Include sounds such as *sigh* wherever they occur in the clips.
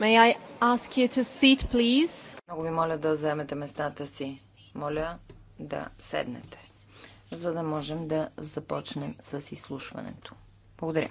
May I ask you to seat, please? Много ви моля да вземете местата си. Моля да седнете, за да можем да започнем с изслушването. Благодаря.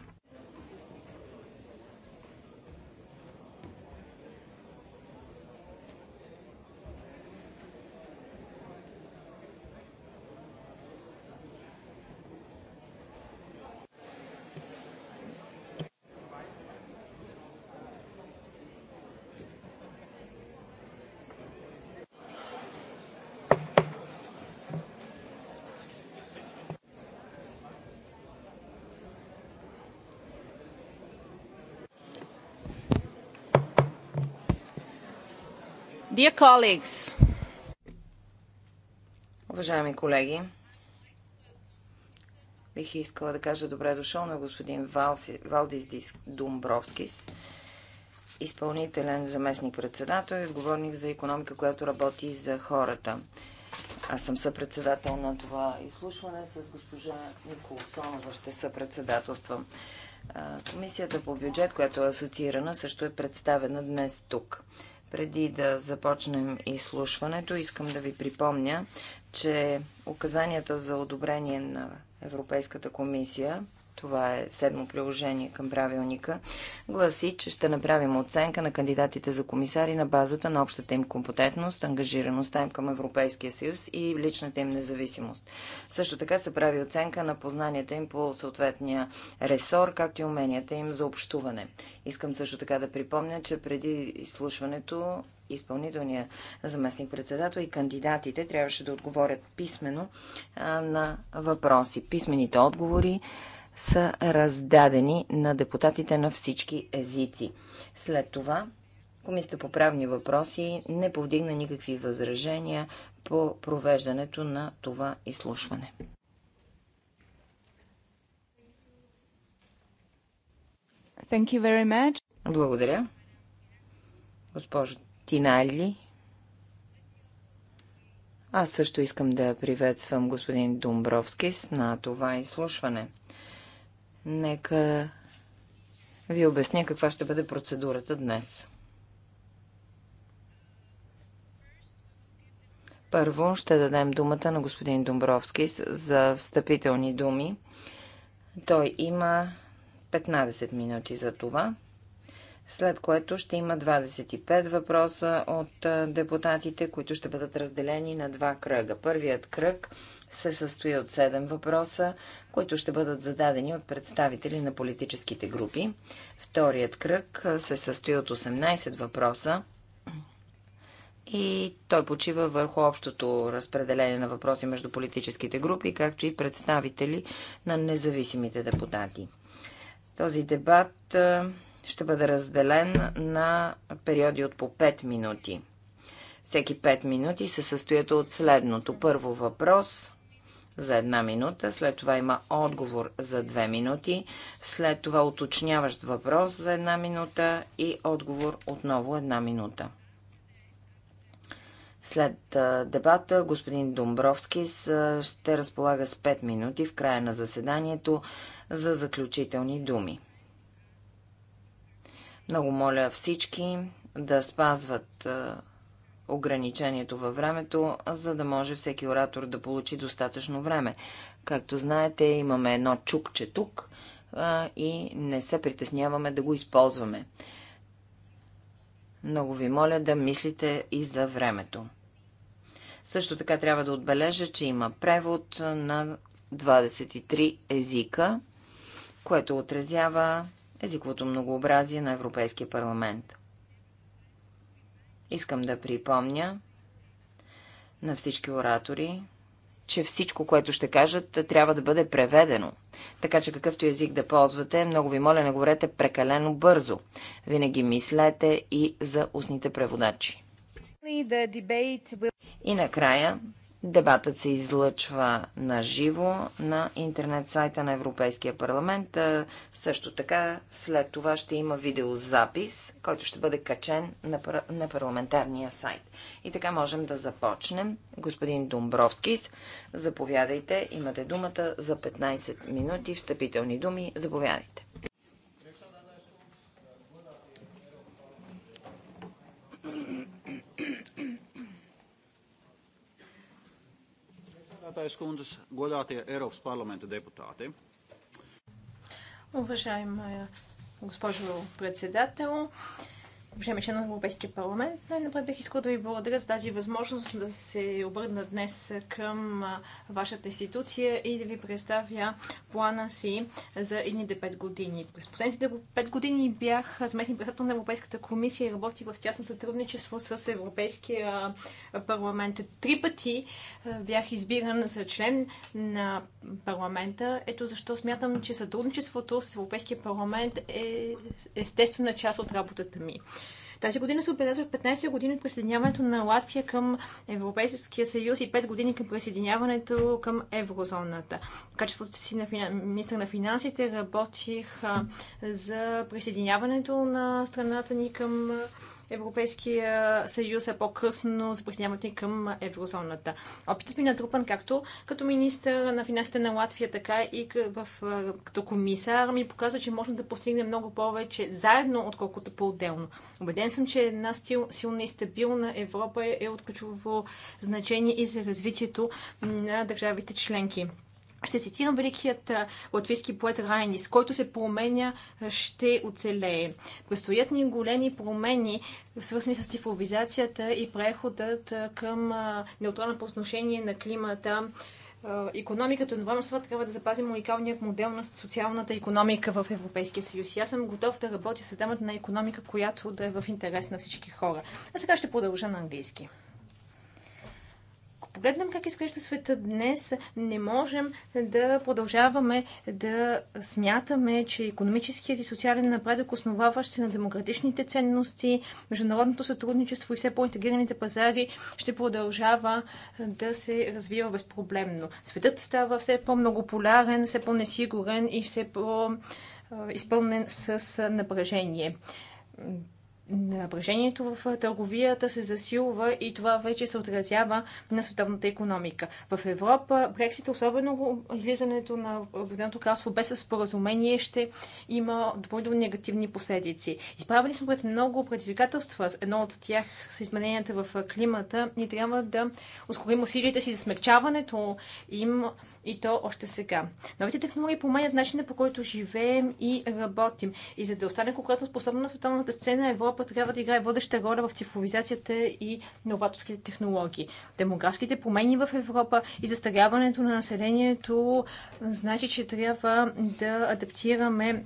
Dear colleagues, Уважаеми колеги, бих искала да кажа добре дошъл на господин Валдис Валдис Думбровскис, изпълнителен заместник-председател и отговорник за економика, която работи за хората. Аз съм съпредседател на това изслушване с госпожа Николсонова. Ще съпредседателствам. Комисията по бюджет, която е асоциирана, също е представена днес тук. Преди да започнем изслушването, искам да ви припомня, че указанията за одобрение на Европейската комисия това е седмо приложение към правилника, гласи, че ще направим оценка на кандидатите за комисари на базата на общата им компетентност, ангажираността им към Европейския съюз и личната им независимост. Също така се прави оценка на познанията им по съответния ресор, както и уменията им за общуване. Искам също така да припомня, че преди изслушването изпълнителния заместник-председател и кандидатите трябваше да отговорят писменно на въпроси. Писмените отговори са раздадени на депутатите на всички езици. След това Комисията по правни въпроси не повдигна никакви възражения по провеждането на това изслушване. Thank you very much. Благодаря. Госпожо Тинали. Аз също искам да приветствам господин Думбровски на това изслушване. Нека ви обясня каква ще бъде процедурата днес. Първо ще дадем думата на господин Домбровски за встъпителни думи. Той има 15 минути за това след което ще има 25 въпроса от депутатите, които ще бъдат разделени на два кръга. Първият кръг се състои от 7 въпроса, които ще бъдат зададени от представители на политическите групи. Вторият кръг се състои от 18 въпроса и той почива върху общото разпределение на въпроси между политическите групи, както и представители на независимите депутати. Този дебат ще бъде разделен на периоди от по 5 минути. Всеки 5 минути се състоят от следното. Първо въпрос за една минута, след това има отговор за две минути, след това уточняващ въпрос за една минута и отговор отново една минута. След дебата господин Домбровски ще разполага с 5 минути в края на заседанието за заключителни думи. Много моля всички да спазват ограничението във времето, за да може всеки оратор да получи достатъчно време. Както знаете, имаме едно чукче тук и не се притесняваме да го използваме. Много ви моля да мислите и за времето. Също така трябва да отбележа, че има превод на 23 езика, което отразява езиковото многообразие на Европейския парламент. Искам да припомня на всички оратори, че всичко, което ще кажат, трябва да бъде преведено. Така че какъвто език да ползвате, много ви моля, не говорете прекалено бързо. Винаги мислете и за устните преводачи. И накрая Дебатът се излъчва на живо на интернет сайта на Европейския парламент. Също така след това ще има видеозапис, който ще бъде качен на, пар... на парламентарния сайт. И така можем да започнем. Господин Домбровски, заповядайте. Имате думата за 15 минути. Встъпителни думи. Заповядайте. priekšsēdētājas kundzes, godātie Eiropas parlamenta deputāti. Уважаемая госпожо председател, Уважаеми член на Европейския парламент, най-напред бих искал да ви благодаря за тази възможност да се обърна днес към вашата институция и да ви представя плана си за едните пет години. През последните пет години бях заместник председател на Европейската комисия и работих в тясно сътрудничество с Европейския парламент. Три пъти бях избиран за член на парламента. Ето защо смятам, че сътрудничеството с Европейския парламент е естествена част от работата ми. Тази година се отбелязва 15 години от присъединяването на Латвия към Европейския съюз и 5 години към присъединяването към еврозоната. В качеството си на министър на финансите работих за присъединяването на страната ни към Европейския съюз, е по-късно за присъединяването ни към еврозоната. Опитът ми е натрупан както като министър на финансите на Латвия, така и в, като комисар ми показва, че можем да постигнем много повече заедно, отколкото по-отделно. Обеден съм, че една стил, силна и стабилна Европа е, е от ключово значение и за развитието на държавите членки. Ще цитирам великият латвийски поет Райнис, който се променя, ще оцелее. Предстоят ни големи промени, свързани с цифровизацията и преходът към неутрално по отношение на климата економиката, на Вамсва трябва да запазим уникалният модел на социалната економика в Европейския съюз. И аз съм готов да работя с създаването на економика, която да е в интерес на всички хора. А сега ще продължа на английски. Ако погледнем как изглежда света днес, не можем да продължаваме да смятаме, че економическият и социален напредък, основаващ се на демократичните ценности, международното сътрудничество и все по-интегрираните пазари, ще продължава да се развива безпроблемно. Светът става все по-многополярен, все по-несигурен и все по- изпълнен с напрежение напрежението в търговията се засилва и това вече се отразява на световната економика. В Европа Брексит, особено излизането на Обединеното кралство без споразумение, ще има допълнително негативни последици. Изправени сме пред много предизвикателства. Едно от тях са измененията в климата. Ние трябва да ускорим усилията си за смягчаването им и то още сега. Новите технологии променят начина по който живеем и работим. И за да остане конкретно способна на световната сцена, Европа трябва да играе водеща роля в цифровизацията и новаторските технологии. Демографските промени в Европа и застаряването на населението значи, че трябва да адаптираме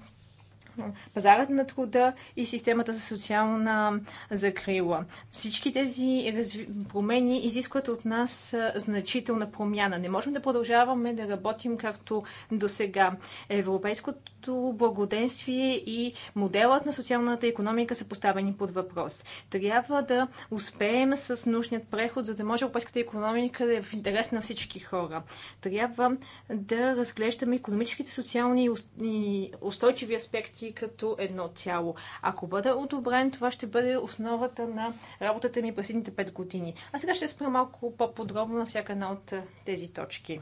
пазарът на труда и системата за социална закрила. Всички тези промени изискват от нас значителна промяна. Не можем да продължаваме да работим както до сега. Европейското благоденствие и моделът на социалната економика са поставени под въпрос. Трябва да успеем с нужният преход, за да може европейската економика да е в интерес на всички хора. Трябва да разглеждаме економическите, социални и устойчиви аспекти политики като едно цяло. Ако бъда одобрен, това ще бъде основата на работата ми през следните 5 години. А сега ще спра малко по-подробно на всяка една от тези точки.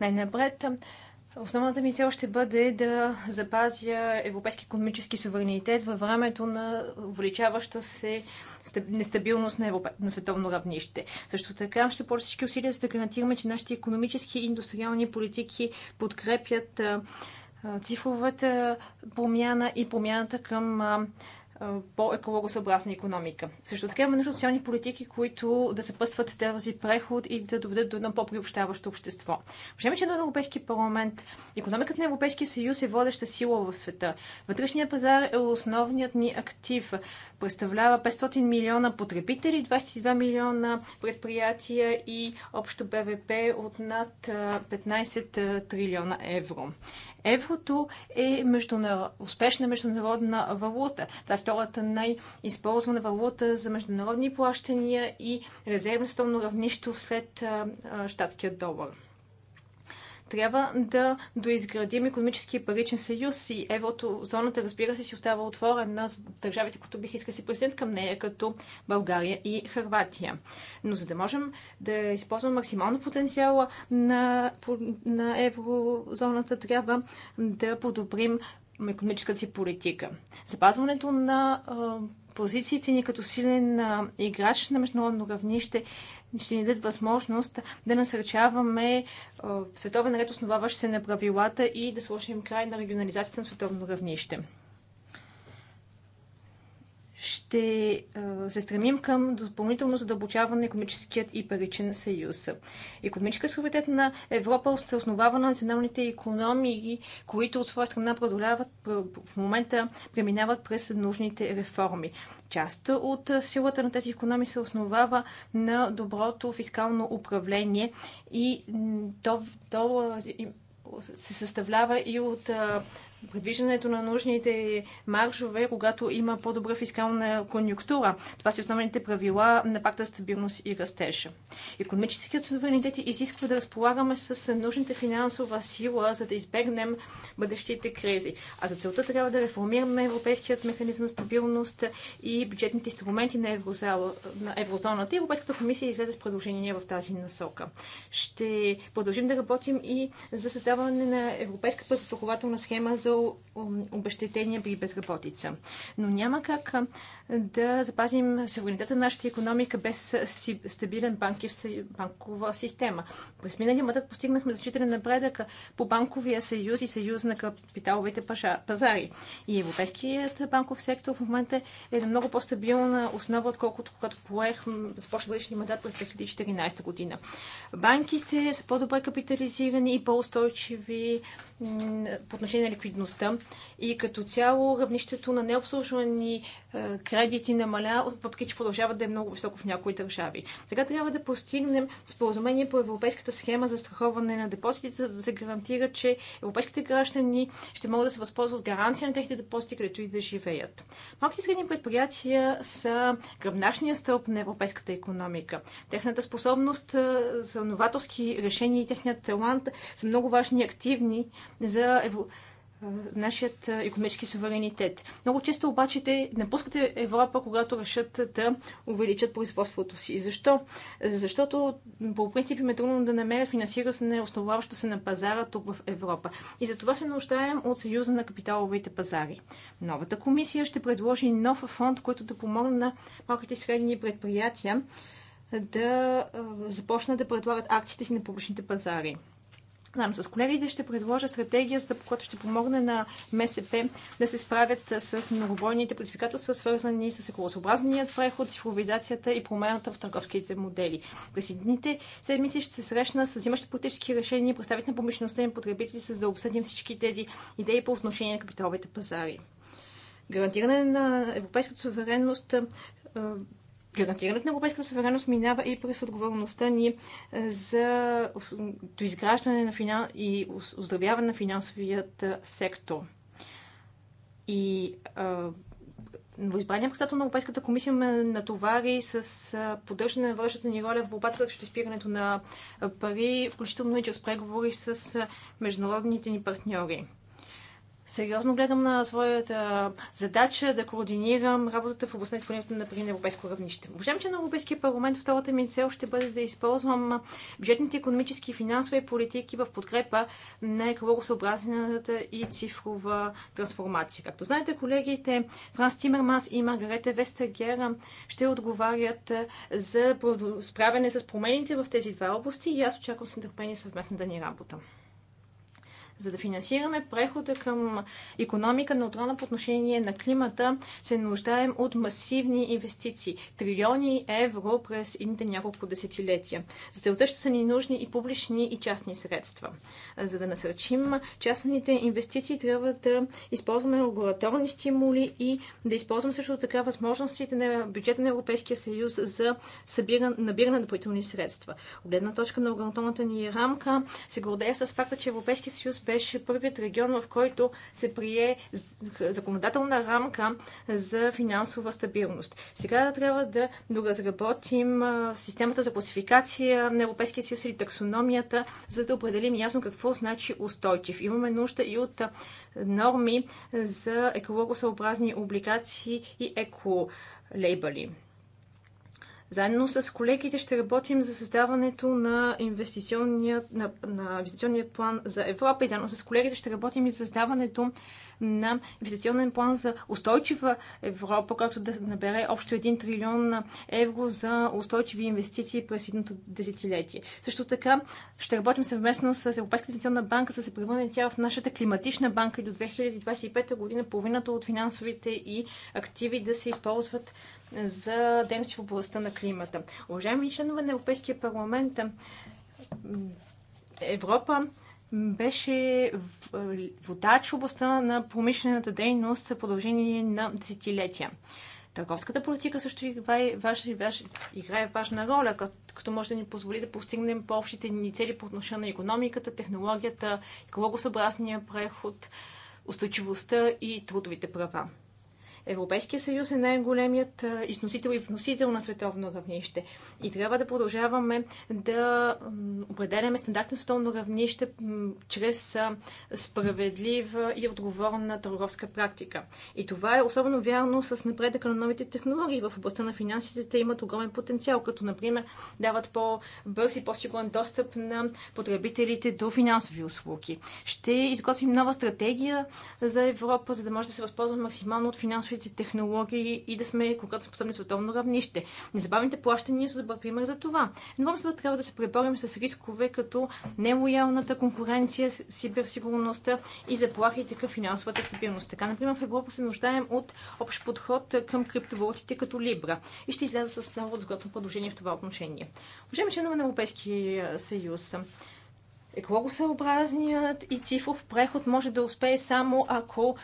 Най-напред, Основната ми цел ще бъде да запазя европейски економически суверенитет във времето на увеличаваща се нестабилност на, европе... на световно равнище. Също така ще положа всички усилия за да гарантираме, че нашите економически и индустриални политики подкрепят цифровата промяна и промяната към по-екологосъобразна економика. Също така имаме нужда от социални политики, които да съпътстват този преход и да доведат до едно по-приобщаващо общество. Въжеме, че на Европейски парламент, економиката на Европейския съюз е водеща сила в света. Вътрешният пазар е основният ни актив. Представлява 500 милиона потребители, 22 милиона предприятия и общо БВП от над 15 трилиона евро. Еврото е международ... успешна международна валута. Това е втората най-използвана валута за международни плащания и резервно столно равнище след а, а, щатския долар. Трябва да доизградим економически и паричен съюз и зоната, разбира се, си остава отворена за държавите, които бих искал да си президент към нея, като България и Харватия. Но за да можем да използваме максимално потенциала на, на еврозоната, трябва да подобрим економическата си политика. Запазването на позициите ни като силен играч на международно равнище ще ни дадат възможност да насърчаваме е, световен ред, основаващ се на правилата и да сложим край на регионализацията на световно равнище ще се стремим към допълнително задълбочаване на економическият и паричен съюз. Економическа суверенитет на Европа се основава на националните економии, които от своя страна продоляват в момента преминават през нужните реформи. Част от силата на тези економии се основава на доброто фискално управление и то, то се съставлява и от предвиждането на нужните маржове, когато има по-добра фискална конюнктура. Това са основните правила на пакта стабилност и растеж. Економическият суверенитет изисква да разполагаме с нужните финансова сила, за да избегнем бъдещите кризи. А за целта трябва да реформираме европейският механизъм стабилност и бюджетните инструменти на, еврозала, на еврозоната. Европейската комисия излезе с предложение в тази насока. Ще продължим да работим и за създаване на европейска пътстрахователна схема за за обещетения при безработица. Но няма как да запазим суверенитета на нашата економика без стабилен банкив, банкова система. През миналия мандат постигнахме значителен напредък по банковия съюз и съюз на капиталовите пазари. И европейският банков сектор в момента е на много по-стабилна основа, отколкото когато поех, започна годишния мандат през 2014 година. Банките са по-добре капитализирани и по-устойчиви по отношение на ликвидността и като цяло равнището на необслужвани е, кредити намаля, въпреки че продължава да е много високо в някои държави. Сега трябва да постигнем споразумение по европейската схема за страховане на депозитите, за да се гарантира, че европейските граждани ще могат да се възползват от гаранция на техните депозити, където и да живеят. Малките средни предприятия са гръбнашния стълб на европейската економика. Техната способност е, за новаторски решения и техният талант са много важни и активни за европейските нашият економически суверенитет. Много често обаче те напускат Европа, когато решат да увеличат производството си. Защо? Защото по принцип им е трудно да намерят финансиране, основаващо се на пазара тук в Европа. И за това се нуждаем от Съюза на капиталовите пазари. Новата комисия ще предложи нов фонд, който да помогне на малките и средни предприятия да започнат да предлагат акциите си на публичните пазари. Знам, с колегите ще предложа стратегия, за която ще помогне на МСП да се справят с многобойните предизвикателства, свързани с екологосъобразният преход, цифровизацията и промената в търговските модели. През едните седмици ще се срещна с взимащи политически решения, представители на промишлеността и потребители, за да обсъдим всички тези идеи по отношение на капиталовите пазари. Гарантиране на европейската суверенност гарантирането на европейската суверенност минава и през отговорността ни е, за доизграждане на финал и оздравяване на финансовият е, сектор. И е, Новоизбраният председател на Европейската комисия ме натовари с поддържане на вършата ни роля в борбата срещу изпирането на пари, включително и чрез преговори с международните ни партньори сериозно гледам на своята задача да координирам работата в областта на изпълнението на пари на европейско равнище. Уважаем, че на Европейския парламент втората ми цел ще бъде да използвам бюджетните економически и финансови политики в подкрепа на екологосъобразната и цифрова трансформация. Както знаете, колегите Франс Тимермас и Маргарета Вестагера ще отговарят за справяне с промените в тези два области и аз очаквам с нетърпение съвместната ни работа. За да финансираме прехода към економика неутрална по отношение на климата, се нуждаем от масивни инвестиции. Трилиони евро през едните няколко десетилетия. За целта ще са ни нужни и публични и частни средства. За да насърчим частните инвестиции, трябва да използваме регулаторни стимули и да използваме също така възможностите на бюджета на Европейския съюз за набиране на допълнителни средства. От гледна точка на регулаторната ни рамка се гордея с факта, че Европейския съюз беше първият регион, в който се прие законодателна рамка за финансова стабилност. Сега трябва да доразработим системата за класификация на Европейския съюз или таксономията, за да определим ясно какво значи устойчив. Имаме нужда и от норми за екологосъобразни облигации и еко лейбали. Заедно с колегите ще работим за създаването на инвестиционния, на, на инвестиционния план за Европа и заедно с колегите ще работим и за създаването на инвестиционен план за устойчива Европа, който да набере общо 1 трилион евро за устойчиви инвестиции през едното десетилетие. Също така ще работим съвместно с Европейската инвестиционна банка, за да се превърне тя в нашата климатична банка и до 2025 година половината от финансовите и активи да се използват за дейности в областта на климата. Уважаеми членове на Европейския парламент, Европа беше водач в областта на промишлената дейност в продължение на десетилетия. Търговската политика също играе важна, играе важна роля, като може да ни позволи да постигнем по-общите ни цели по отношение на економиката, технологията, екологосъобразния преход, устойчивостта и трудовите права. Европейския съюз е най-големият износител и вносител на световно равнище. И трябва да продължаваме да определяме стандарт на световно равнище чрез справедлива и отговорна търговска практика. И това е особено вярно с напредъка на новите технологии в областта на финансите. Те имат огромен потенциал, като например дават по-бърз и по-сигурен достъп на потребителите до финансови услуги. Ще изготвим нова стратегия за Европа, за да може да се възползва максимално от финансовите развитите технологии и да сме когато сме способни световно равнище. Незабавните плащания са добър пример за това. Но в трябва да се преборим с рискове като нелоялната конкуренция, сиберсигурността и заплахите към финансовата стабилност. Така, например, в Европа се нуждаем от общ подход към криптовалутите като Либра и ще изляза с ново законно предложение в това отношение. Уважаеми членове на Европейския съюз, екологосъобразният и цифров преход може да успее само ако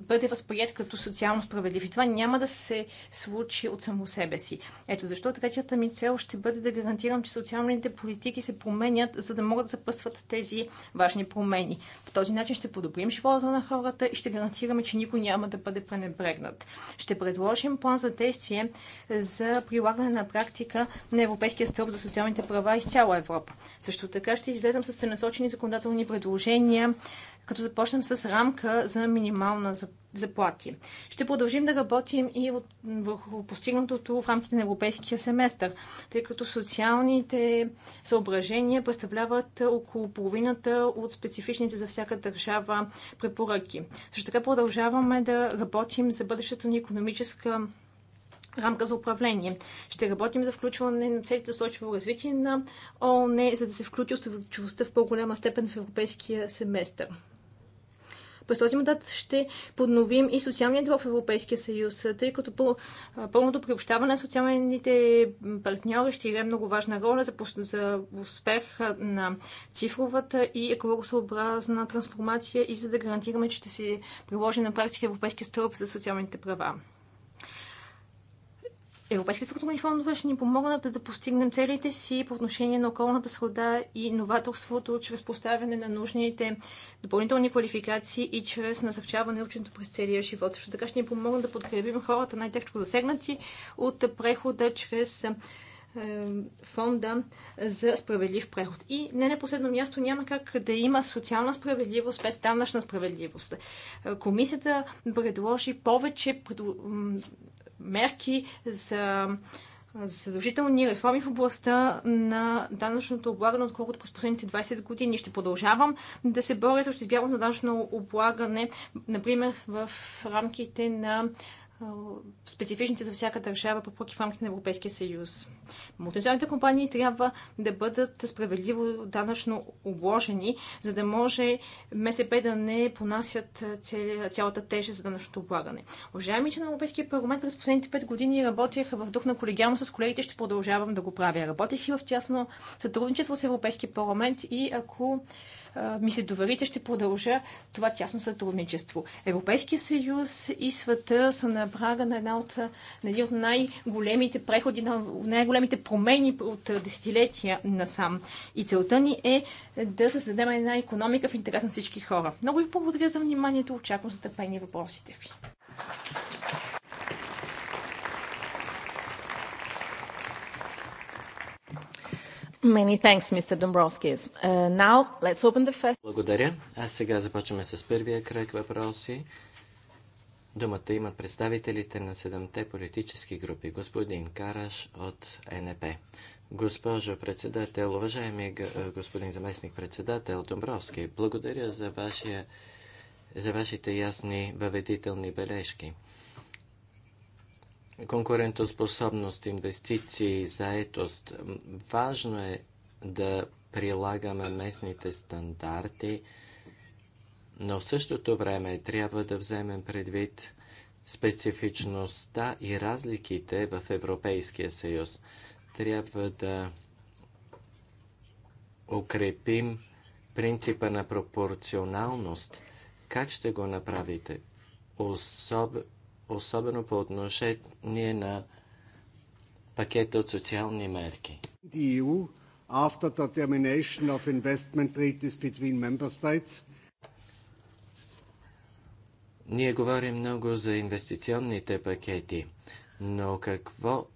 бъде възприят като социално справедлив. И това няма да се случи от само себе си. Ето защо третията ми цел ще бъде да гарантирам, че социалните политики се променят, за да могат да запъстват тези важни промени. По този начин ще подобрим живота на хората и ще гарантираме, че никой няма да бъде пренебрегнат. Ще предложим план за действие за прилагане на практика на Европейския стълб за социалните права из цяла Европа. Също така ще излезем с целенасочени законодателни предложения като започнем с рамка за минимална заплати. Ще продължим да работим и върху постигнатото в рамките на европейския семестър, тъй като социалните съображения представляват около половината от специфичните за всяка държава препоръки. Също така продължаваме да работим за бъдещето ни економическа рамка за управление. Ще работим за включване на целите за устойчиво развитие на ООН, за да се включи устойчивостта в по-голяма степен в европейския семестър. През този мандат ще подновим и социалния дълг в Европейския съюз, тъй като пълното приобщаване на социалните партньори ще играе много важна роля за, за успех на цифровата и екологосъобразна трансформация и за да гарантираме, че ще се приложи на практика Европейския стълб за социалните права. Европейски структурни фондове ще ни помогнат да постигнем целите си по отношение на околната среда и новаторството, чрез поставяне на нужните допълнителни квалификации и чрез насърчаване ученето през целия живот. Също така ще ни помогнат да подкрепим хората най-тежко засегнати от прехода чрез е, фонда за справедлив преход. И не на последно място няма как да има социална справедливост без данъчна справедливост. Е, комисията предложи повече мерки за задължителни реформи в областта на данъчното облагане, отколкото през последните 20 години. Ще продължавам да се боря за избягването на данъчно облагане, например в рамките на специфичните за всяка държава препоръки в рамките на Европейския съюз. Мултинационалните компании трябва да бъдат справедливо данъчно обложени, за да може МСП да не понасят цялата тежест за данъчното облагане. Уважаеми, че на Европейския парламент през последните 5 години работех в дух на колегиално с колегите, ще продължавам да го правя. Работех и в тясно сътрудничество с Европейския парламент и ако ми се доверите, ще продължа това тясно сътрудничество. Европейския съюз и света са на прага на, една от, на един от най-големите преходи, на най-големите промени от десетилетия насам. И целта ни е да създадем една економика в интерес на всички хора. Много ви благодаря за вниманието. Очаквам за търпение въпросите ви. Many thanks, Mr. Dombrovskis. Uh, now, let's open the first... Благодаря. А сега започваме с първия кръг въпроси. Думата имат представителите на седемте политически групи. Господин Караш от НП. Госпожо председател, уважаеми е, господин заместник председател Домбровски, благодаря за, вашия, за вашите ясни въведителни бележки конкурентоспособност, инвестиции, заетост. Важно е да прилагаме местните стандарти, но в същото време трябва да вземем предвид специфичността и разликите в Европейския съюз. Трябва да укрепим принципа на пропорционалност. Как ще го направите? Особ особено по отношение на пакета от социални мерки. E ние говорим много за инвестиционните пакети, но какво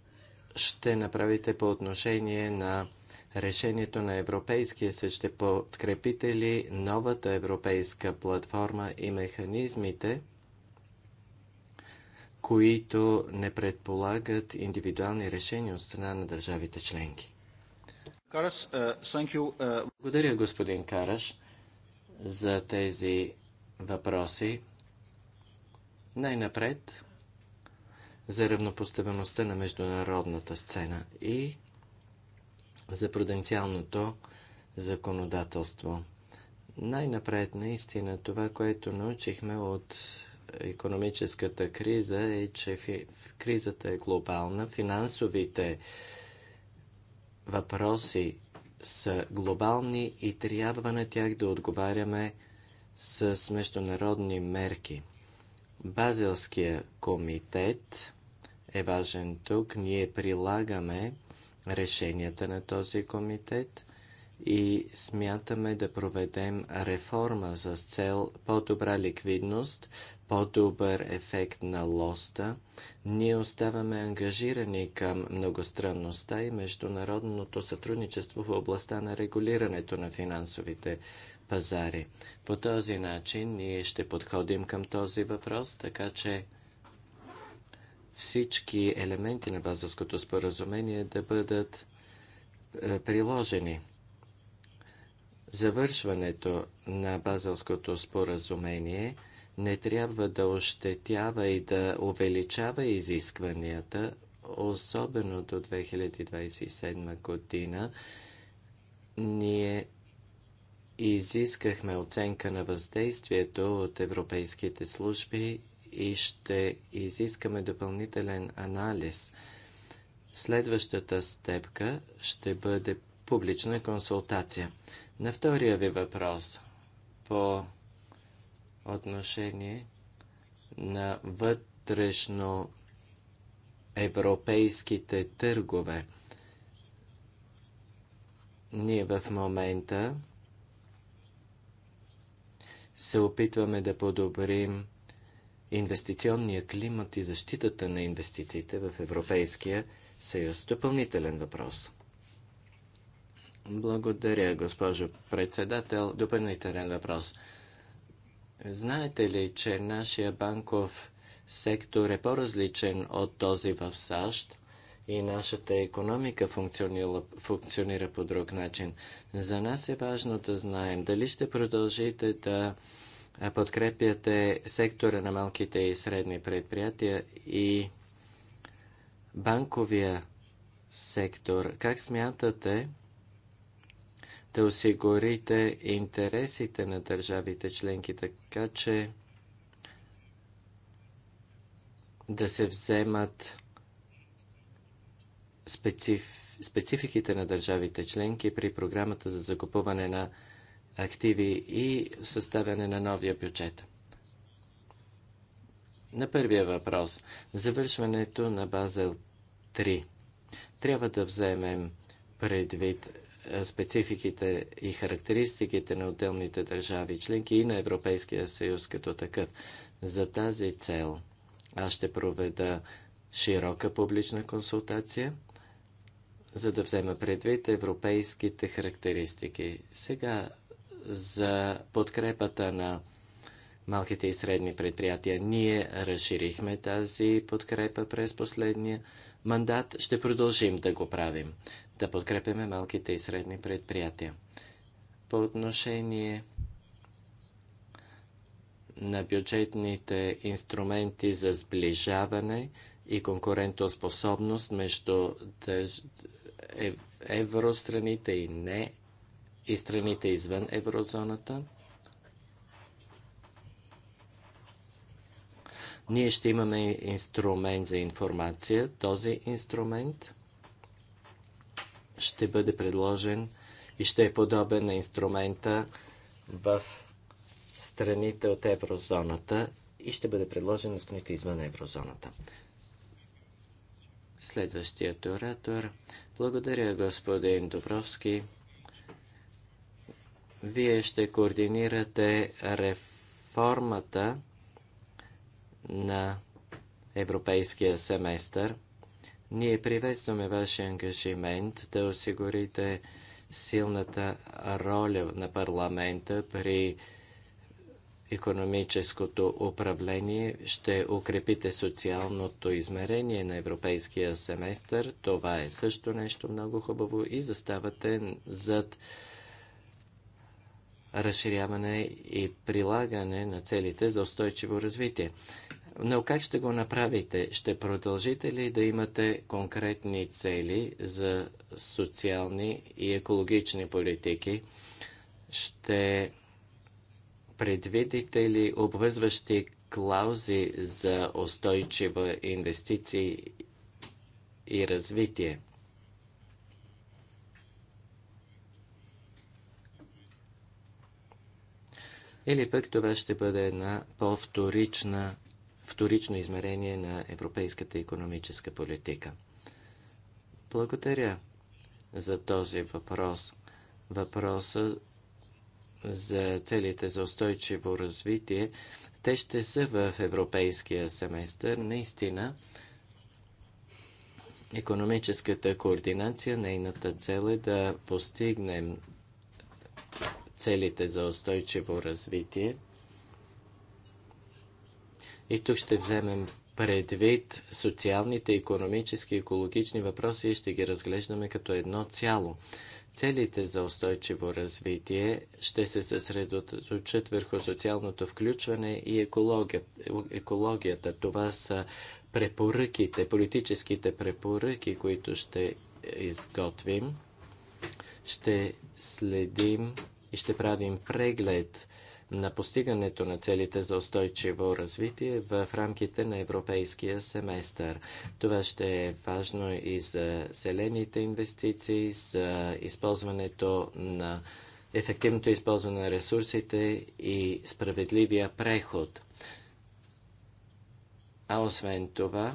ще направите по отношение на решението на Европейския съд? Ще подкрепите ли новата европейска платформа и механизмите които не предполагат индивидуални решения от страна на държавите членки. Е, е. Благодаря, господин Караш, за тези въпроси. Най-напред за равнопоставеността на международната сцена и за пруденциалното законодателство. Най-напред, наистина, това, което научихме от економическата криза е, че фи, кризата е глобална, финансовите въпроси са глобални и трябва на тях да отговаряме с международни мерки. Базелския комитет е важен тук. Ние прилагаме решенията на този комитет и смятаме да проведем реформа с цел по-добра ликвидност, по-добър ефект на лоста, ние оставаме ангажирани към многостранността и международното сътрудничество в областта на регулирането на финансовите пазари. По този начин ние ще подходим към този въпрос, така че всички елементи на базовското споразумение да бъдат е, приложени. Завършването на базалското споразумение – не трябва да ощетява и да увеличава изискванията, особено до 2027 година. Ние изискахме оценка на въздействието от европейските служби и ще изискаме допълнителен анализ. Следващата степка ще бъде публична консултация. На втория ви въпрос по отношение на вътрешно европейските търгове. Ние в момента се опитваме да подобрим инвестиционния климат и защитата на инвестициите в Европейския съюз. Допълнителен въпрос. Благодаря, госпожо председател. Допълнителен въпрос. Знаете ли, че нашия банков сектор е по-различен от този в САЩ и нашата економика функционира, функционира по друг начин? За нас е важно да знаем дали ще продължите да подкрепяте сектора на малките и средни предприятия и банковия сектор. Как смятате да осигурите интересите на държавите членки, така че да се вземат специф... спецификите на държавите членки при програмата за закупуване на активи и съставяне на новия бюджет. На първия въпрос завършването на Базел 3. Трябва да вземем предвид спецификите и характеристиките на отделните държави членки и на Европейския съюз като такъв. За тази цел аз ще проведа широка публична консултация, за да взема предвид европейските характеристики. Сега за подкрепата на малките и средни предприятия. Ние разширихме тази подкрепа през последния мандат. Ще продължим да го правим да подкрепяме малките и средни предприятия. По отношение на бюджетните инструменти за сближаване и конкурентоспособност между е, евространите и не и страните извън еврозоната. Ние ще имаме инструмент за информация. Този инструмент ще бъде предложен и ще е подобен на инструмента в страните от еврозоната и ще бъде предложен на страните извън еврозоната. Следващият оратор. Благодаря, господин Добровски. Вие ще координирате реформата на европейския семестър – ние приветстваме вашия ангажимент да осигурите силната роля на парламента при економическото управление, ще укрепите социалното измерение на европейския семестър. Това е също нещо много хубаво и заставате зад разширяване и прилагане на целите за устойчиво развитие. Но как ще го направите? Ще продължите ли да имате конкретни цели за социални и екологични политики? Ще предвидите ли обвързващи клаузи за устойчива инвестиции и развитие? Или пък това ще бъде една по-вторична вторично измерение на европейската економическа политика. Благодаря за този въпрос. Въпроса за целите за устойчиво развитие, те ще са в европейския семестър. Наистина, економическата координация, нейната цел е да постигнем целите за устойчиво развитие – и тук ще вземем предвид социалните, економически, екологични въпроси и ще ги разглеждаме като едно цяло. Целите за устойчиво развитие ще се съсредоточат върху социалното включване и екологията. Това са препоръките, политическите препоръки, които ще изготвим. Ще следим и ще правим преглед на постигането на целите за устойчиво развитие в рамките на европейския семестър. Това ще е важно и за зелените инвестиции, за използването на ефективното използване на ресурсите и справедливия преход. А освен това,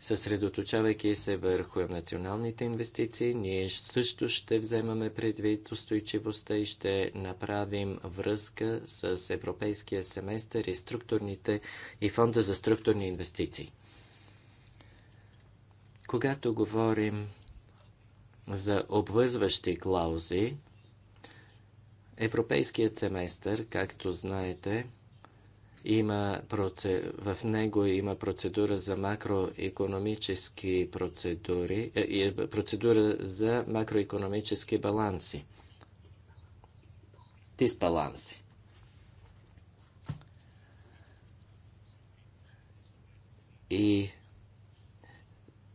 Съсредоточавайки се върху националните инвестиции, ние също ще вземаме предвид устойчивостта и ще направим връзка с Европейския семестър и структурните и фонда за структурни инвестиции. Когато говорим за обвързващи клаузи, Европейският семестър, както знаете, има В него има процедура за макроекономически процедури, е, и е, процедура за макроекономически баланси. Дисбаланси. И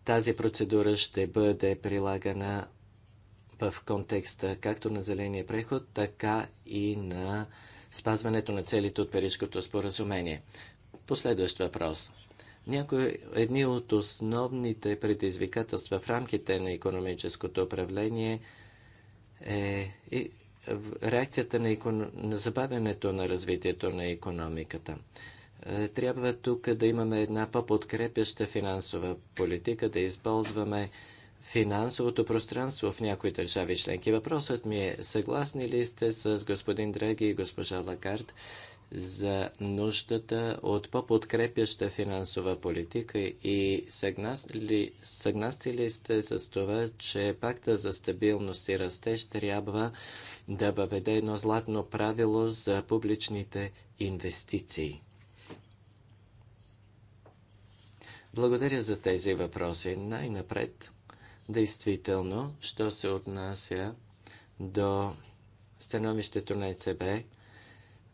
тази процедура ще бъде прилагана в контекста както на зеления преход, така и на спазването на целите от Парижкото споразумение. Последващ въпрос. Някои едни от основните предизвикателства в рамките на економическото управление е и реакцията на, икон... на забавянето на развитието на економиката. Е, трябва тук да имаме една по-подкрепяща финансова политика, да използваме финансовото пространство в някои държави членки. Въпросът ми е, съгласни ли сте с господин Драги и госпожа Лагард за нуждата от по-подкрепяща финансова политика и съгласни ли сте с това, че пакта за стабилност и растеж трябва да въведе едно златно правило за публичните инвестиции? Благодаря за тези въпроси. Най-напред Действително, що се отнася до становището на ЕЦБ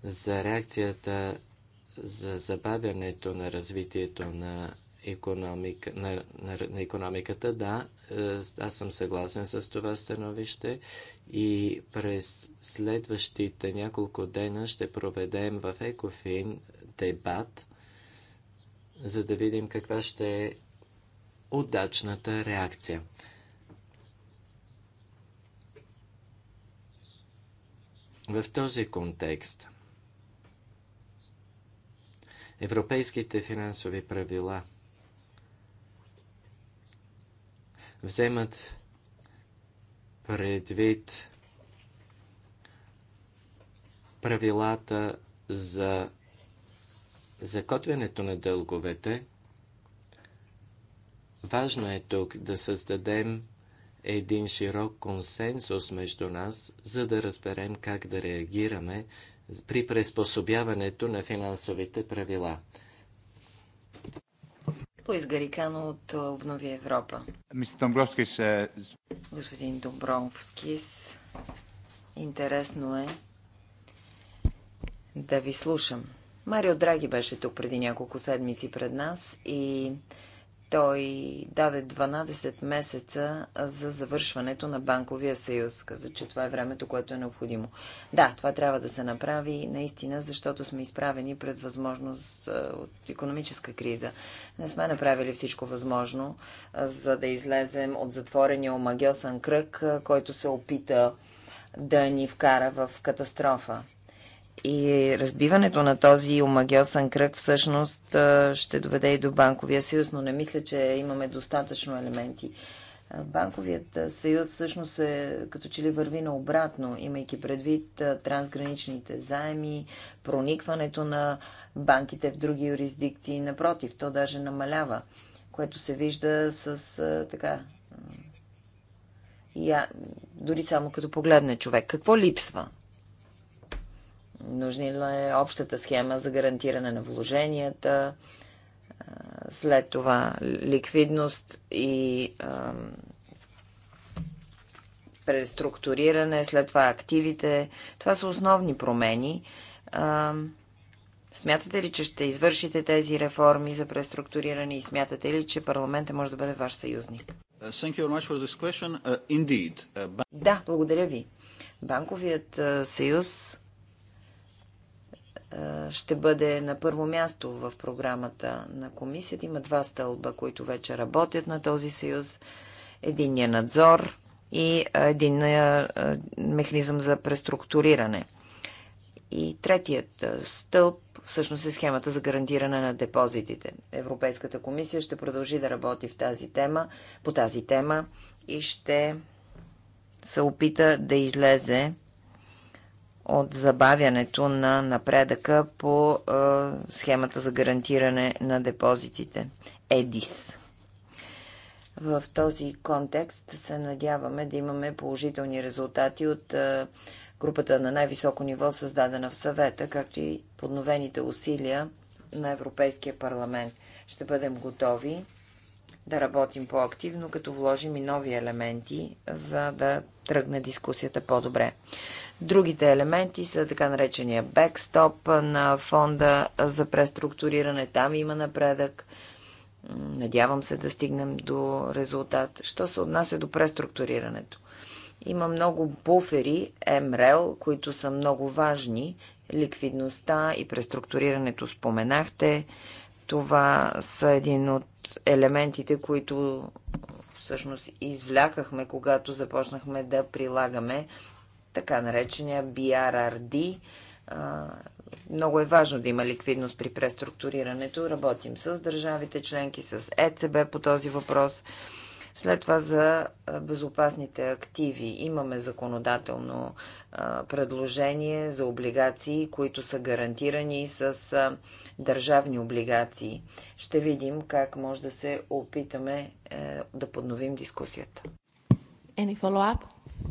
за реакцията за забавянето на развитието на, економика, на, на, на економиката, да, е, аз съм съгласен с това становище и през следващите няколко дена ще проведем в Екофин дебат, за да видим каква ще е удачната реакция. В този контекст европейските финансови правила вземат предвид правилата за закотвянето на дълговете – Важно е тук да създадем един широк консенсус между нас, за да разберем как да реагираме при приспособяването на финансовите правила. Поизгарикано от Обнови Европа. Господин Добровскис, интересно е да ви слушам. Марио Драги беше тук преди няколко седмици пред нас и той даде 12 месеца за завършването на банковия съюз. Каза, че това е времето, което е необходимо. Да, това трябва да се направи наистина, защото сме изправени пред възможност от економическа криза. Не сме направили всичко възможно, за да излезем от затворения омагиосен кръг, който се опита да ни вкара в катастрофа. И разбиването на този омагиосен кръг всъщност ще доведе и до банковия съюз, но не мисля, че имаме достатъчно елементи. Банковият съюз всъщност е като че ли върви наобратно, имайки предвид трансграничните заеми, проникването на банките в други юрисдикции. Напротив, то даже намалява, което се вижда с така. Я, дори само като погледне човек. Какво липсва? Нужна е общата схема за гарантиране на вложенията, след това ликвидност и преструктуриране, след това активите. Това са основни промени. Смятате ли, че ще извършите тези реформи за преструктуриране и смятате ли, че парламентът може да бъде ваш съюзник? Uh, uh, uh, да, благодаря ви. Банковият съюз е, ще бъде на първо място в програмата на комисията. Има два стълба, които вече работят на този съюз. Единия е надзор и е, един механизъм за преструктуриране. И третият стълб всъщност е схемата за гарантиране на депозитите. Европейската комисия ще продължи да работи в тази тема, по тази тема и ще се опита да излезе от забавянето на напредъка по схемата за гарантиране на депозитите ЕДИС. В този контекст се надяваме да имаме положителни резултати от групата на най-високо ниво, създадена в съвета, както и подновените усилия на Европейския парламент. Ще бъдем готови да работим по-активно, като вложим и нови елементи, за да тръгне дискусията по-добре. Другите елементи са така наречения бекстоп на фонда за преструктуриране. Там има напредък. Надявам се да стигнем до резултат. Що се отнася до преструктурирането? Има много буфери, МРЛ, които са много важни. Ликвидността и преструктурирането споменахте. Това са един от елементите, които всъщност извлякахме, когато започнахме да прилагаме така наречения BRRD. Много е важно да има ликвидност при преструктурирането. Работим с държавите членки, с ЕЦБ по този въпрос. След това за безопасните активи. Имаме законодателно предложение за облигации, които са гарантирани с държавни облигации. Ще видим как може да се опитаме е, да подновим дискусията. Any follow-up?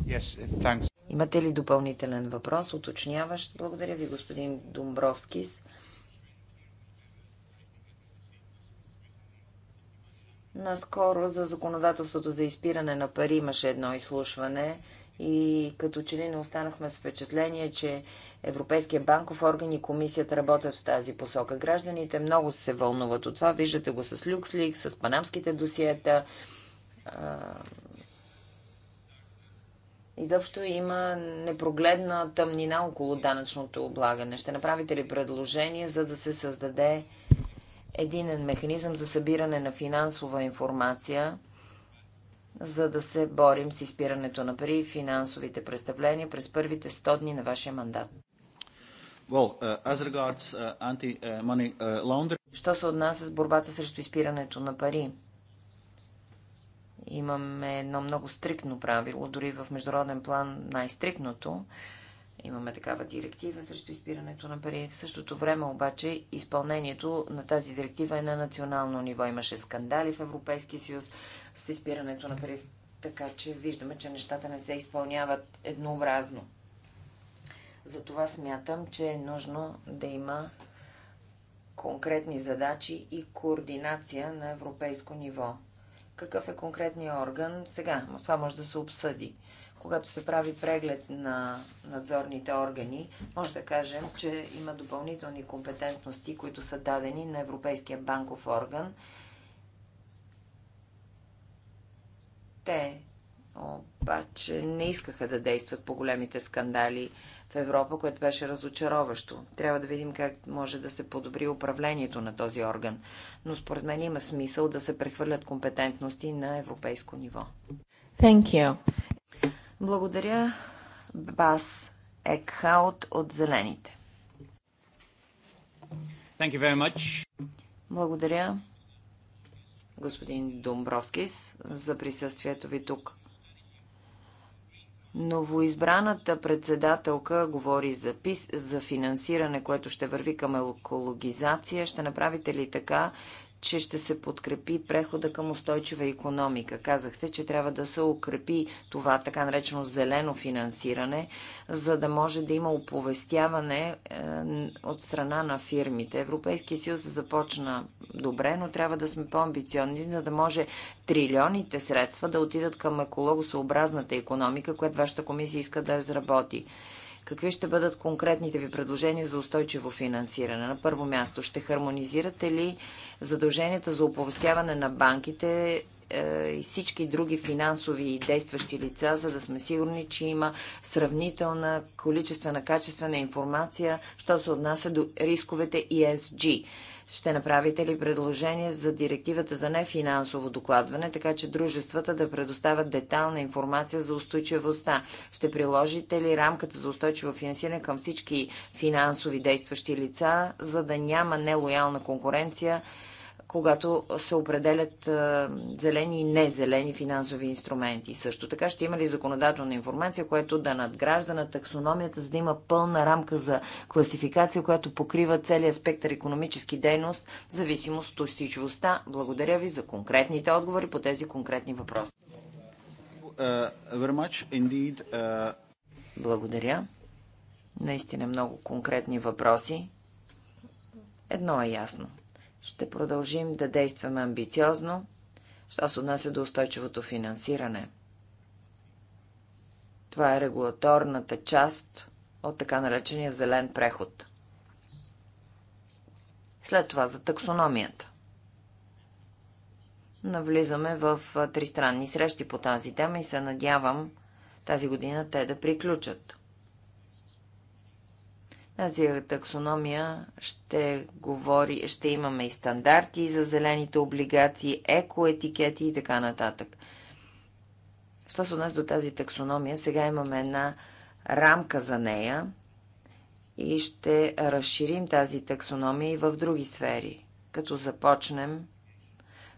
Yes, thanks. Имате ли допълнителен въпрос, уточняващ? Благодаря ви, господин Домбровскис. Наскоро за законодателството за изпиране на пари имаше едно изслушване и като че ли не останахме с впечатление, че Европейския банков орган и комисията работят в тази посока. Гражданите много се вълнуват от това. Виждате го с Люкслик, с панамските досиета. Изобщо има непрогледна тъмнина около данъчното облагане. Ще направите ли предложение, за да се създаде единен механизъм за събиране на финансова информация, за да се борим с изпирането на пари и финансовите представления през първите 100 дни на вашия мандат. Well, uh, uh, uh Що се отнася с борбата срещу изпирането на пари? Имаме едно много стриктно правило, дори в международен план най-стриктното, Имаме такава директива срещу изпирането на пари. В същото време обаче изпълнението на тази директива е на национално ниво. Имаше скандали в Европейския съюз с изпирането на пари, така че виждаме, че нещата не се изпълняват еднообразно. Затова смятам, че е нужно да има конкретни задачи и координация на европейско ниво. Какъв е конкретният орган? Сега това може да се обсъди когато се прави преглед на надзорните органи, може да кажем, че има допълнителни компетентности, които са дадени на Европейския банков орган. Те обаче не искаха да действат по големите скандали в Европа, което беше разочароващо. Трябва да видим как може да се подобри управлението на този орган. Но според мен има смисъл да се прехвърлят компетентности на европейско ниво. Thank you. Благодаря, Бас Екхаут от Зелените. Thank you very much. Благодаря, господин Домбровскис, за присъствието ви тук. Новоизбраната председателка говори за, пис... за финансиране, което ще върви към екологизация. Ще направите ли така, че ще се подкрепи прехода към устойчива економика. Казахте, че трябва да се укрепи това така наречено зелено финансиране, за да може да има оповестяване е, от страна на фирмите. Европейския съюз започна добре, но трябва да сме по-амбициозни, за да може трилионите средства да отидат към екологосъобразната економика, която вашата комисия иска да разработи. Какви ще бъдат конкретните ви предложения за устойчиво финансиране? На първо място, ще хармонизирате ли задълженията за оповестяване на банките е, и всички други финансови и действащи лица, за да сме сигурни, че има сравнителна количествена, качествена информация, що се отнася до рисковете ESG. Ще направите ли предложение за директивата за нефинансово докладване, така че дружествата да предоставят детална информация за устойчивостта? Ще приложите ли рамката за устойчиво финансиране към всички финансови действащи лица, за да няма нелоялна конкуренция когато се определят зелени и незелени финансови инструменти. Също така ще има ли законодателна информация, която да надгражда на таксономията, за да има пълна рамка за класификация, която покрива целият спектър економически дейност, в зависимост от устойчивостта. Благодаря ви за конкретните отговори по тези конкретни въпроси. Uh, uh, Благодаря. Наистина много конкретни въпроси. Едно е ясно ще продължим да действаме амбициозно, що се отнася до устойчивото финансиране. Това е регулаторната част от така наречения зелен преход. След това за таксономията. Навлизаме в тристранни срещи по тази тема и се надявам тази година те да приключат. Тази таксономия ще говори, ще имаме и стандарти за зелените облигации, екоетикети и така нататък. Що се отнася до тази таксономия, сега имаме една рамка за нея и ще разширим тази таксономия и в други сфери, като започнем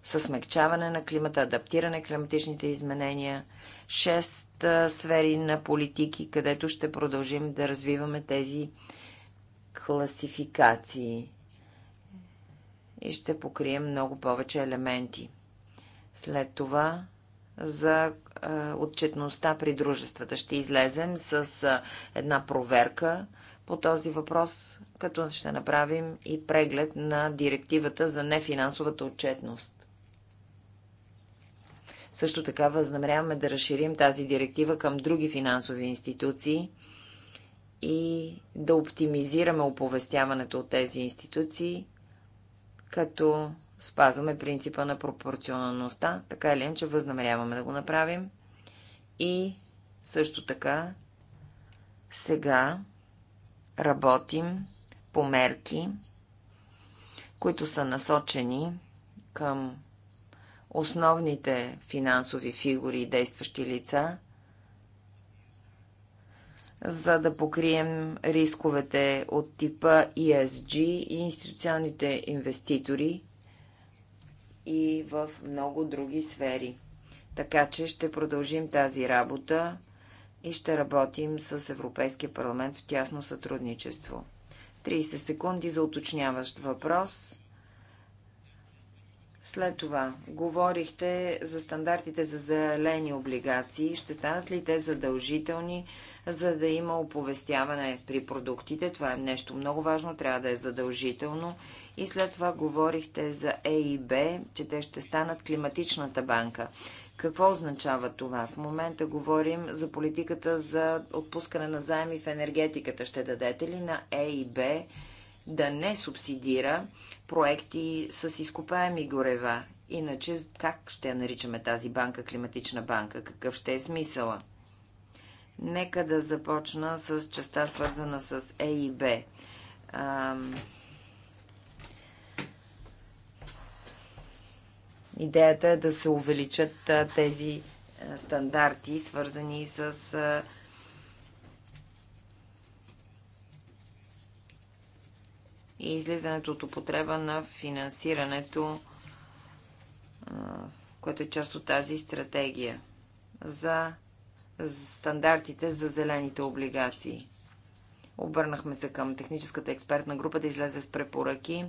с смягчаване на климата, адаптиране на климатичните изменения, шест сфери на политики, където ще продължим да развиваме тези класификации и ще покрием много повече елементи. След това за отчетността при дружествата. Ще излезем с една проверка по този въпрос, като ще направим и преглед на директивата за нефинансовата отчетност. Също така възнамеряваме да разширим тази директива към други финансови институции и да оптимизираме оповестяването от тези институции, като спазваме принципа на пропорционалността, така или иначе възнамеряваме да го направим. И също така сега работим по мерки, които са насочени към основните финансови фигури и действащи лица – за да покрием рисковете от типа ESG и институционалните инвеститори и в много други сфери. Така че ще продължим тази работа и ще работим с Европейския парламент в тясно сътрудничество. 30 секунди за уточняващ въпрос. След това говорихте за стандартите за зелени облигации. Ще станат ли те задължителни, за да има оповестяване при продуктите? Това е нещо много важно, трябва да е задължително. И след това говорихте за ЕИБ, че те ще станат климатичната банка. Какво означава това? В момента говорим за политиката за отпускане на заеми в енергетиката. Ще дадете ли на ЕИБ да не субсидира проекти с изкопаеми горева. Иначе как ще я наричаме тази банка климатична банка? Какъв ще е смисъла? Нека да започна с частта свързана с Е и Б. Идеята е да се увеличат тези стандарти, свързани с и излизането от употреба на финансирането, което е част от тази стратегия за стандартите за зелените облигации. Обърнахме се към техническата експертна група да излезе с препоръки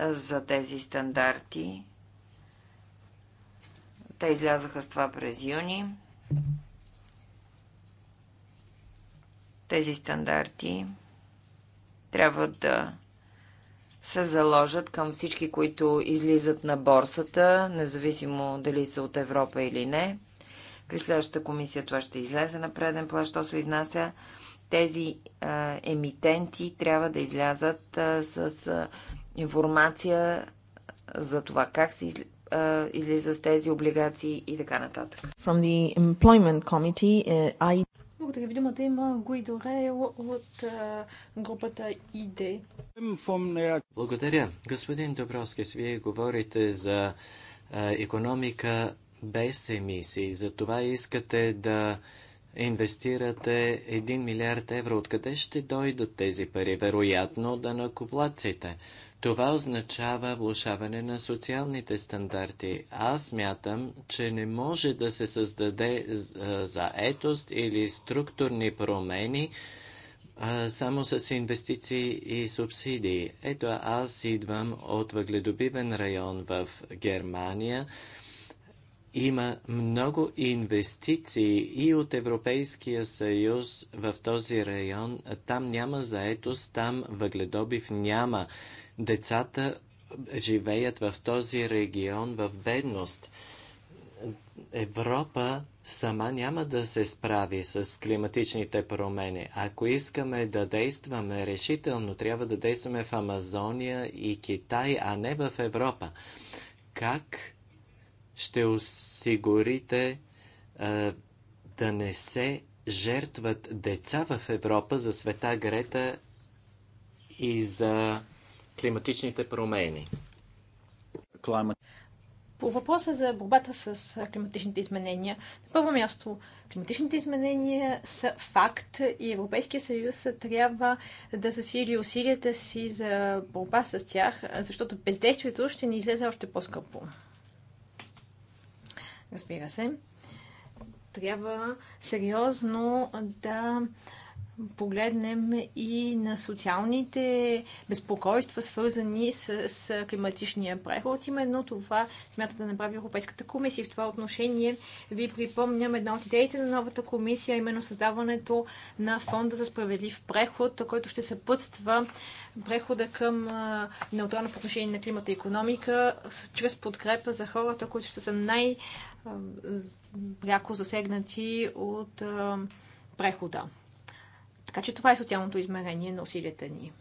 за тези стандарти. Те излязаха с това през юни. Тези стандарти трябва да се заложат към всички, които излизат на борсата, независимо дали са от Европа или не. При следващата комисия това ще излезе на преден план, що се изнася тези а, емитенти трябва да излязат а, с а, информация за това как се изли, излиза с тези облигации и така нататък. From the employment committee, uh, I... Благодаря видим, да има Гуидо Рейл от групата ИД. Благодаря. Господин Добровски, вие говорите за економика без емисии. За това искате да инвестирате 1 милиард евро. Откъде ще дойдат тези пари? Вероятно да накоплаците. Това означава влушаване на социалните стандарти. Аз мятам, че не може да се създаде заетост или структурни промени а, само с инвестиции и субсидии. Ето аз идвам от въгледобивен район в Германия. Има много инвестиции и от Европейския съюз в този район. Там няма заетост, там въгледобив няма. Децата живеят в този регион в бедност. Европа сама няма да се справи с климатичните промени. Ако искаме да действаме решително, трябва да действаме в Амазония и Китай, а не в Европа. Как ще осигурите а, да не се жертват деца в Европа за света Грета и за климатичните промени. По въпроса за борбата с климатичните изменения, на първо място, климатичните изменения са факт и Европейския съюз трябва да засили усилията си за борба с тях, защото бездействието ще ни излезе още по-скъпо. Разбира се. Трябва сериозно да погледнем и на социалните безпокойства, свързани с, с климатичния преход. Именно това смята да направи Европейската комисия. В това отношение ви припомням една от идеите на новата комисия, именно създаването на фонда за справедлив преход, който ще съпътства прехода към неутрално отношение на климата и економика, чрез подкрепа за хората, които ще са най-пряко засегнати от прехода. Така че това е социалното измерение на усилията ни.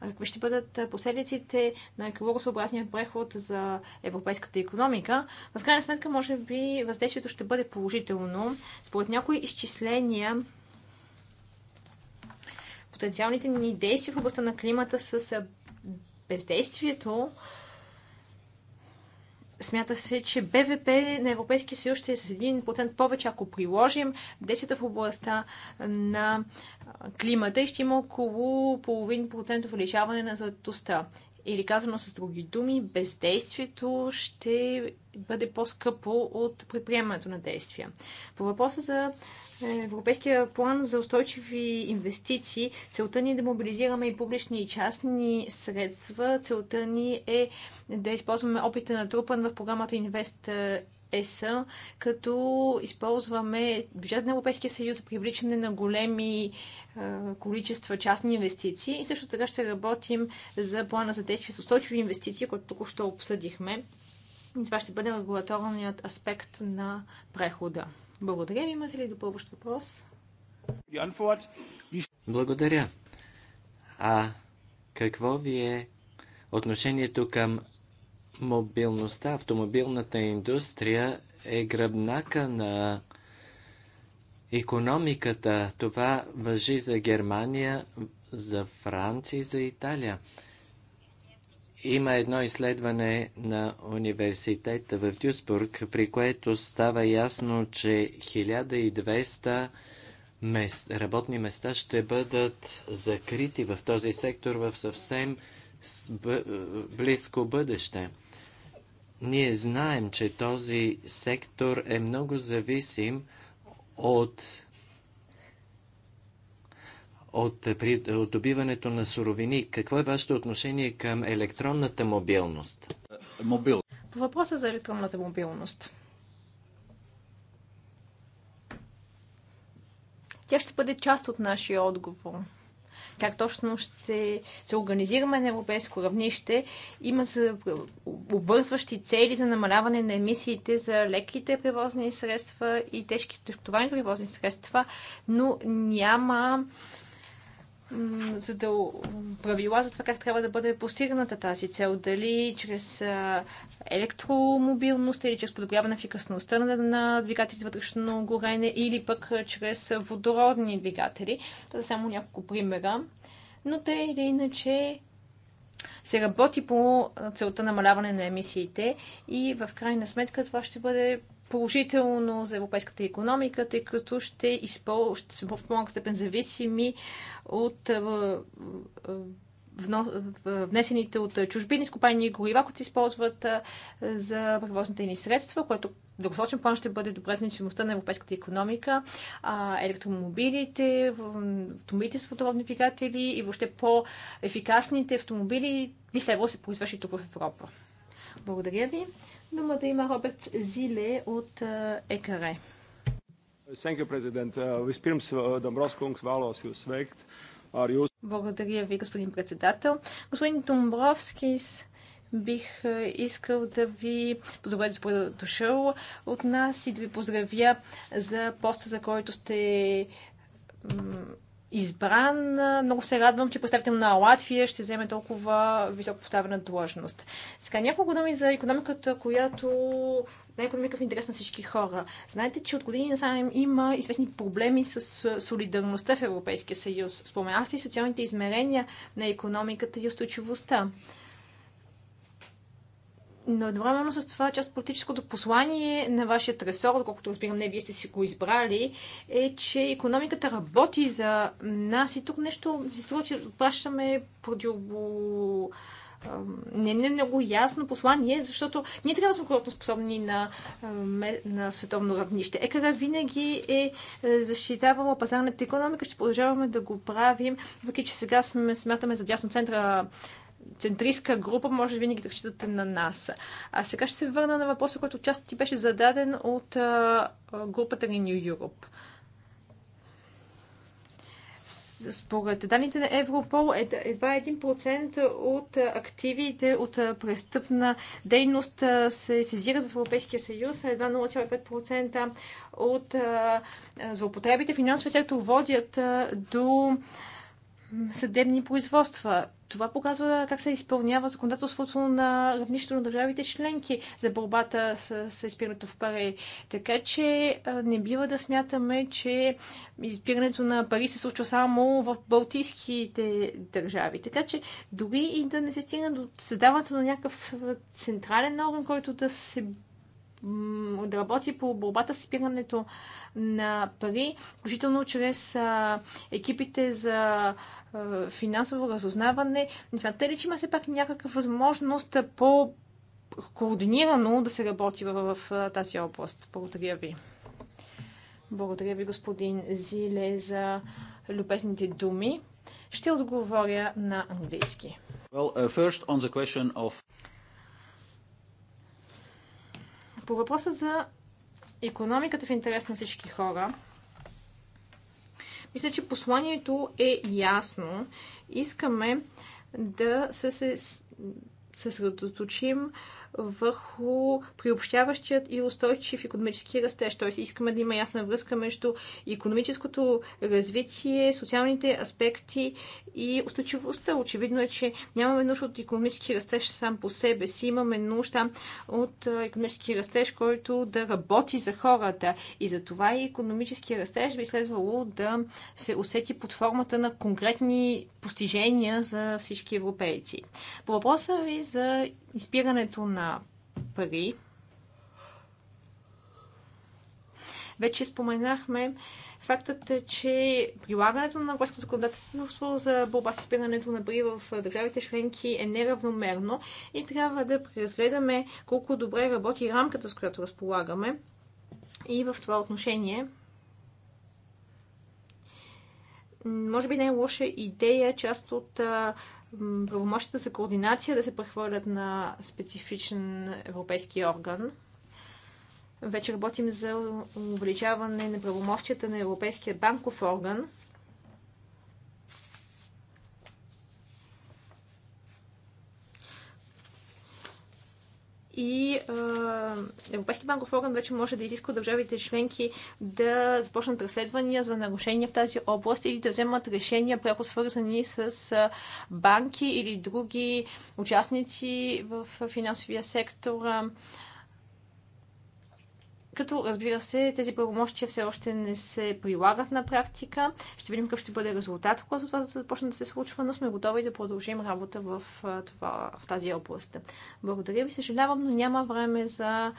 А какви ще бъдат последиците на екологосъобразния преход за европейската економика? В крайна сметка, може би, въздействието ще бъде положително. Според някои изчисления, потенциалните ни действия в областта на климата с бездействието Смята се, че БВП на Европейския съюз ще е с 1% повече, ако приложим действията в областта на климата и ще има около половин процент увеличаване на заедостта. Или казано с други думи, бездействието ще бъде по-скъпо от предприемането на действия. По въпроса за е, европейския план за устойчиви инвестиции. Целта ни е да мобилизираме и публични и частни средства. Целта ни е да използваме опита на трупан в програмата Invest е, ЕСА, като използваме бюджет на Европейския съюз за привличане на големи е, количества частни инвестиции и също така ще работим за плана за действие с устойчиви инвестиции, който току-що обсъдихме. И това ще бъде регулаторният аспект на прехода. Благодаря ви. Имате ли допълващ въпрос? Благодаря. А какво ви е отношението към мобилността? Автомобилната индустрия е гръбнака на економиката. Това въжи за Германия, за Франция и за Италия. Има едно изследване на университета в Дюсбург, при което става ясно, че 1200 мест, работни места ще бъдат закрити в този сектор в съвсем близко бъдеще. Ние знаем, че този сектор е много зависим от от, от добиването на суровини. Какво е вашето отношение към електронната мобилност? Мобил. По въпроса за електронната мобилност. Тя ще бъде част от нашия отговор как точно ще се организираме на европейско равнище. Има за обвързващи цели за намаляване на емисиите за леките превозни средства и тежките тежкотоварни превозни средства, но няма за да правила за това как трябва да бъде постигната тази цел. Дали чрез електромобилност или чрез подобряване ефикасността на двигателите вътрешно горене или пък чрез водородни двигатели. Това са само няколко примера. Но те или иначе се работи по целта намаляване на емисиите и в крайна сметка това ще бъде положително за европейската економика, тъй като ще, изпол... ще се в малка степен зависими от внесените от чужбини изкопаени горива, които се използват за превозните ни средства, което в дългосрочен план ще бъде добре за на европейската економика, електромобилите, автомобилите с водородни двигатели и въобще по-ефикасните автомобили би следвало да се произвеждат тук в Европа. Благодаря ви. Думата има Роберт Зиле от ЕКАРЕ. Благодаря ви, господин председател. Господин Домбровски, бих искал да ви поздравя за да дошъл от нас и да ви поздравя за поста, за който сте избран. Много се радвам, че представител на Латвия ще вземе толкова високо поставена длъжност. Сега няколко думи за економиката, която на е економика в интерес на всички хора. Знаете, че от години насам има известни проблеми с солидарността в Европейския съюз. Споменахте и социалните измерения на економиката и устойчивостта но едновременно с това част от политическото послание на вашия ресор, доколкото разбирам, не вие сте си го избрали, е, че економиката работи за нас и тук нещо се струва, че пращаме противобо не не много ясно послание, защото ние трябва да сме способни на, е, на световно равнище. ЕКР винаги е, е защитавала пазарната економика, ще продължаваме да го правим, въпреки че сега сме, смятаме за дясно центра центристка група, може винаги да считате на нас. А сега ще се върна на въпроса, който част ти беше зададен от а, групата New Europe. Според данните на Европол, е, едва 1% от активите от престъпна дейност се сезират в Европейския съюз, а едва 0,5% от злоупотребите в финансовия сектор водят до съдебни производства. Това показва как се изпълнява законодателството на равнището на държавите членки за борбата с, с изпирането в пари. Така че не бива да смятаме, че изпирането на пари се случва само в балтийските държави. Така че дори и да не се стигне до създаването на някакъв централен орган, който да се да работи по борбата с изпирането на пари, включително чрез екипите за финансово разузнаване. Не смятате ли, че има все пак някаква възможност по координирано да се работи в, в тази област? Благодаря ви. Благодаря ви, господин Зиле, за любезните думи. Ще отговоря на английски. Well, uh, first on the question of... По въпроса за економиката в интерес на всички хора, мисля, че посланието е ясно. Искаме да се съсредоточим върху приобщаващият и устойчив економически растеж. Тоест искаме да има ясна връзка между економическото развитие, социалните аспекти и устойчивостта. Очевидно е, че нямаме нужда от економически растеж сам по себе си. Имаме нужда от економически растеж, който да работи за хората. И за това и економически растеж би следвало да се усети под формата на конкретни постижения за всички европейци. По въпроса ви за изпирането на пари. Вече споменахме фактът, е, че прилагането на европейското законодателство за борба с изпирането на пари в държавите членки е неравномерно и трябва да преразгледаме колко добре работи рамката, с която разполагаме. И в това отношение може би най-лоша е идея част от правомощите за координация да се прехвърлят на специфичен европейски орган. Вече работим за увеличаване на правомощията на Европейския банков орган – и Европейския банков орган вече може да изисква държавите членки да започнат разследвания за нарушения в тази област или да вземат решения пряко свързани с банки или други участници в финансовия сектор като разбира се тези правомощия все още не се прилагат на практика. Ще видим какъв ще бъде резултат, когато това започне да се случва, но сме готови да продължим работа в, това, в тази област. Благодаря ви, съжалявам, но няма време за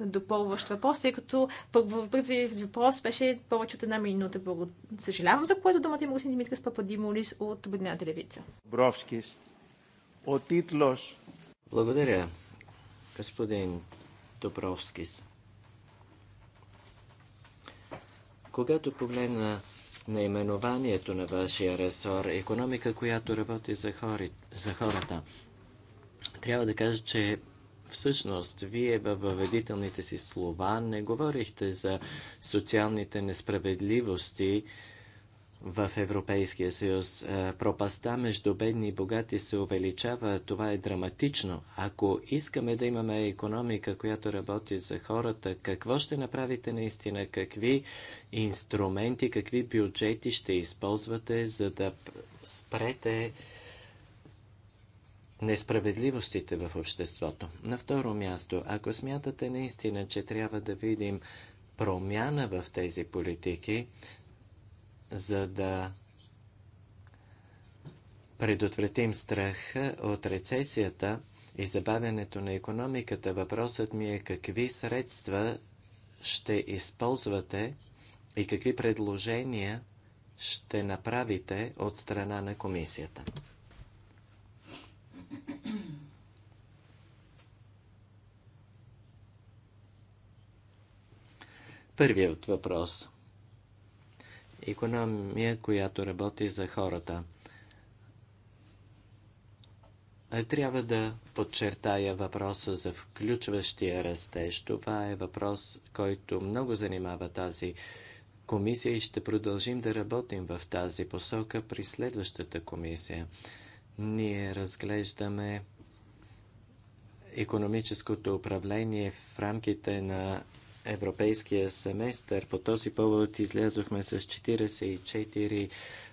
допълващ въпрос, тъй като първият въпрос беше повече от една минута. Съжалявам, за което думата има господин Димитрис Пападимолис от Бъдната левица. Бровскис, от Итлош. Благодаря, господин Добровскис. Когато погледна наименованието на вашия ресор, економика, която работи за, хори, за хората, трябва да кажа, че всъщност вие във въведителните си слова не говорихте за социалните несправедливости, в Европейския съюз. Е, пропаста между бедни и богати се увеличава. Това е драматично. Ако искаме да имаме економика, която работи за хората, какво ще направите наистина? Какви инструменти, какви бюджети ще използвате, за да спрете несправедливостите в обществото? На второ място, ако смятате наистина, че трябва да видим промяна в тези политики, за да предотвратим страха от рецесията и забавянето на економиката, въпросът ми е какви средства ще използвате и какви предложения ще направите от страна на комисията. Първият въпрос – економия, която работи за хората. Трябва да подчертая въпроса за включващия растеж. Това е въпрос, който много занимава тази комисия и ще продължим да работим в тази посока при следващата комисия. Ние разглеждаме економическото управление в рамките на европейския семестър. По този повод излязохме с 44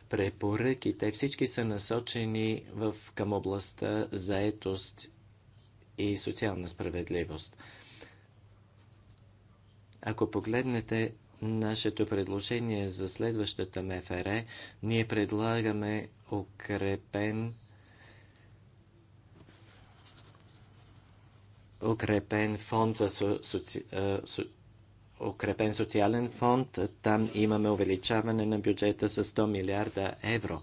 препоръки. Те всички са насочени в, към областта заетост и социална справедливост. Ако погледнете нашето предложение за следващата МФР, ние предлагаме укрепен укрепен фонд за со, укрепен социален фонд. Там имаме увеличаване на бюджета с 100 милиарда евро.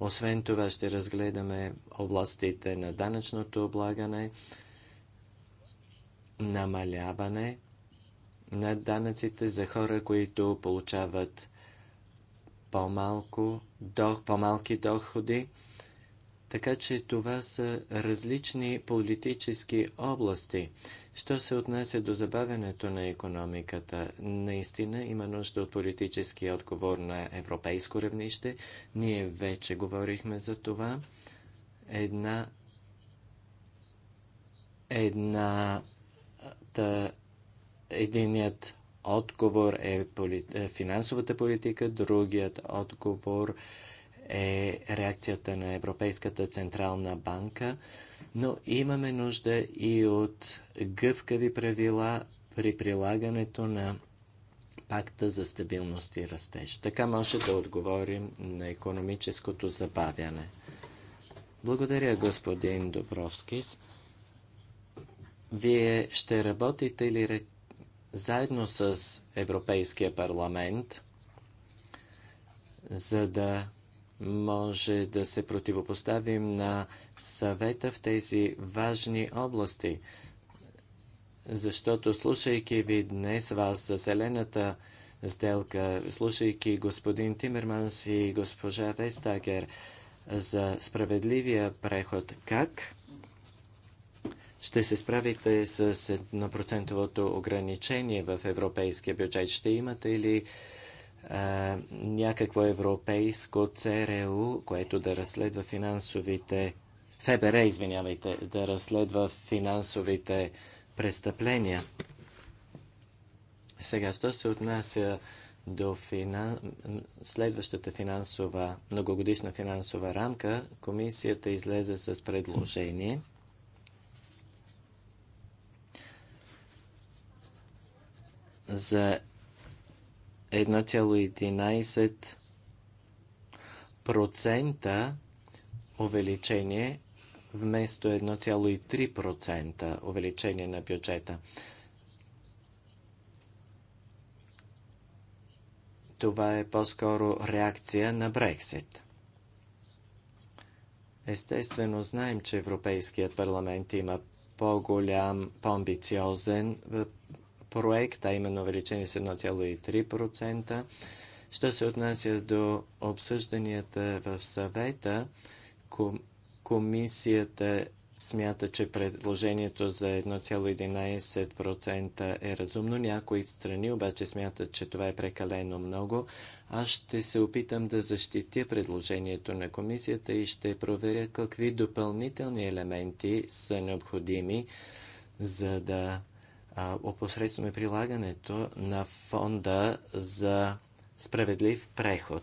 Освен това ще разгледаме областите на данъчното облагане, намаляване на данъците за хора, които получават по-малко, дох, по-малки доходи. Така че това са различни политически области. Що се отнася до забавянето на економиката, наистина има нужда от политически отговор на европейско равнище. Ние вече говорихме за това. Една една та, единият отговор е поли, е финансовата политика, другият отговор е реакцията на Европейската централна банка но имаме нужда и от гъвкави правила при прилагането на пакта за стабилност и растеж. Така може да отговорим на економическото забавяне. Благодаря, господин Добровскис. Вие ще работите ли заедно с Европейския парламент, за да може да се противопоставим на съвета в тези важни области. Защото слушайки ви днес вас за зелената сделка, слушайки господин Тимерманс и госпожа Вестагер за справедливия преход, как ще се справите с еднопроцентовото ограничение в европейския бюджет? Ще имате ли а, някакво европейско ЦРУ, което да разследва финансовите ФБР, извинявайте, да разследва финансовите престъпления. Сега, що се отнася до финан... следващата финансова, многогодишна финансова рамка, комисията излезе с предложение. за 1,11% увеличение вместо 1,3% увеличение на бюджета. Това е по-скоро реакция на Брексит. Естествено, знаем, че Европейският парламент има по-голям, по-амбициозен проект, а именно увеличение с 1,3%. Що се отнася до обсъжданията в съвета, комисията смята, че предложението за 1,11% е разумно. Някои страни обаче смятат, че това е прекалено много. Аз ще се опитам да защитя предложението на комисията и ще проверя какви допълнителни елементи са необходими, за да опосредстваме прилагането на фонда за справедлив преход.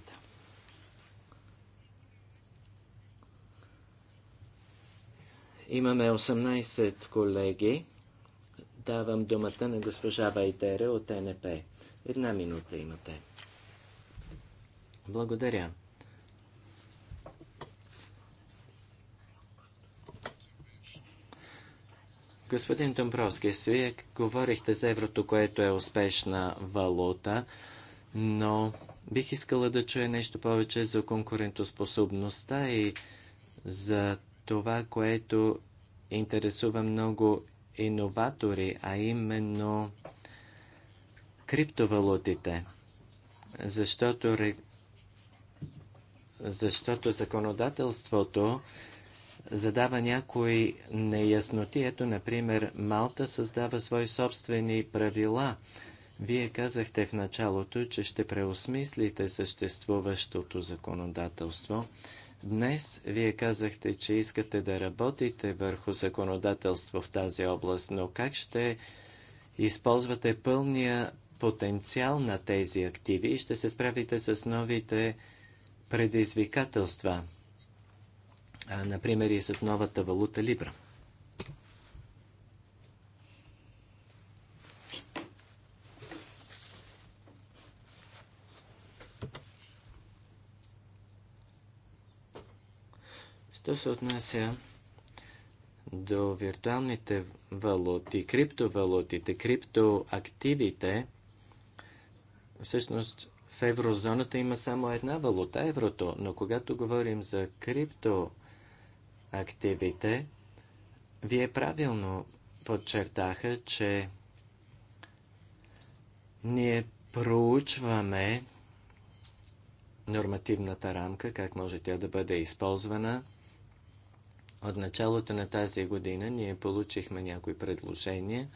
Имаме 18 колеги. Давам думата на госпожа Вайдере от НП. Една минута имате. Благодаря. Господин Домбровски, вие говорихте за еврото, което е успешна валута, но бих искала да чуя нещо повече за конкурентоспособността и за това, което интересува много иноватори, а именно криптовалутите. Защото, защото законодателството задава някои неясноти. Ето, например, Малта създава свои собствени правила. Вие казахте в началото, че ще преосмислите съществуващото законодателство. Днес вие казахте, че искате да работите върху законодателство в тази област, но как ще използвате пълния потенциал на тези активи и ще се справите с новите предизвикателства? а, например и с новата валута Либра. Що се отнася до виртуалните валути, криптовалутите, криптоактивите, всъщност в еврозоната има само една валута, еврото, но когато говорим за крипто активите. Вие правилно подчертаха, че ние проучваме нормативната рамка, как може тя да бъде използвана. От началото на тази година ние получихме някои предложения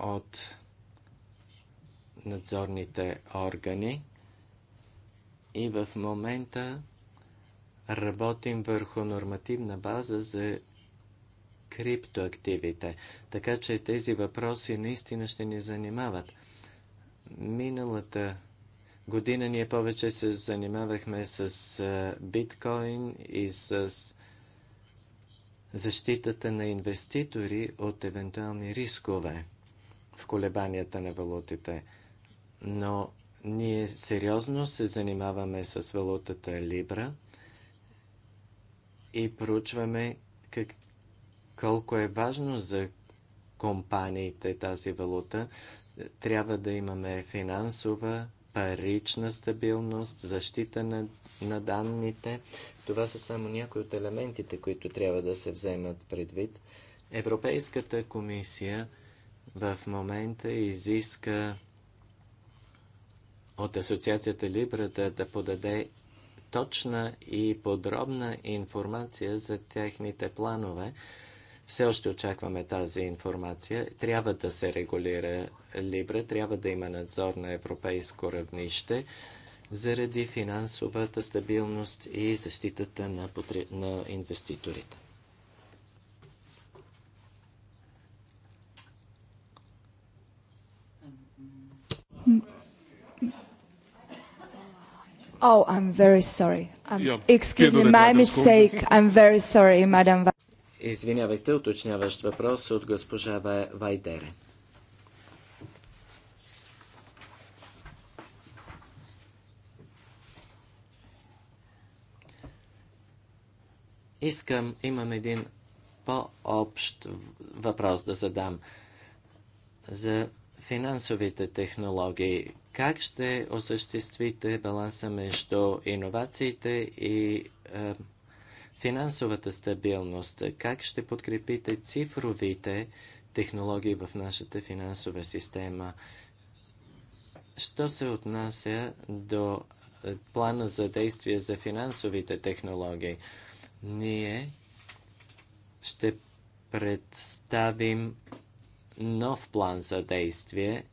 от надзорните органи и в момента работим върху нормативна база за криптоактивите. Така че тези въпроси наистина ще ни занимават. Миналата година ние повече се занимавахме с биткоин и с защитата на инвеститори от евентуални рискове в колебанията на валутите. Но ние сериозно се занимаваме с валутата Либра – и проучваме как, колко е важно за компаниите тази валута. Трябва да имаме финансова, парична стабилност, защита на, на данните. Това са само някои от елементите, които трябва да се вземат предвид. Европейската комисия в момента изиска от Асоциацията Либра да подаде точна и подробна информация за техните планове. Все още очакваме тази информация. Трябва да се регулира Либра, трябва да има надзор на европейско равнище заради финансовата стабилност и защитата на, на инвеститорите. Oh, I'm very sorry. I'm... Excuse me, my mistake. I'm very sorry, madam. Извинявайте, уточняващ въпрос от госпожа Вайдере. Искам, имам един по-общ въпрос да задам за финансовите технологии. Как ще осъществите баланса между иновациите и е, финансовата стабилност? Как ще подкрепите цифровите технологии в нашата финансова система? Що се отнася до е, плана за действие за финансовите технологии? Ние ще представим нов план за действие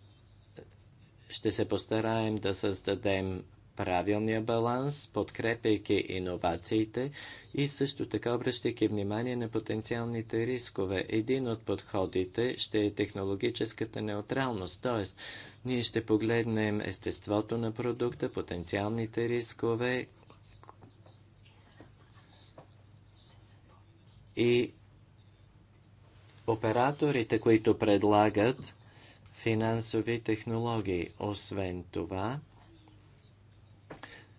ще се постараем да създадем правилния баланс, подкрепяйки иновациите и също така обръщайки внимание на потенциалните рискове. Един от подходите ще е технологическата неутралност, т.е. ние ще погледнем естеството на продукта, потенциалните рискове и операторите, които предлагат финансови технологии. Освен това,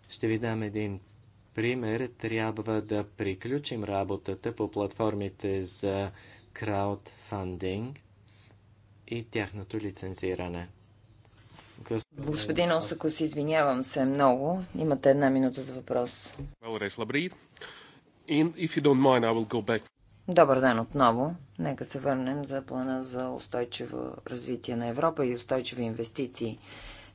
ще ви дам един пример. Трябва да приключим работата по платформите за краудфандинг и тяхното лицензиране. Господин Осако, се извинявам се много. Имате една минута за въпрос. Добър ден отново. Нека се върнем за плана за устойчиво развитие на Европа и устойчиви инвестиции.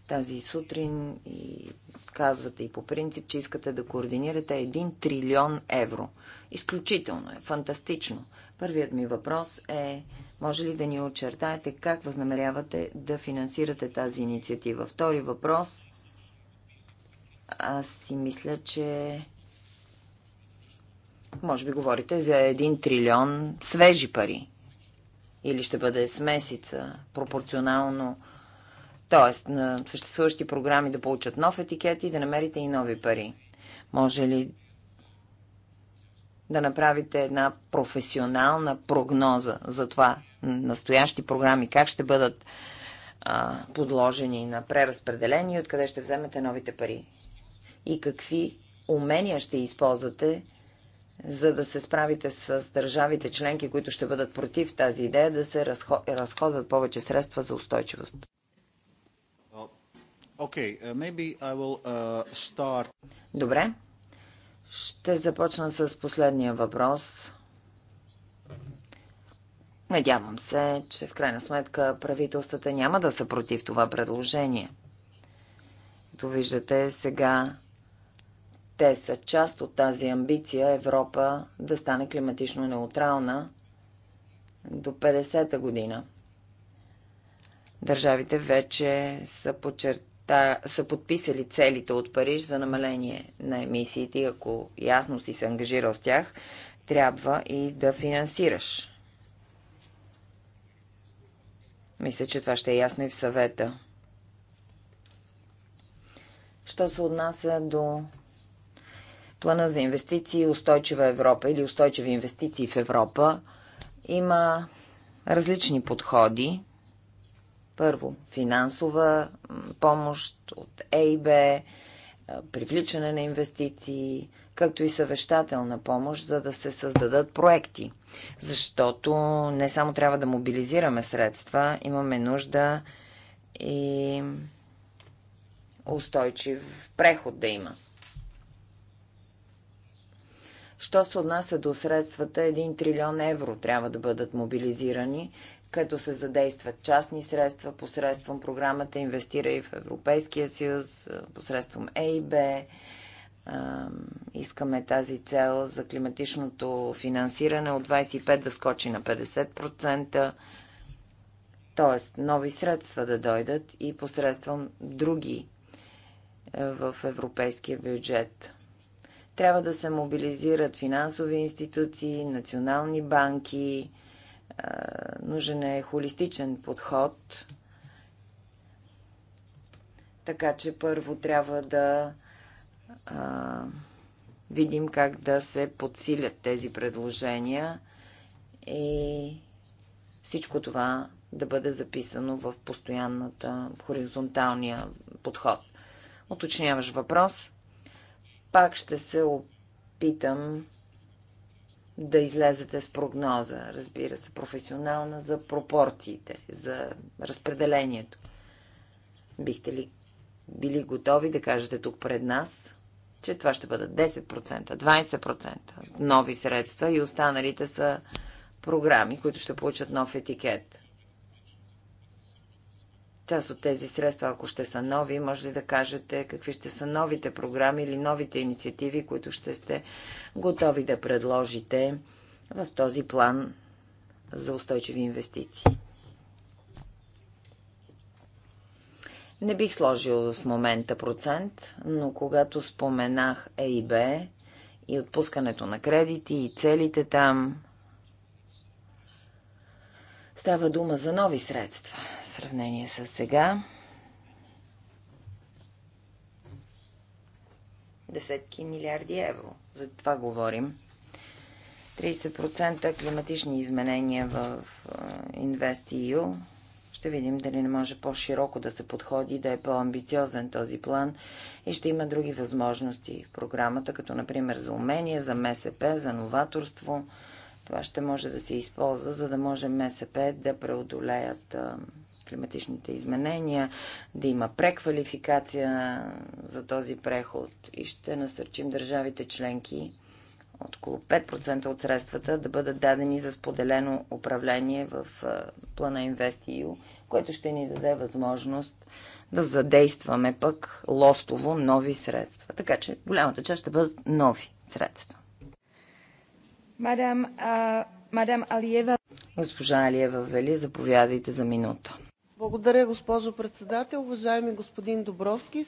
Тази сутрин и казвате и по принцип, че искате да координирате 1 трилион евро. Изключително е, фантастично. Първият ми въпрос е, може ли да ни очертаете как възнамерявате да финансирате тази инициатива? Втори въпрос. Аз си мисля, че може би говорите за един трилион свежи пари. Или ще бъде смесица, пропорционално. т.е. на съществуващи програми да получат нов етикет и да намерите и нови пари. Може ли да направите една професионална прогноза за това настоящи програми, как ще бъдат а, подложени на преразпределение и откъде ще вземете новите пари? И какви умения ще използвате, за да се справите с държавите членки, които ще бъдат против тази идея, да се разходват повече средства за устойчивост? Okay, uh, will, uh, start... Добре. Ще започна с последния въпрос. Надявам се, че в крайна сметка правителствата няма да са против това предложение. Като виждате, сега те са част от тази амбиция Европа да стане климатично неутрална до 50-та година. Държавите вече са, подчерта... са подписали целите от Париж за намаление на емисиите и ако ясно си се ангажирал с тях, трябва и да финансираш. Мисля, че това ще е ясно и в съвета. Що се отнася до плана за инвестиции Устойчива Европа или Устойчиви инвестиции в Европа има различни подходи. Първо, финансова помощ от ЕИБ, привличане на инвестиции, както и съвещателна помощ, за да се създадат проекти. Защото не само трябва да мобилизираме средства, имаме нужда и устойчив преход да има. Що се отнася до средствата, 1 трилион евро трябва да бъдат мобилизирани, като се задействат частни средства посредством програмата Инвестира и в Европейския съюз, посредством ЕИБ. Искаме тази цел за климатичното финансиране от 25 да скочи на 50%, т.е. нови средства да дойдат и посредством други в европейския бюджет. Трябва да се мобилизират финансови институции, национални банки. Нужен е холистичен подход. Така че първо трябва да а, видим как да се подсилят тези предложения и всичко това да бъде записано в постоянната хоризонталния подход. Уточняваш въпрос пак ще се опитам да излезете с прогноза, разбира се, професионална за пропорциите, за разпределението. Бихте ли били готови да кажете тук пред нас, че това ще бъдат 10%, 20% нови средства и останалите са програми, които ще получат нов етикет? Част от тези средства, ако ще са нови, може ли да кажете какви ще са новите програми или новите инициативи, които ще сте готови да предложите в този план за устойчиви инвестиции? Не бих сложил в момента процент, но когато споменах ЕИБ и отпускането на кредити и целите там, става дума за нови средства – сравнение с сега. Десетки милиарди евро. За това говорим. 30% климатични изменения в InvestEU. Е, ще видим дали не може по-широко да се подходи, да е по-амбициозен този план и ще има други възможности в програмата, като например за умения, за МСП, за новаторство. Това ще може да се използва, за да може МСП да преодолеят е, климатичните изменения, да има преквалификация за този преход и ще насърчим държавите членки около 5% от средствата да бъдат дадени за споделено управление в плана InvestEU, което ще ни даде възможност да задействаме пък лостово нови средства. Така че голямата част ще бъдат нови средства. Мадам, а, мадам Алиева. Госпожа Алиева Вели, заповядайте за минута. Благодаря, госпожо председател. Уважаеми господин Добровски,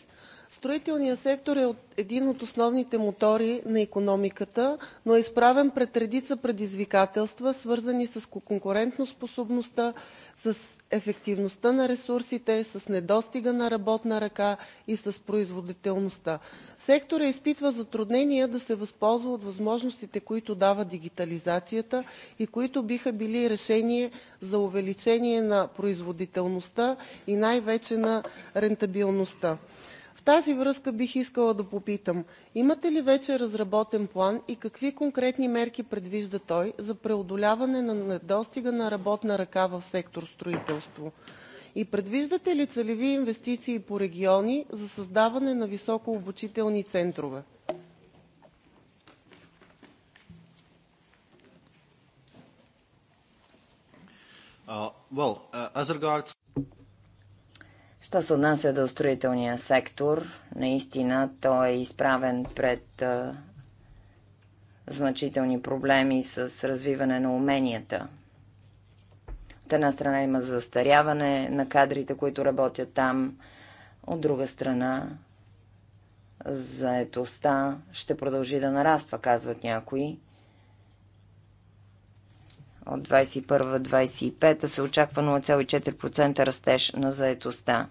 Строителният сектор е един от основните мотори на економиката, но е изправен пред редица предизвикателства, свързани с конкурентоспособността, с ефективността на ресурсите, с недостига на работна ръка и с производителността. Секторът изпитва затруднения да се възползва от възможностите, които дава дигитализацията и които биха били решение за увеличение на производителността и най-вече на рентабилността. В тази връзка бих искала да попитам: имате ли вече разработен план и какви конкретни мерки предвижда той за преодоляване на недостига на работна ръка в сектор „Строителство“? И Предвиждате ли целеви инвестиции по региони за създаване на високообучителни центрове? Uh, well, uh, as regards Що се отнася до строителния сектор, наистина той е изправен пред а, значителни проблеми с развиване на уменията. От една страна има застаряване на кадрите, които работят там, от друга страна заетостта ще продължи да нараства, казват някои. От 21-25 се очаква 0,4% растеж на заетостта.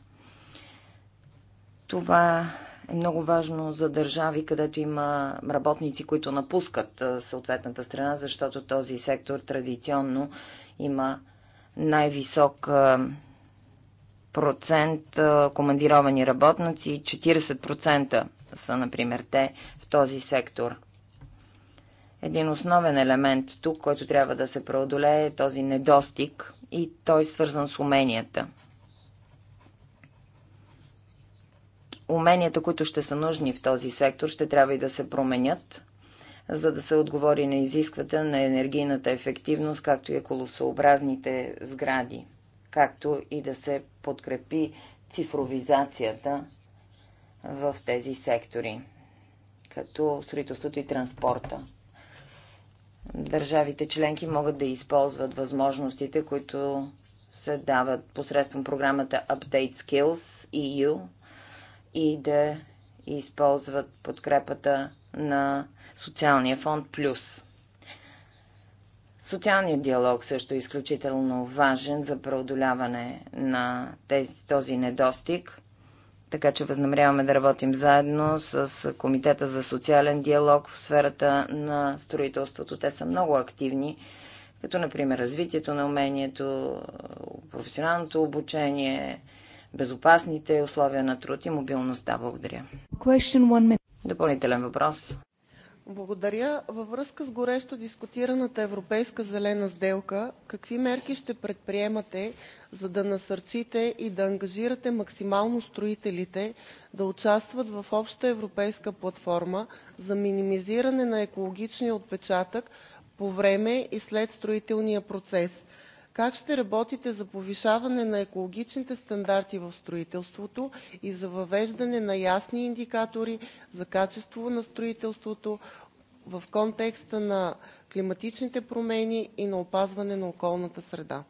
Това е много важно за държави, където има работници, които напускат съответната страна, защото този сектор традиционно има най-висок процент командировани работници, 40% са, например, те в този сектор. Един основен елемент тук, който трябва да се преодолее е този недостиг и той е свързан с уменията – уменията, които ще са нужни в този сектор, ще трябва и да се променят, за да се отговори на изисквата на енергийната ефективност, както и еколосообразните сгради, както и да се подкрепи цифровизацията в тези сектори, като строителството и транспорта. Държавите членки могат да използват възможностите, които се дават посредством програмата Update Skills EU, и да използват подкрепата на социалния фонд Плюс. Социалният диалог също е изключително важен за преодоляване на тези, този недостиг, така че възнамеряваме да работим заедно с Комитета за социален диалог в сферата на строителството. Те са много активни, като например развитието на умението, професионалното обучение, безопасните условия на труд и мобилността. Благодаря. Допълнителен въпрос. Благодаря. Във връзка с горещо дискутираната европейска зелена сделка, какви мерки ще предприемате, за да насърчите и да ангажирате максимално строителите да участват в обща европейска платформа за минимизиране на екологичния отпечатък по време и след строителния процес? как ще работите за повишаване на екологичните стандарти в строителството и за въвеждане на ясни индикатори за качество на строителството в контекста на климатичните промени и на опазване на околната среда?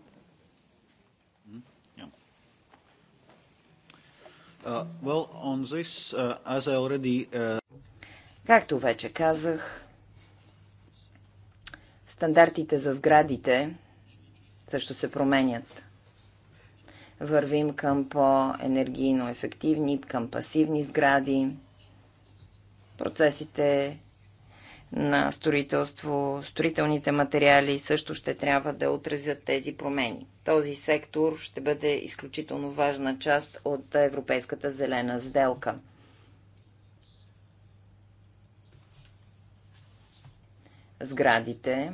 Well, this, uh, already, uh... Както вече казах, стандартите за сградите също се променят. Вървим към по-енергийно ефективни, към пасивни сгради. Процесите на строителство, строителните материали също ще трябва да отразят тези промени. Този сектор ще бъде изключително важна част от Европейската зелена сделка. Сградите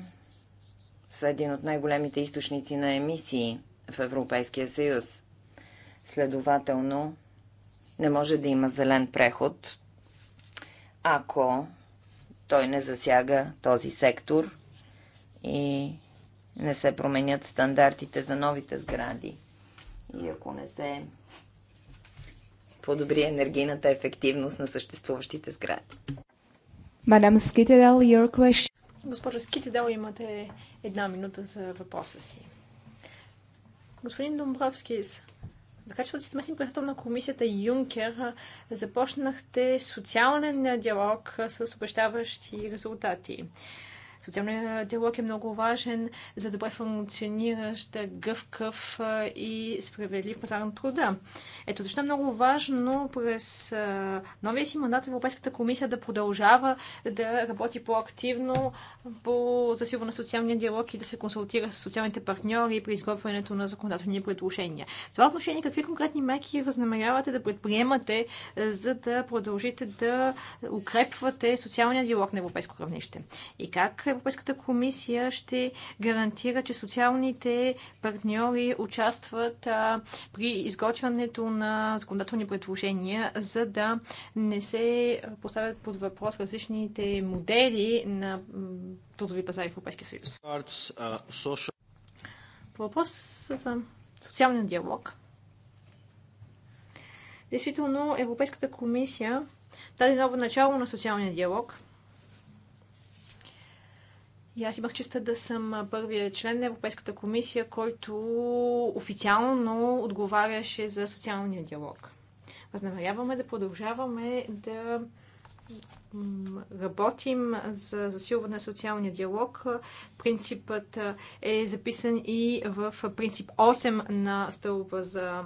са един от най-големите източници на емисии в Европейския съюз. Следователно, не може да има зелен преход, ако той не засяга този сектор и не се променят стандартите за новите сгради. И ако не се подобри енергийната ефективност на съществуващите сгради. Мадам Skitterell, your question. Госпожа Скитедал, имате една минута за въпроса си. Господин Домбровскис, в качеството местни заместник председател на комисията Юнкер започнахте социален диалог с обещаващи резултати. Социалният диалог е много важен за добре функциониращ, гъвкъв и справедлив пазар на труда. Ето защо е много важно през новия си мандат Европейската комисия да продължава да работи по-активно по засилване на социалния диалог и да се консултира с социалните партньори при изготвянето на законодателни предложения. В това отношение какви конкретни мерки възнамерявате да предприемате, за да продължите да укрепвате социалния диалог на европейско равнище? И как Европейската комисия ще гарантира, че социалните партньори участват а, при изготвянето на законодателни предложения, за да не се поставят под въпрос различните модели на трудови пазари в Европейския съюз? По въпрос за социалния диалог. Действително, Европейската комисия даде ново начало на социалния диалог и аз имах честа да съм първият член на Европейската комисия, който официално отговаряше за социалния диалог. Възнамеряваме да продължаваме да работим за засилване на социалния диалог. Принципът е записан и в принцип 8 на стълба за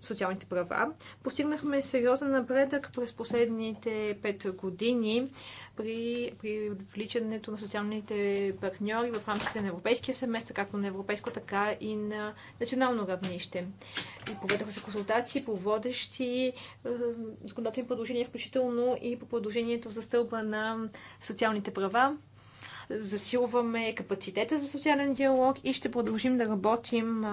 социалните права. Постигнахме сериозен напредък през последните 5 години при, при вличането на социалните партньори в рамките на европейския семестър, както на европейско, така и на национално равнище. И проведоха се консултации по водещи е, законодателни предложения, включително и по предложението за стълба на социалните права засилваме капацитета за социален диалог и ще продължим да работим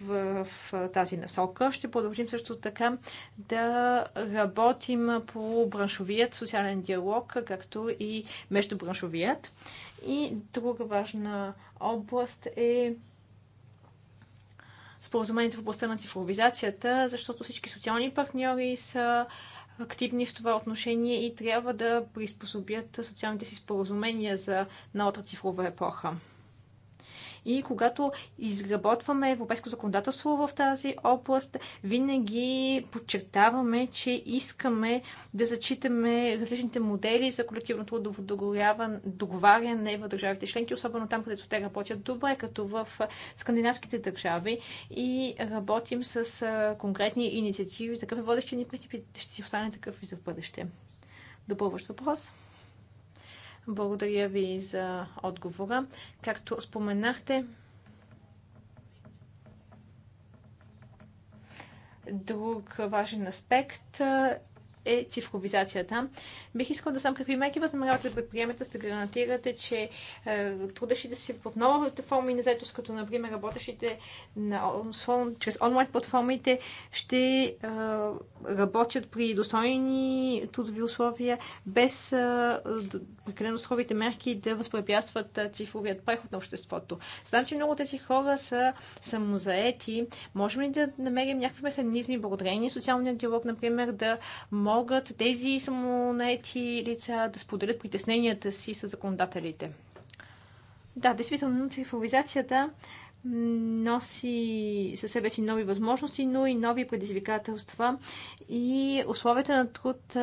в, в тази насока. Ще продължим също така да работим по браншовият социален диалог, както и междубраншовият. И друга важна област е споразумението в областта на цифровизацията, защото всички социални партньори са активни в това отношение и трябва да приспособят социалните си споразумения за новата цифрова епоха. И когато изработваме европейско законодателство в тази област, винаги подчертаваме, че искаме да зачитаме различните модели за колективното договаряне в държавите членки, особено там, където те работят добре, като в скандинавските държави. И работим с конкретни инициативи. Такъв е водещи ни принципи. Ще си остане такъв и за в бъдеще. Допълващ въпрос. Благодаря ви за отговора. Както споменахте, друг важен аспект е цифровизацията. Бих искал да знам какви мерки възнамерявате да предприемете, за да гарантирате, че е, трудещите си под новите форми на заетост, като например работещите на, чрез онлайн платформите, ще е, работят при достойни трудови условия, без е, прекалено строгите мерки да възпрепятстват е, цифровият преход на обществото. Знам, че много тези хора са самозаети. Можем ли да намерим някакви механизми, благодарение на социалния диалог, например, да могат тези самонаети лица да споделят притесненията си с законодателите. Да, действително цифровизацията носи със себе си нови възможности, но и нови предизвикателства и условията на труд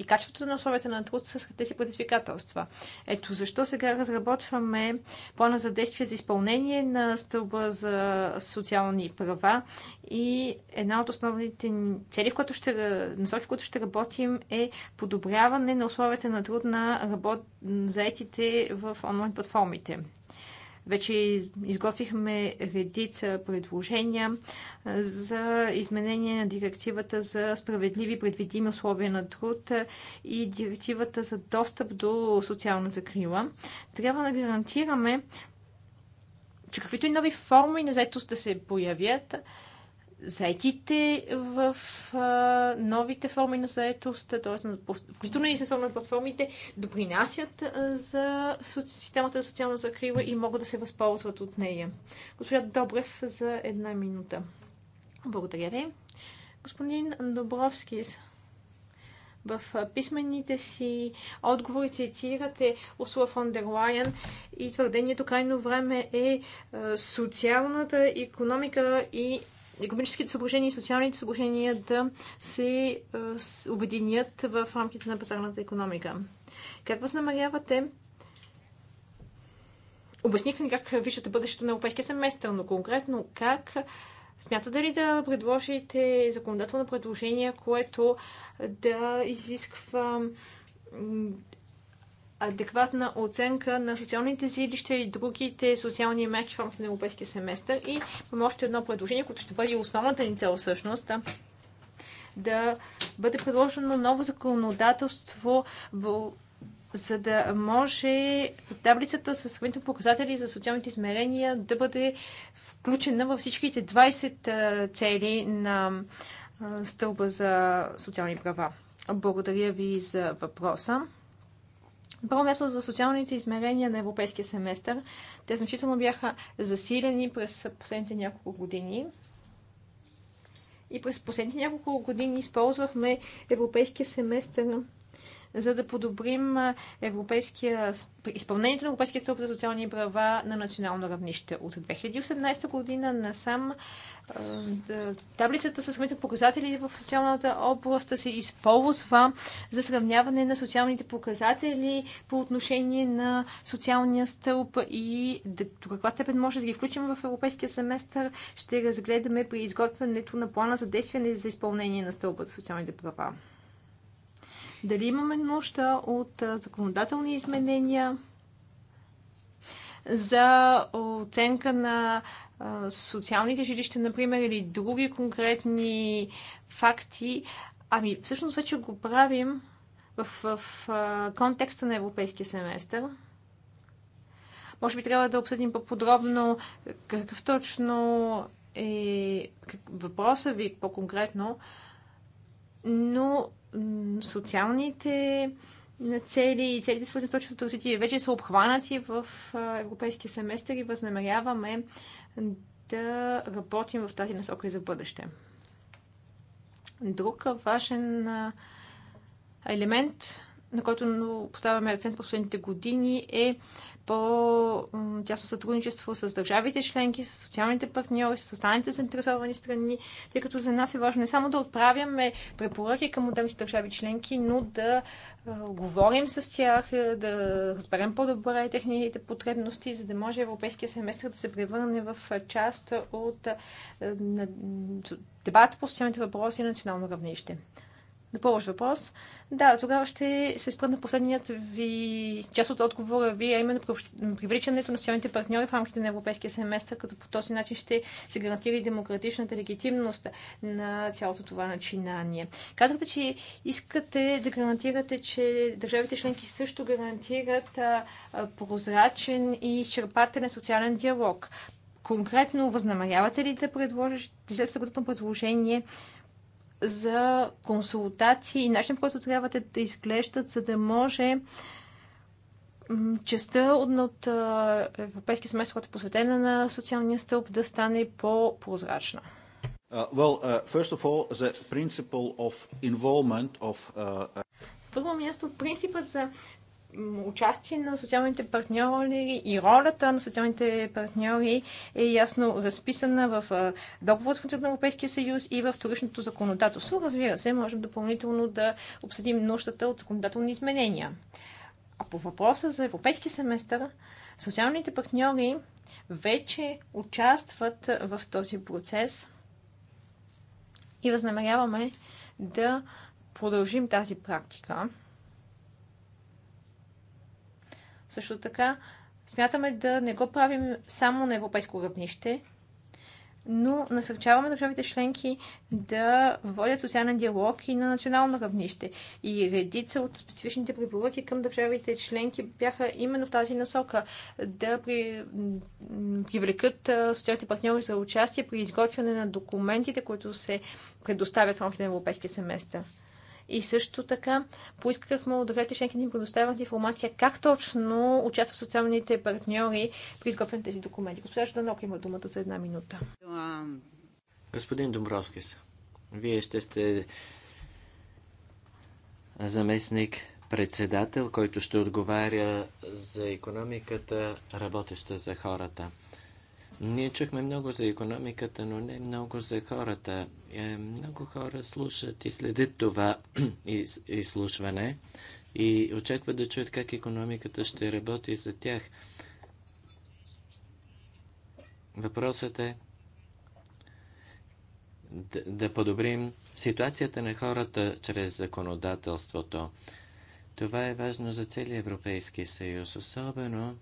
и качеството на условията на труд са тези предизвикателства. Ето защо сега разработваме плана за действие за изпълнение на стълба за социални права и една от основните цели, в която ще, насоки, в които ще работим е подобряване на условията на труд на работ... заетите в онлайн платформите. Вече изготвихме редица предложения за изменение на директивата за справедливи предвидими условия на труд и директивата за достъп до социална закрила. Трябва да гарантираме, че каквито и нови форми на заетост да се появят, заетите в а, новите форми на заетост, т.е. включително и сезонно платформите, допринасят а, за системата за социална закрива и могат да се възползват от нея. Господин Добрев за една минута. Благодаря ви. Господин Добровскис, в писмените си отговори цитирате Усула фон дер Лайен и твърдението крайно време е социалната економика и економическите съображения и социалните съображения да се обединят в рамките на пазарната економика. Как възнамерявате? Обяснихте ни как виждате бъдещето на европейския семестър, но конкретно как Смятате ли да предложите законодателно предложение, което да изисква адекватна оценка на социалните жилища и другите социални мерки в рамките на европейския семестър. И имам още едно предложение, което ще бъде основната ни цел всъщност да бъде предложено ново законодателство, за да може таблицата с сравнителни показатели за социалните измерения да бъде включена във всичките 20 цели на стълба за социални права. Благодаря ви за въпроса. Първо място за социалните измерения на европейския семестър. Те значително бяха засилени през последните няколко години. И през последните няколко години използвахме европейския семестър за да подобрим европейския, изпълнението на Европейския стълб за социални права на национално равнище. От 2018 година насам таблицата с самите показатели в социалната област се използва за сравняване на социалните показатели по отношение на социалния стълб и до каква степен може да ги включим в европейския семестър, ще разгледаме при изготвянето на плана за действие за изпълнение на стълба за социалните права дали имаме нужда от законодателни изменения за оценка на социалните жилища, например, или други конкретни факти. Ами, всъщност вече го правим в, в, в контекста на европейския семестър. Може би трябва да обсъдим по-подробно какъв точно е въпроса ви по-конкретно, но социалните цели и целите свързани с точното развитие вече са обхванати в европейския семестър и възнамеряваме да работим в тази насока и за бъдеще. Друг важен елемент, на който поставяме акцент в последните години е по-тясно сътрудничество с държавите членки, с социалните партньори, с останалите заинтересовани страни, тъй като за нас е важно не само да отправяме препоръки към отделните държави членки, но да говорим с тях, е, да разберем по-добре техните потребности, за да може европейския семестър да се превърне в част от е, дебата по социалните въпроси на национално равнище допълваш въпрос. Да, тогава ще се спра на последният ви част от отговора ви, а именно привличането на социалните партньори в рамките на европейския семестър, като по този начин ще се гарантира и демократичната легитимност на цялото това начинание. Казахте, че искате да гарантирате, че държавите членки също гарантират прозрачен и изчерпателен социален диалог. Конкретно възнамерявате ли да предложите следствено предложение за консултации и начин, по който трябва да изглеждат, за да може частта от от европейския семейство, която е посветена на социалния стълб, да стане по-прозрачна. Uh, well, uh, first of all, the principle of involvement of Uh, uh, първо място принципът за участие на социалните партньори и ролята на социалните партньори е ясно разписана в договор с на Европейския съюз и в вторичното законодателство. Разбира се, можем допълнително да обсъдим нуждата от законодателни изменения. А по въпроса за европейски семестър, социалните партньори вече участват в този процес и възнамеряваме да продължим тази практика. Също така, смятаме да не го правим само на европейско равнище, но насърчаваме държавите членки да водят социален диалог и на национално равнище. И редица от специфичните препоръки към държавите членки бяха именно в тази насока да при, привлекат социалните партньори за участие при изготвяне на документите, които се предоставят в рамките на Европейския семестър. И също така поискахме от двете членки да ни предоставят информация как точно участват социалните партньори при изготвяне тези документи. Госпожа Жданок има думата за една минута. Господин Домбровскис, вие ще сте заместник председател, който ще отговаря за економиката, работеща за хората. Ние чухме много за економиката, но не много за хората. Е, много хора слушат и следят това *clears throat* изслушване и очакват да чуят как економиката ще работи за тях. Въпросът е да, да подобрим ситуацията на хората чрез законодателството. Това е важно за целия Европейски съюз, особено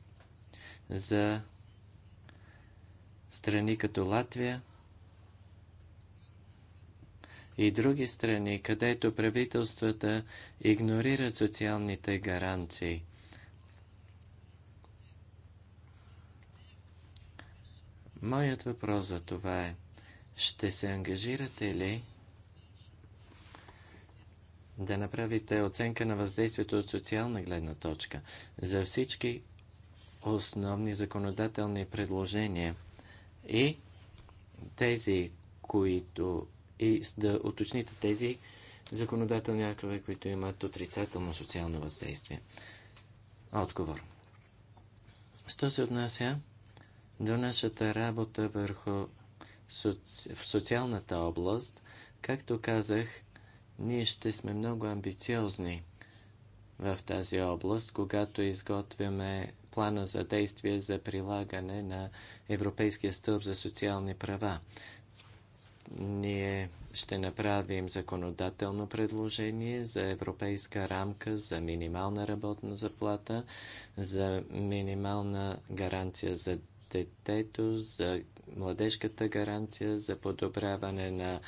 за страни като Латвия и други страни, където правителствата игнорират социалните гаранции. Моят въпрос за това е, ще се ангажирате ли да направите оценка на въздействието от социална гледна точка за всички основни законодателни предложения – и тези, които и да уточните тези законодателни актове, които имат отрицателно социално въздействие. Отговор. Що се отнася до нашата работа върху соци... в социалната област, както казах, ние ще сме много амбициозни в тази област, когато изготвяме плана за действие за прилагане на Европейския стълб за социални права. Ние ще направим законодателно предложение за европейска рамка за минимална работна заплата, за минимална гаранция за детето, за младежката гаранция, за подобряване на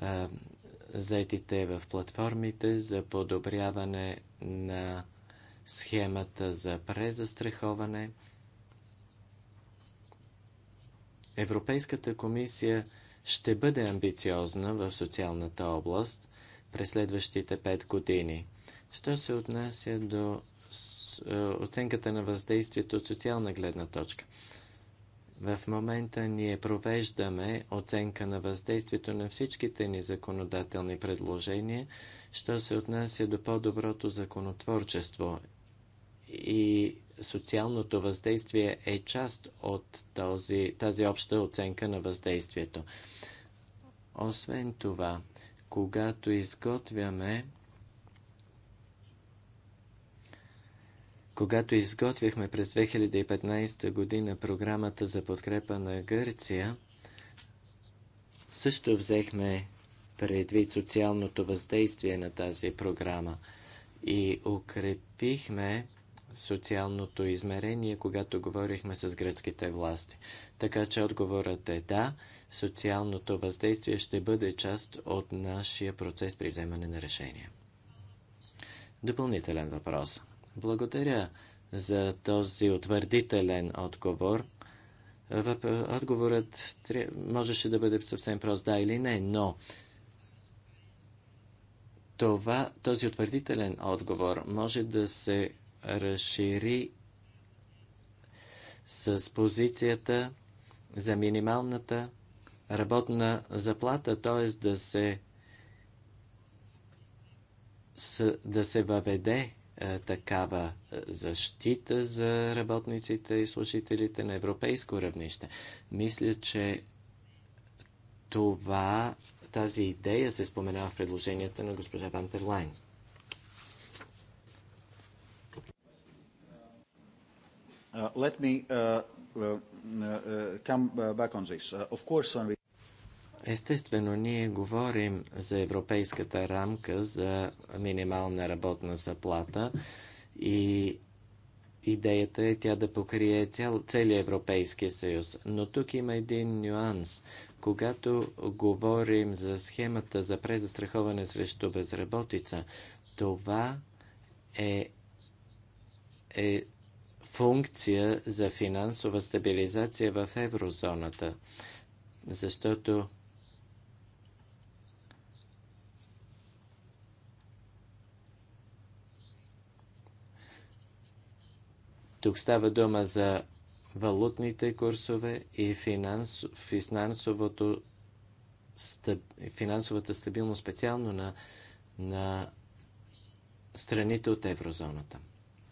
а, заетите в платформите, за подобряване на схемата за презастраховане. Европейската комисия ще бъде амбициозна в социалната област през следващите 5 години. Що се отнася до е, оценката на въздействието от социална гледна точка? В момента ние провеждаме оценка на въздействието на всичките ни законодателни предложения, що се отнася до по-доброто законотворчество и социалното въздействие е част от този, тази обща оценка на въздействието. Освен това, когато изготвяме Когато изготвяхме през 2015 година програмата за подкрепа на Гърция, също взехме предвид социалното въздействие на тази програма и укрепихме социалното измерение, когато говорихме с гръцките власти. Така че отговорът е да, социалното въздействие ще бъде част от нашия процес при вземане на решения. Допълнителен въпрос. Благодаря за този утвърдителен отговор. Отговорът можеше да бъде съвсем прост да или не, но това, този утвърдителен отговор може да се разшири с позицията за минималната работна заплата, т.е. да се да се въведе е, такава е, защита за работниците и служителите на европейско равнище. Мисля, че това, тази идея се споменава в предложенията на госпожа Вантерлайн. Uh, let me uh, uh, come back on this. of course, when we... Естествено, ние говорим за европейската рамка за минимална работна заплата и идеята е тя да покрие цял, целия Европейския съюз. Но тук има един нюанс. Когато говорим за схемата за презастраховане срещу безработица, това е, е функция за финансова стабилизация в еврозоната, защото Тук става дума за валутните курсове и финансов, финансовото, финансовата стабилност специално на, на страните от еврозоната.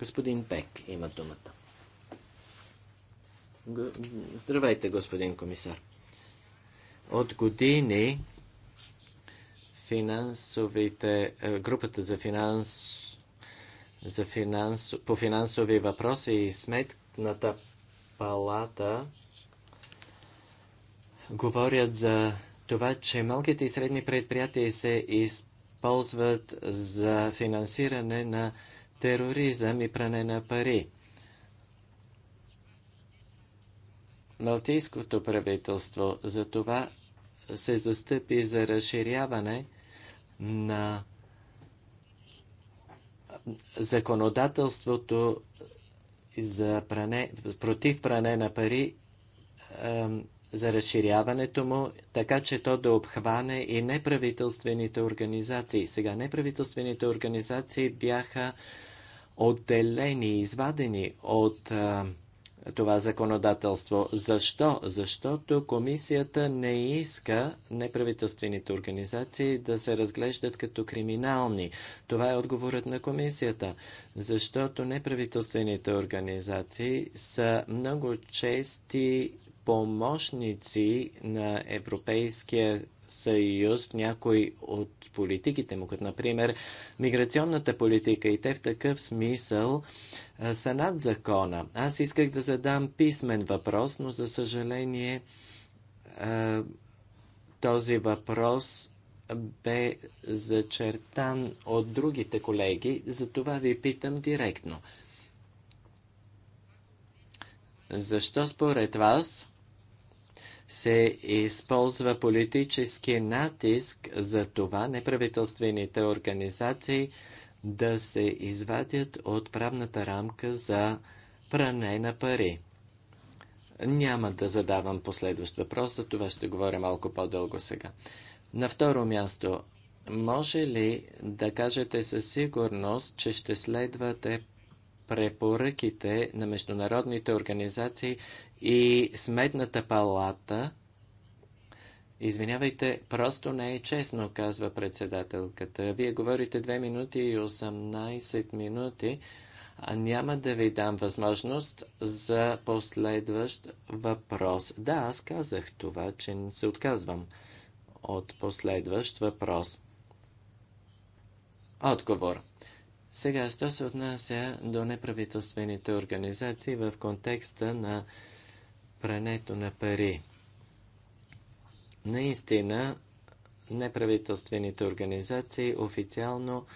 Господин Бек има думата. Здравейте, господин комисар. От години финансовите, е, групата за финанс, за финанс, по финансови въпроси и сметната палата говорят за това, че малките и средни предприятия се използват за финансиране на тероризъм и пране на пари. Малтийското правителство за това се застъпи за разширяване на законодателството за пране, против пране на пари за разширяването му, така че то да обхване и неправителствените организации. Сега неправителствените организации бяха отделени, извадени от а, това законодателство. Защо? Защото комисията не иска неправителствените организации да се разглеждат като криминални. Това е отговорът на комисията. Защото неправителствените организации са много чести помощници на Европейския съюз някои от политиките му, като например миграционната политика и те в такъв смисъл са над закона. Аз исках да задам писмен въпрос, но за съжаление този въпрос бе зачертан от другите колеги, затова ви питам директно. Защо според вас се използва политически натиск за това неправителствените организации да се извадят от правната рамка за пране на пари. Няма да задавам последващ въпрос, за това ще говоря малко по-дълго сега. На второ място, може ли да кажете със сигурност, че ще следвате препоръките на международните организации и Сметната палата. Извинявайте, просто не е честно, казва председателката. Вие говорите 2 минути и 18 минути. А няма да ви дам възможност за последващ въпрос. Да, аз казах това, че се отказвам от последващ въпрос. Отговор. Сега, що се отнася до неправителствените организации в контекста на прането на пари? Наистина, неправителствените организации официално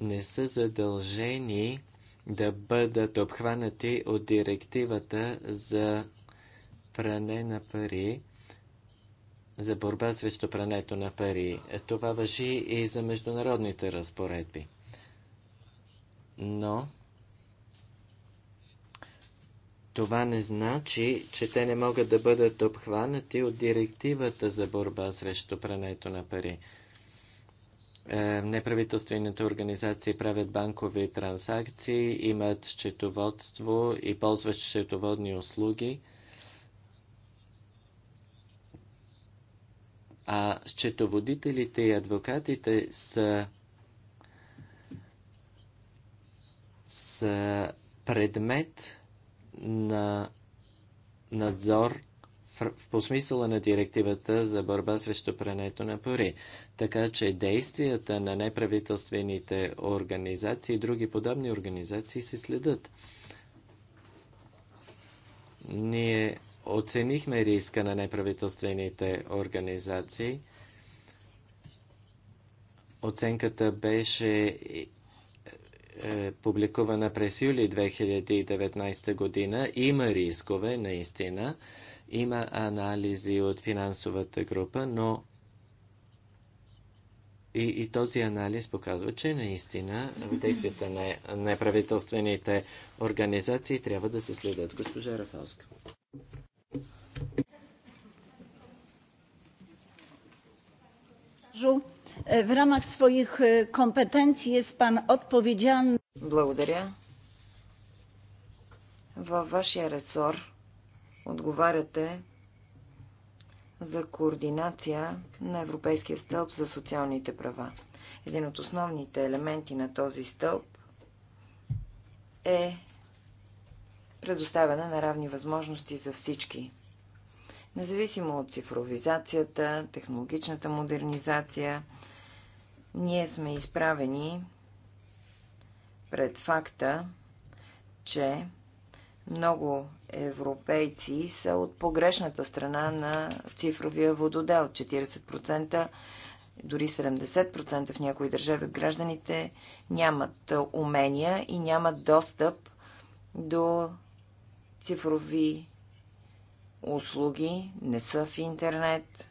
не са задължени да бъдат обхванати от директивата за пране на пари, за борба срещу прането на пари. Това въжи и за международните разпоредби но това не значи, че те не могат да бъдат обхванати от директивата за борба срещу прането на пари. Е, неправителствените организации правят банкови транзакции, имат счетоводство и ползват счетоводни услуги. А счетоводителите и адвокатите са са предмет на надзор по смисъла на директивата за борба срещу прането на пари. Така че действията на неправителствените организации и други подобни организации се следят. Ние оценихме риска на неправителствените организации. Оценката беше е, публикувана през юли 2019 година, има рискове, наистина. Има анализи от финансовата група, но и, и този анализ показва, че наистина в действията на неправителствените организации трябва да се следят. Госпожа Рафалска. Bonjour. В рамах своих компетенций jest Pan odpowiedzialny. Благодаря. Във вашия ресор отговаряте за координация на Европейския стълб за социалните права. Един от основните елементи на този стълб е предоставяне на равни възможности за всички. Независимо от цифровизацията, технологичната модернизация, ние сме изправени пред факта, че много европейци са от погрешната страна на цифровия вододел. 40%, дори 70% в някои държави от гражданите нямат умения и нямат достъп до цифрови услуги, не са в интернет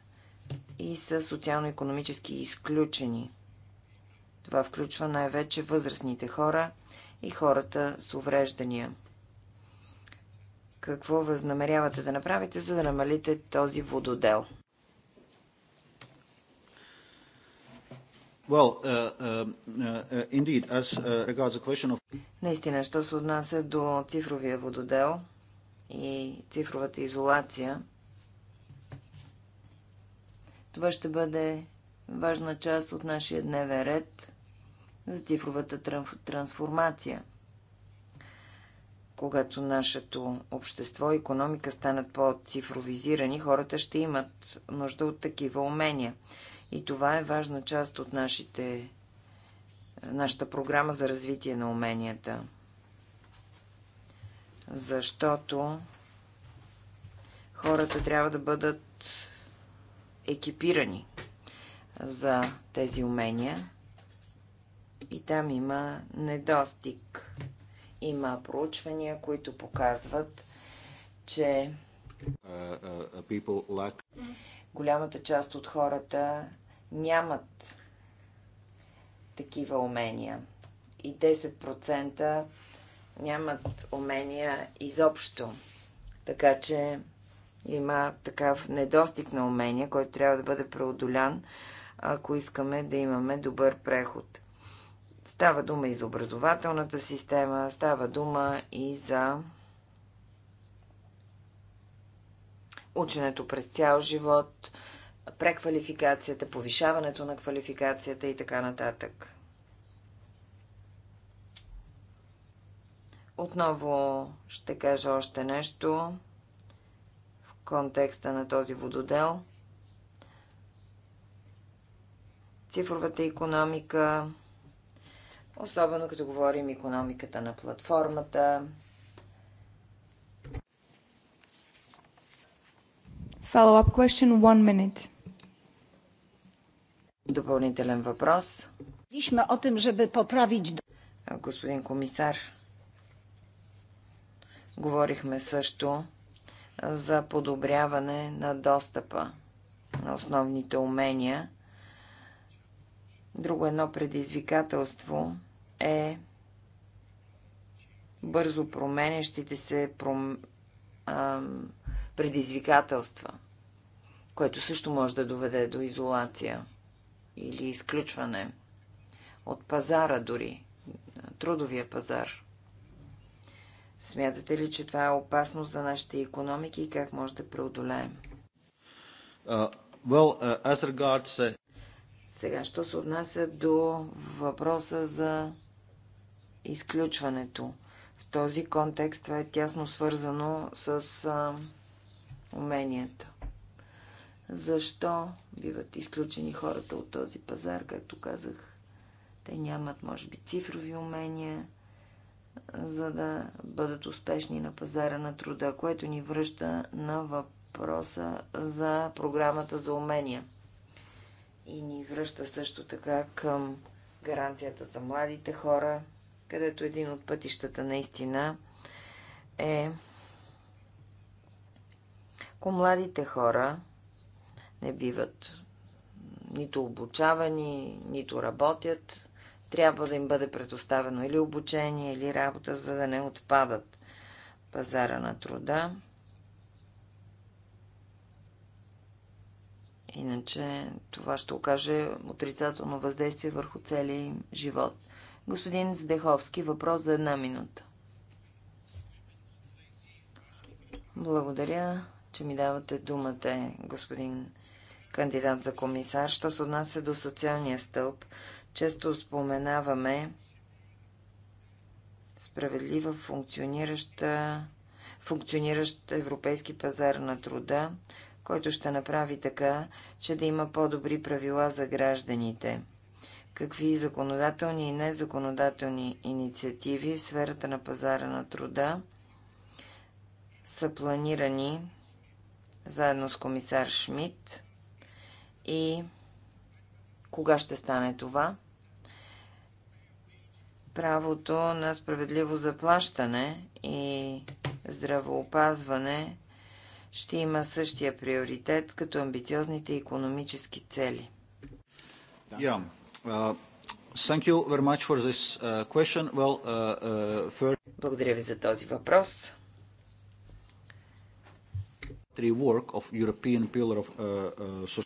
и са социално-економически изключени. Това включва най-вече възрастните хора и хората с увреждания. Какво възнамерявате да направите, за да намалите този вододел? Well, uh, uh, uh indeed, as, uh, of... Наистина, що се отнася до цифровия вододел – и цифровата изолация. Това ще бъде важна част от нашия дневен ред за цифровата трансформация. Когато нашето общество и економика станат по-цифровизирани, хората ще имат нужда от такива умения. И това е важна част от нашите, нашата програма за развитие на уменията защото хората трябва да бъдат екипирани за тези умения. И там има недостиг. Има проучвания, които показват, че голямата част от хората нямат такива умения. И 10% нямат умения изобщо. Така че има такъв недостиг на умения, който трябва да бъде преодолян, ако искаме да имаме добър преход. Става дума и за образователната система, става дума и за ученето през цял живот, преквалификацията, повишаването на квалификацията и така нататък. Отново ще кажа още нещо в контекста на този вододел. Цифровата економика, особено като говорим економиката на платформата, Follow-up question, one minute. Допълнителен въпрос. о тем, поправить... Господин комисар, Говорихме също за подобряване на достъпа на основните умения. Друго едно предизвикателство е бързо променящите се пром... предизвикателства, което също може да доведе до изолация или изключване от пазара дори, трудовия пазар. Смятате ли, че това е опасно за нашите економики и как може да преодолеем? Uh, well, uh, as regards... Сега, що се отнася до въпроса за изключването? В този контекст това е тясно свързано с а, уменията. Защо биват изключени хората от този пазар, както казах? Те нямат, може би, цифрови умения, за да бъдат успешни на пазара на труда, което ни връща на въпроса за програмата за умения. И ни връща също така към гаранцията за младите хора, където един от пътищата наистина е ако младите хора не биват нито обучавани, нито работят, трябва да им бъде предоставено или обучение, или работа, за да не отпадат пазара на труда. Иначе това ще окаже отрицателно въздействие върху целия им живот. Господин Здеховски, въпрос за една минута. Благодаря, че ми давате думата, господин кандидат за комисар. Що се отнася до социалния стълб, често споменаваме справедлива, функционираща, функциониращ европейски пазар на труда, който ще направи така, че да има по-добри правила за гражданите. Какви законодателни и незаконодателни инициативи в сферата на пазара на труда са планирани заедно с комисар Шмидт и кога ще стане това? правото на справедливо заплащане и здравоопазване ще има същия приоритет като амбициозните економически цели. Uh, uh, uh, Благодаря ви за този въпрос.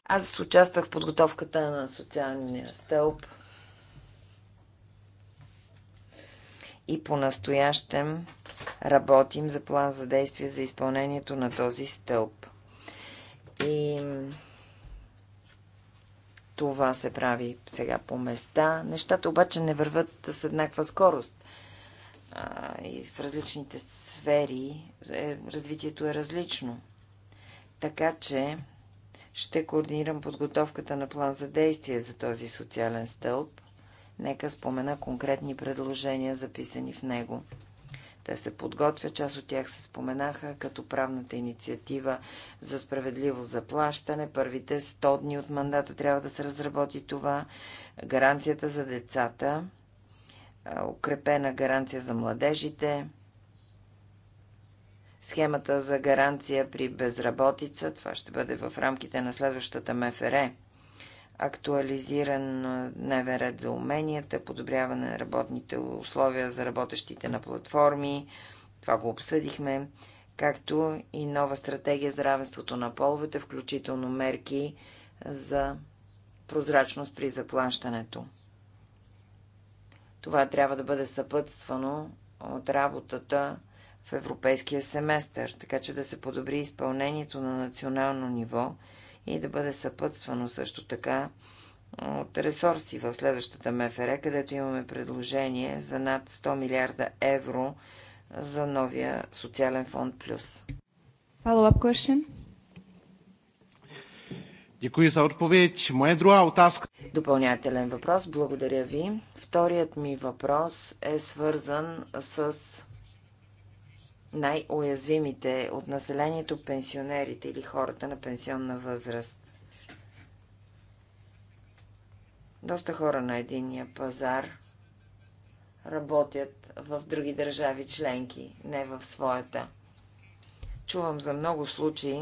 Аз участвах в подготовката на социалния стълб и по-настоящем работим за план за действие за изпълнението на този стълб. И това се прави сега по места. Нещата обаче не върват с еднаква скорост. А, и в различните сфери е, развитието е различно. Така че ще координирам подготовката на план за действие за този социален стълб Нека спомена конкретни предложения, записани в него. Те се подготвят, част от тях се споменаха, като правната инициатива за справедливо заплащане. Първите 100 дни от мандата трябва да се разработи това. Гаранцията за децата, укрепена гаранция за младежите, схемата за гаранция при безработица, това ще бъде в рамките на следващата МФР – актуализиран дневен ред за уменията, подобряване на работните условия за работещите на платформи. Това го обсъдихме както и нова стратегия за равенството на половете, включително мерки за прозрачност при заплащането. Това трябва да бъде съпътствано от работата в европейския семестър, така че да се подобри изпълнението на национално ниво – и да бъде съпътствано също така от ресурси в следващата МФР, където имаме предложение за над 100 милиарда евро за новия социален фонд плюс. Follow-up question? Děkuji za odpověď. Moje druhá otázka. Допълнятелен въпрос. Благодаря ви. Вторият ми въпрос е свързан с най-уязвимите от населението, пенсионерите или хората на пенсионна възраст. Доста хора на единния пазар работят в други държави членки, не в своята. Чувам за много случаи,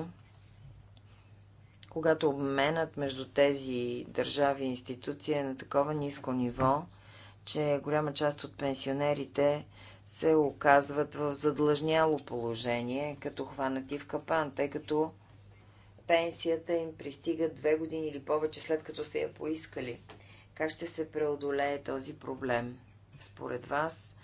когато обменът между тези държави и институции е на такова ниско ниво, че голяма част от пенсионерите се оказват в задлъжняло положение, като хванати в капан, тъй като пенсията им пристига две години или повече след като са я поискали. Как ще се преодолее този проблем според вас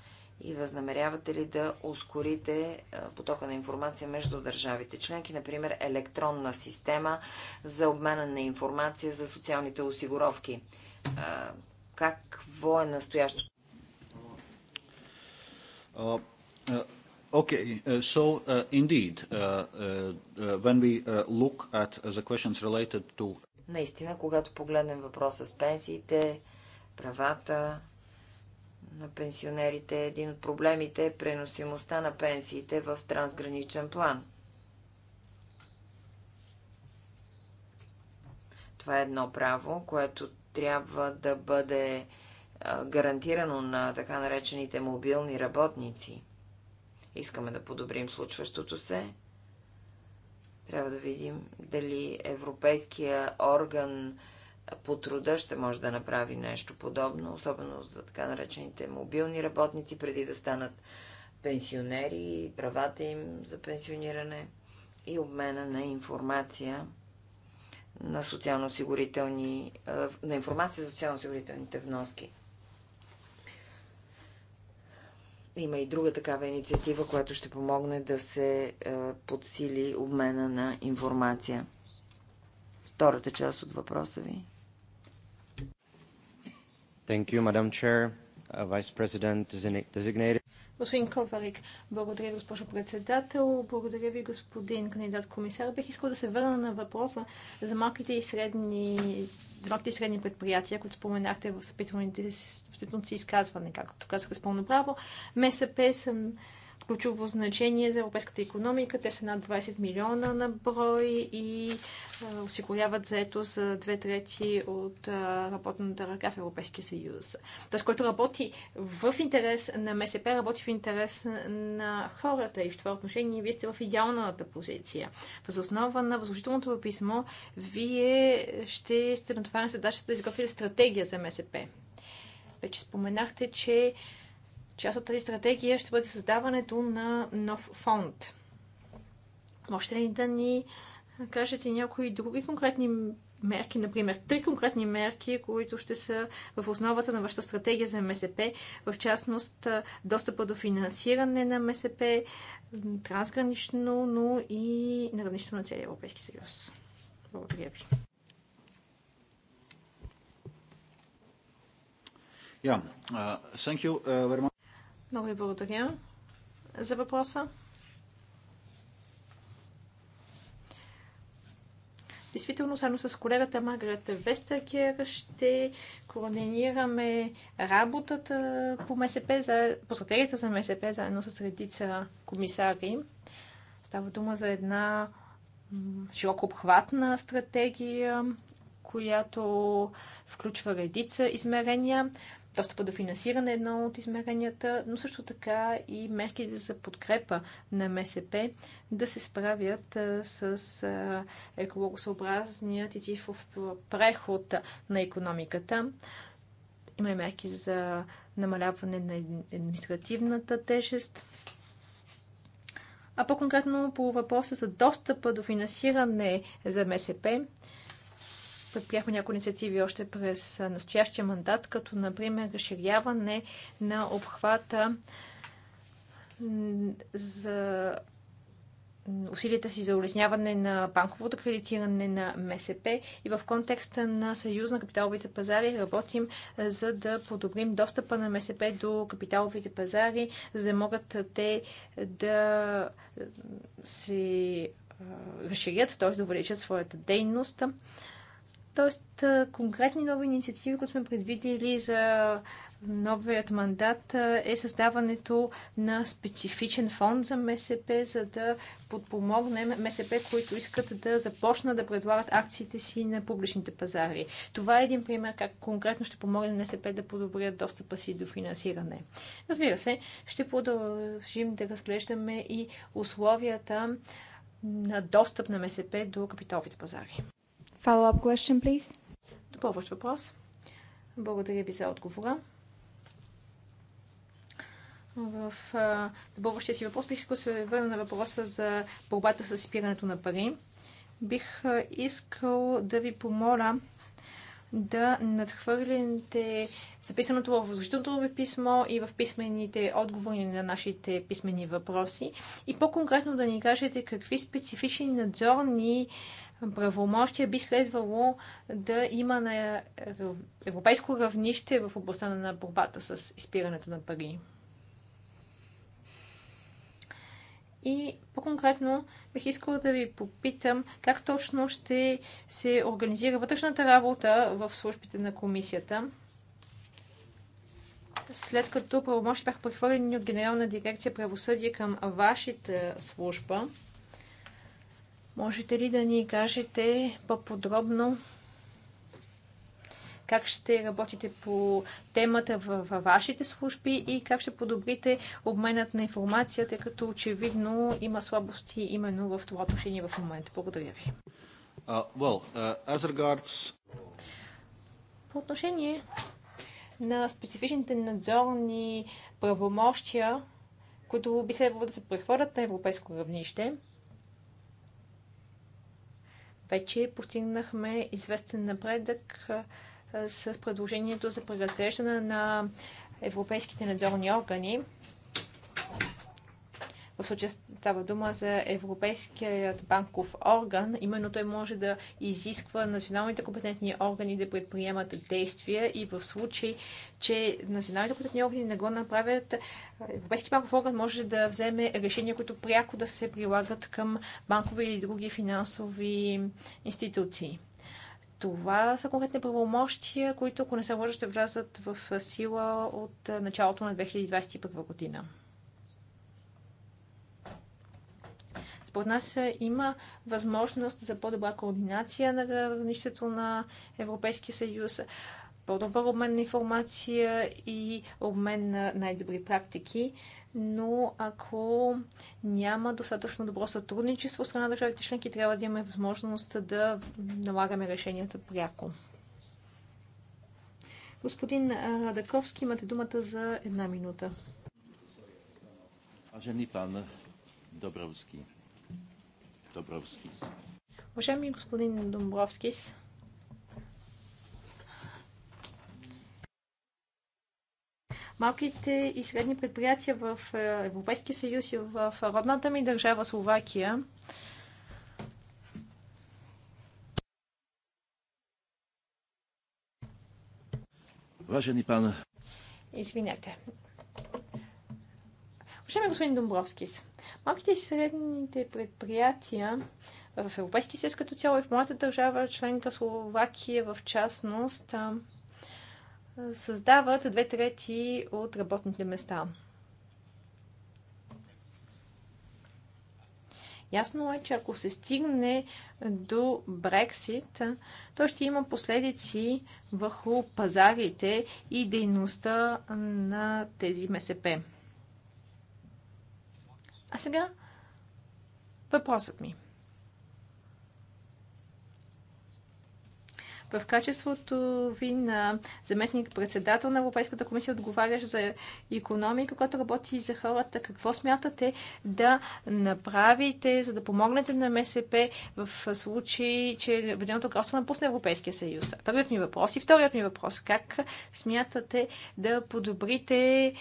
и възнамерявате ли да ускорите е, потока на информация между държавите членки, например електронна система за обмена на информация за социалните осигуровки? Е, Какво е настоящото? Uh, uh, Okay. Uh, so uh indeed, uh, uh uh when we uh look at the questions related to... Наистина, когато погледнем въпроса с пенсиите, правата на пенсионерите, един от проблемите е преносимостта на пенсиите в трансграничен план. Това е едно право, което трябва да бъде гарантирано на така наречените мобилни работници. Искаме да подобрим случващото се. Трябва да видим дали Европейския орган по труда ще може да направи нещо подобно, особено за така наречените мобилни работници, преди да станат пенсионери, правата им за пенсиониране и обмена на информация на социално-осигурителни, на информация за социално-осигурителните вноски. Има и друга такава инициатива, която ще помогне да се е, подсили обмена на информация. Втората част от въпроса ви. Thank you, Madam Chair. Uh, господин Коварик, благодаря госпожо председател, благодаря ви господин кандидат комисар. Бих искал да се върна на въпроса за малките и средни малките и средни предприятия, които споменахте в съпителните си изказване, както казах с пълно право. МСП съм ключово значение за европейската економика. Те са над 20 милиона на брой и осигуряват заето за две трети от работната ръка в Европейския съюз. Тоест, който работи в интерес на МСП, работи в интерес на хората и в това отношение вие сте в идеалната позиция. Въз основа на възложителното писмо, вие ще сте натоварени задачата да изготвите стратегия за МСП. Вече споменахте, че Част от тази стратегия ще бъде създаването на нов фонд. Можете ли да ни кажете някои други конкретни мерки, например, три конкретни мерки, които ще са в основата на вашата стратегия за МСП, в частност достъпа до финансиране на МСП, трансгранично, но и на равнището на целия Европейски съюз. Благодаря ви. Yeah. Uh, thank you uh, very much. Много ви благодаря за въпроса. Действително, само с колегата Маргарет Вестагер ще координираме работата по МСП, за, по стратегията за МСП, заедно с редица комисари. Става дума за една широко обхватна стратегия, която включва редица измерения достъпа до финансиране е едно от измеренията, но също така и мерките за подкрепа на МСП да се справят с екологосъобразният и цифров преход на економиката. Има и мерки за намаляване на административната тежест. А по-конкретно по въпроса за достъпа до финансиране за МСП, предприехме някои инициативи още през настоящия мандат, като например разширяване на обхвата за усилията си за улесняване на банковото кредитиране на МСП и в контекста на Съюз на капиталовите пазари работим за да подобрим достъпа на МСП до капиталовите пазари, за да могат те да се разширят, т.е. да увеличат своята дейност. Тоест, конкретни нови инициативи, които сме предвидели за новият мандат е създаването на специфичен фонд за МСП, за да подпомогнем МСП, които искат да започнат да предлагат акциите си на публичните пазари. Това е един пример как конкретно ще на МСП да подобрят достъпа си до финансиране. Разбира се, ще продължим да разглеждаме и условията на достъп на МСП до капиталовите пазари. Follow-up question, please. Допълващ въпрос. Благодаря ви за отговора. В допълващия си въпрос бих искал да се върна на въпроса за борбата с изпирането на пари. Бих искал да ви помоля да надхвърлите записаното във възложителното ви писмо и в писмените отговори на нашите писмени въпроси и по-конкретно да ни кажете какви специфични надзорни правомощия би следвало да има на европейско равнище в областта на борбата с изпирането на пари. И по-конкретно бих искала да ви попитам как точно ще се организира вътрешната работа в службите на комисията, след като правомощи бяха прехвърлени от Генерална дирекция правосъдие към вашата служба. Можете ли да ни кажете по-подробно как ще работите по темата във вашите служби и как ще подобрите обменът на информация, тъй като очевидно има слабости именно в това отношение в момента. Благодаря ви. Uh, well, uh, regards... По отношение на специфичните надзорни правомощия, които би следвало да се прехвърлят на европейско равнище, вече постигнахме известен напредък с предложението за преразглеждане на европейските надзорни органи. В случая става дума за Европейският банков орган. Именно той може да изисква националните компетентни органи да предприемат действия и в случай, че националните компетентни органи не го направят, Европейски банков орган може да вземе решения, които пряко да се прилагат към банкови или други финансови институции. Това са конкретни правомощия, които, ако не се може ще влязат в сила от началото на 2021 година. Според нас има възможност за по-добра координация на равнището на Европейския съюз, по-добър обмен на информация и обмен на най-добри практики но ако няма достатъчно добро сътрудничество страна на държавите членки, трябва да имаме възможност да налагаме решенията пряко. Господин Радаковски, имате думата за една минута. Ажени пан Добровски. Добровскис. Уважаеми господин Домбровскис, малките и средни предприятия в е, Европейския съюз и в родната ми държава Словакия Важен и Извинете. Уважаеми господин Домбровски, малките и средните предприятия в Европейския съюз като цяло и в моята държава, членка Словакия в частност, създават две трети от работните места. Ясно е, че ако се стигне до Брексит, то ще има последици върху пазарите и дейността на тези МСП. А сега въпросът ми. в качеството ви на заместник-председател на Европейската комисия, отговарящ за економика, която работи за хората. Какво смятате да направите, за да помогнете на МСП в случай, че Обединеното кралство напусне Европейския съюз? Е първият ми въпрос и вторият ми въпрос. Как смятате да подобрите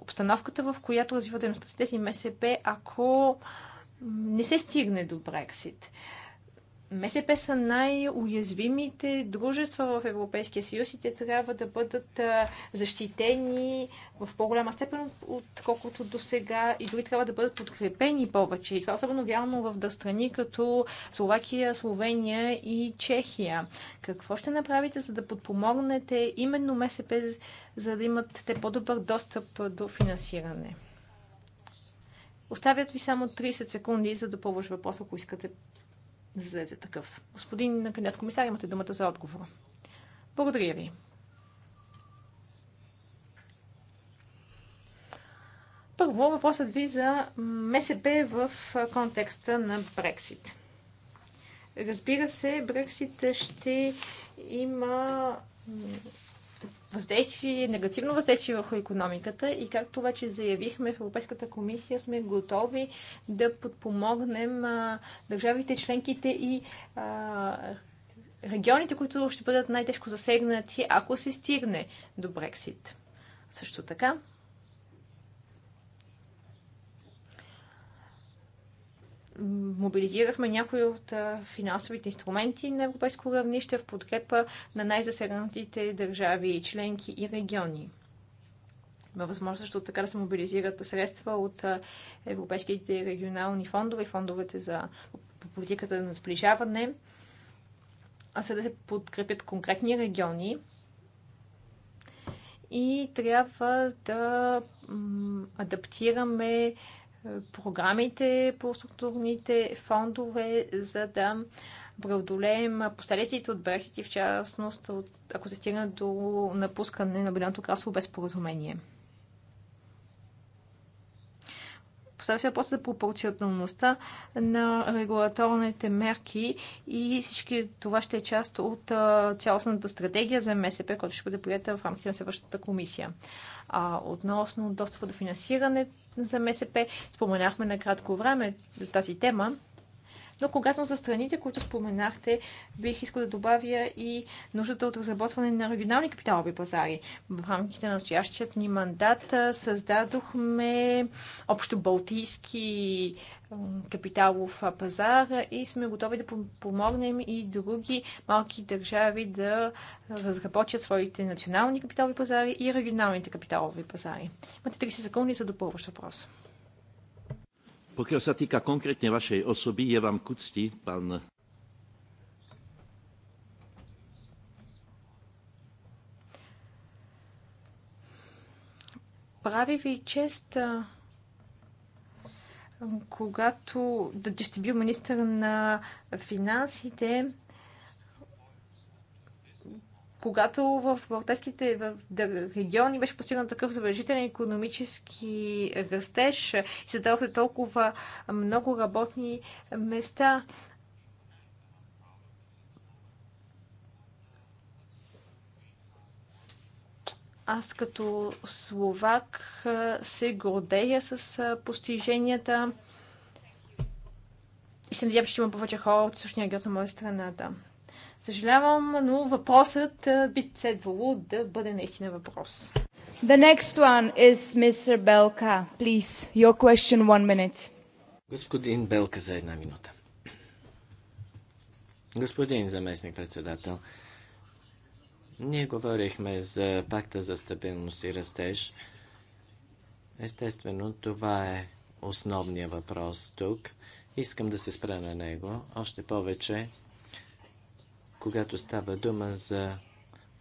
обстановката, в която развива дейността си тези МСП, ако не се стигне до Брексит? МСП са най-уязвимите дружества в Европейския съюз и те трябва да бъдат защитени в по-голяма степен, отколкото до сега и дори трябва да бъдат подкрепени повече. И това е особено вярно в да страни като Словакия, Словения и Чехия. Какво ще направите, за да подпомогнете именно МСП, за да имат те по-добър достъп до финансиране? Оставят ви само 30 секунди, за да повърш въпрос, ако искате да зададете такъв. Господин кандидат комисар, имате думата за отговор. Благодаря ви. Първо, въпросът ви за МСП в контекста на Брексит. Разбира се, Брексит ще има въздействие, негативно въздействие върху економиката и както вече заявихме в Европейската комисия, сме готови да подпомогнем а, държавите, членките и а, регионите, които ще бъдат най-тежко засегнати, ако се стигне до Брексит. Също така, мобилизирахме някои от финансовите инструменти на европейско равнище в подкрепа на най-засегнатите държави, членки и региони. Има възможност също така да се мобилизират средства от европейските регионални фондове и фондовете за политиката на сближаване, а се да се подкрепят конкретни региони. И трябва да адаптираме програмите по структурните фондове, за да преодолеем последиците от Брексит и в частност, от, ако се стигна до напускане на Белянто кралство без поразумение. Поставя се въпроса за пропорционалността на регулаторните мерки и всички това ще е част от цялостната стратегия за МСП, която ще бъде прията в рамките на следващата комисия. А, относно достъпа до финансиране за МСП, споменахме на кратко време тази тема. Но когато за страните, които споменахте, бих искал да добавя и нуждата от разработване на регионални капиталови пазари. В рамките на настоящият ни мандат създадохме общо балтийски капиталов пазар и сме готови да помогнем и други малки държави да разработят своите национални капиталови пазари и регионалните капиталови пазари. Имате 30 секунди за допълващ въпрос. Pokiaľ sa týka konkrétne vašej osoby, je vám k úcti, pán Прави ви чест, когато да, сте бил министър на финансите, когато в балтийските региони беше постигнат такъв забележителен економически растеж и се дадохте толкова много работни места. Аз като словак се гордея с постиженията и се надявам, че има повече хора от същия регион на моя страната. Да. Съжалявам, но въпросът би следвало да бъде наистина въпрос. The next one is Mr. Belka. Please, your question one minute. Господин Белка за една минута. Господин заместник председател, ние говорихме за пакта за стабилност и растеж. Естествено, това е основният въпрос тук. Искам да се спра на него. Още повече, когато става дума за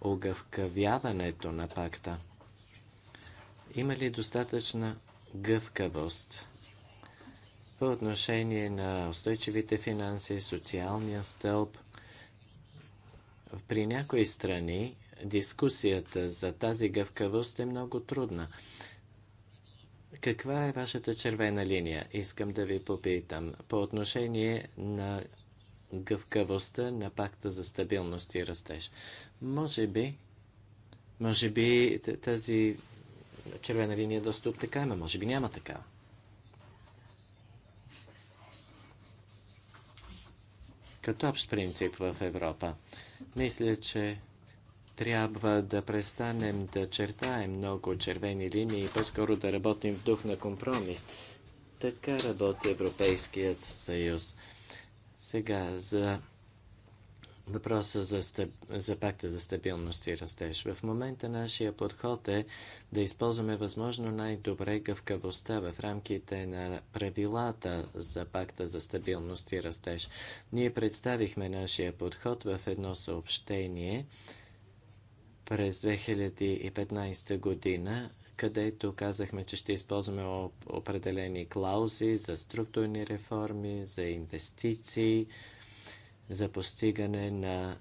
огъвкавяването на пакта. Има ли достатъчна гъвкавост по отношение на устойчивите финанси, социалния стълб? При някои страни дискусията за тази гъвкавост е много трудна. Каква е вашата червена линия? Искам да ви попитам по отношение на гъвкавостта на пакта за стабилност и растеж. Може би, може би тази червена линия е доста обтекаема, може би няма такава. Като общ принцип в Европа, мисля, че трябва да престанем да чертаем много червени линии и по-скоро да работим в дух на компромис. Така работи Европейският съюз. Сега за въпроса за, стъп... за пакта за стабилност и растеж. В момента нашия подход е да използваме възможно най-добре гъвкавостта в рамките на правилата за пакта за стабилност и растеж. Ние представихме нашия подход в едно съобщение през 2015 година където казахме, че ще използваме определени клаузи за структурни реформи, за инвестиции, за постигане на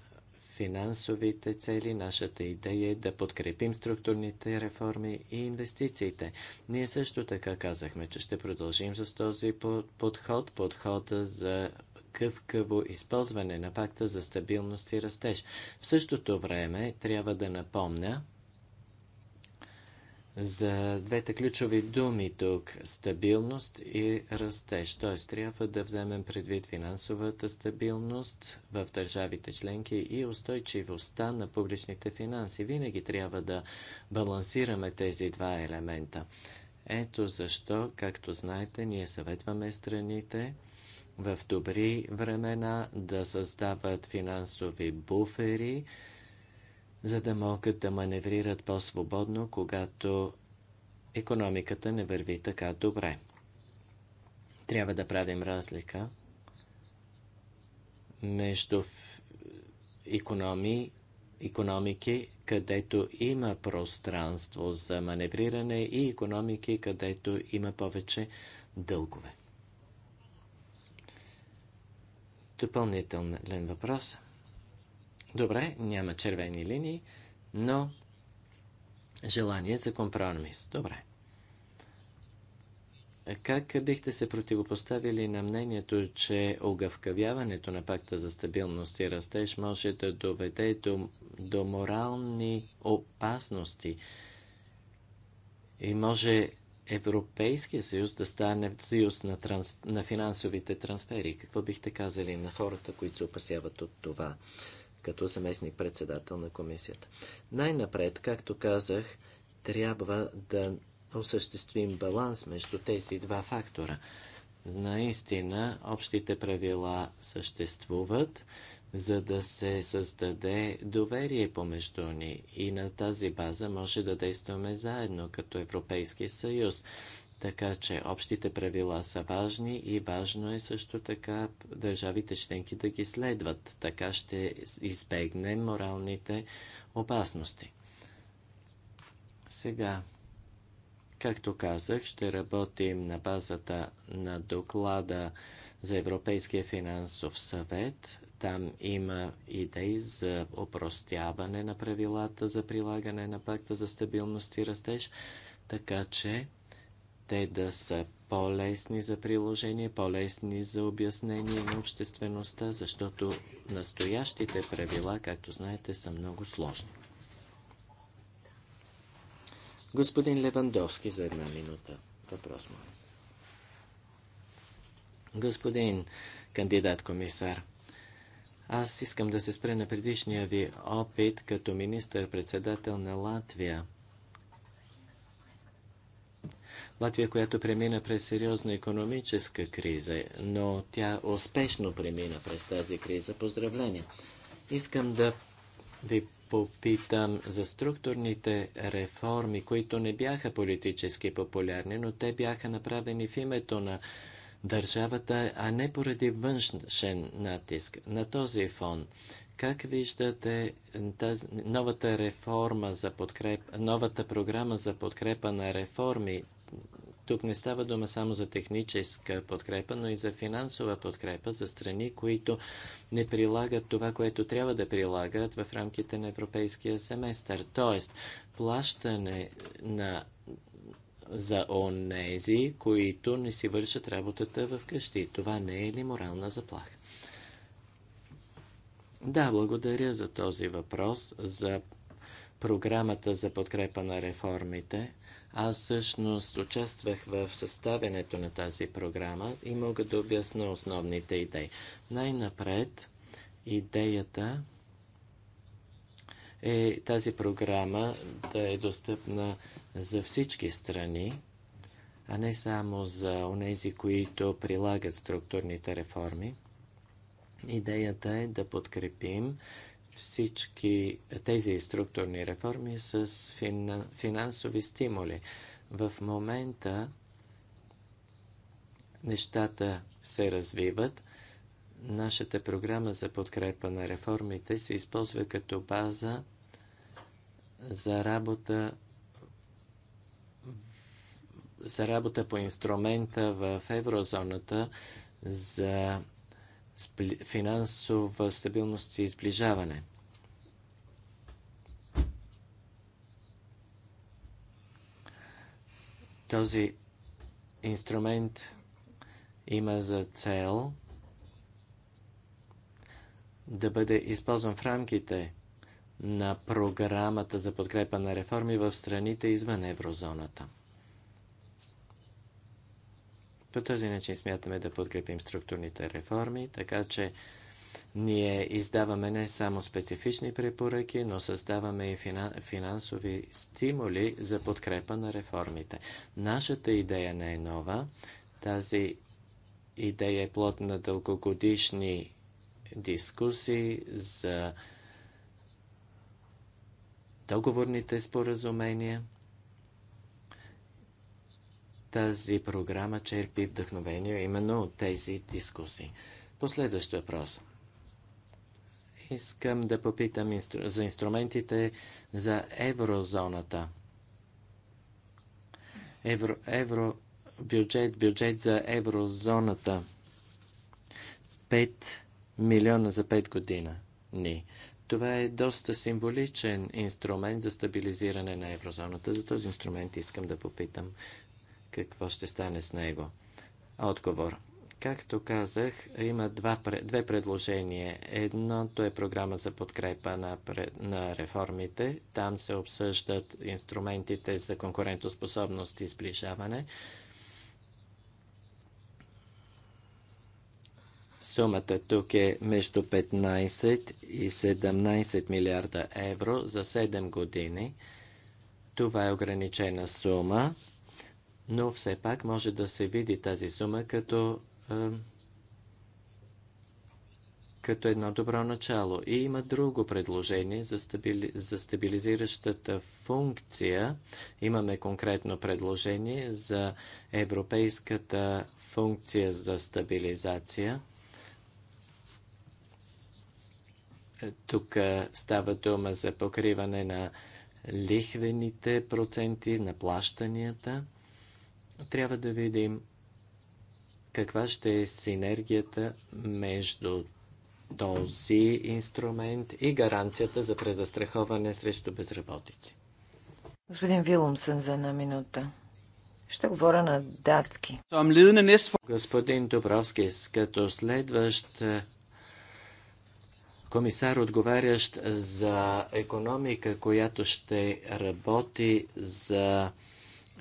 финансовите цели. Нашата идея е да подкрепим структурните реформи и инвестициите. Ние също така казахме, че ще продължим с този подход, подхода за къвкаво използване на пакта за стабилност и растеж. В същото време трябва да напомня, за двете ключови думи тук – стабилност и растеж. Т.е. трябва да вземем предвид финансовата стабилност в държавите членки и устойчивостта на публичните финанси. Винаги трябва да балансираме тези два елемента. Ето защо, както знаете, ние съветваме страните в добри времена да създават финансови буфери – за да могат да маневрират по-свободно, когато економиката не върви така добре. Трябва да правим разлика между економи, економики, където има пространство за маневриране и економики, където има повече дългове. Допълнителен въпрос. Добре, няма червени линии, но желание за компромис. Добре. Как бихте се противопоставили на мнението, че огъвкавяването на пакта за стабилност и растеж може да доведе до, до морални опасности и може Европейския съюз да стане съюз на, транс, на финансовите трансфери? Какво бихте казали на хората, които се опасяват от това? като заместник председател на комисията. Най-напред, както казах, трябва да осъществим баланс между тези два фактора. Наистина, общите правила съществуват, за да се създаде доверие помежду ни и на тази база може да действаме заедно като Европейски съюз. Така че общите правила са важни и важно е също така държавите членки да ги следват. Така ще избегнем моралните опасности. Сега, както казах, ще работим на базата на доклада за Европейския финансов съвет. Там има идеи за опростяване на правилата за прилагане на пакта за стабилност и растеж, така че те да са по-лесни за приложение, по-лесни за обяснение на обществеността, защото настоящите правила, както знаете, са много сложни. Господин Левандовски за една минута. Въпрос му. Господин кандидат комисар, аз искам да се спре на предишния ви опит като министър-председател на Латвия – Латвия, която премина през сериозна економическа криза, но тя успешно премина през тази криза. Поздравления! Искам да ви попитам за структурните реформи, които не бяха политически популярни, но те бяха направени в името на държавата, а не поради външен натиск. На този фон, как виждате тази, новата реформа за подкреп, новата програма за подкрепа на реформи тук не става дума само за техническа подкрепа, но и за финансова подкрепа за страни, които не прилагат това, което трябва да прилагат в рамките на европейския семестър. Тоест, плащане на за онези, които не си вършат работата в къщи. Това не е ли морална заплаха? Да, благодаря за този въпрос, за програмата за подкрепа на реформите. Аз всъщност участвах в съставянето на тази програма и мога да обясня основните идеи. Най-напред идеята е тази програма да е достъпна за всички страни, а не само за онези, които прилагат структурните реформи. Идеята е да подкрепим всички тези структурни реформи с финансови стимули. В момента нещата се развиват. Нашата програма за подкрепа на реформите се използва като база за работа за работа по инструмента в еврозоната за финансова стабилност и изближаване. Този инструмент има за цел да бъде използван в рамките на програмата за подкрепа на реформи в страните извън еврозоната. По този начин смятаме да подкрепим структурните реформи, така че ние издаваме не само специфични препоръки, но създаваме и финансови стимули за подкрепа на реформите. Нашата идея не е нова. Тази идея е плод на дългогодишни дискусии за договорните споразумения. Тази програма черпи вдъхновение именно от тези дискусии. Последващ въпрос. Искам да попитам инстру... за инструментите за еврозоната. Евро, евро, бюджет, бюджет за еврозоната. 5 милиона за 5 година. Ни. Това е доста символичен инструмент за стабилизиране на еврозоната. За този инструмент искам да попитам какво ще стане с него. Отговор. Както казах, има два, две предложения. Едното е програма за подкрепа на, на реформите. Там се обсъждат инструментите за конкурентоспособност и сближаване. Сумата тук е между 15 и 17 милиарда евро за 7 години. Това е ограничена сума но все пак може да се види тази сума като, като едно добро начало. И има друго предложение за, стабили, за стабилизиращата функция. Имаме конкретно предложение за Европейската функция за стабилизация. Тук става дума за покриване на лихвените проценти на плащанията. Трябва да видим каква ще е синергията между този инструмент и гаранцията за презастраховане срещу безработици. Господин Вилумсън за една минута. Ще говоря на датски. Господин Добровски, като следващ е, комисар, отговарящ за економика, която ще работи за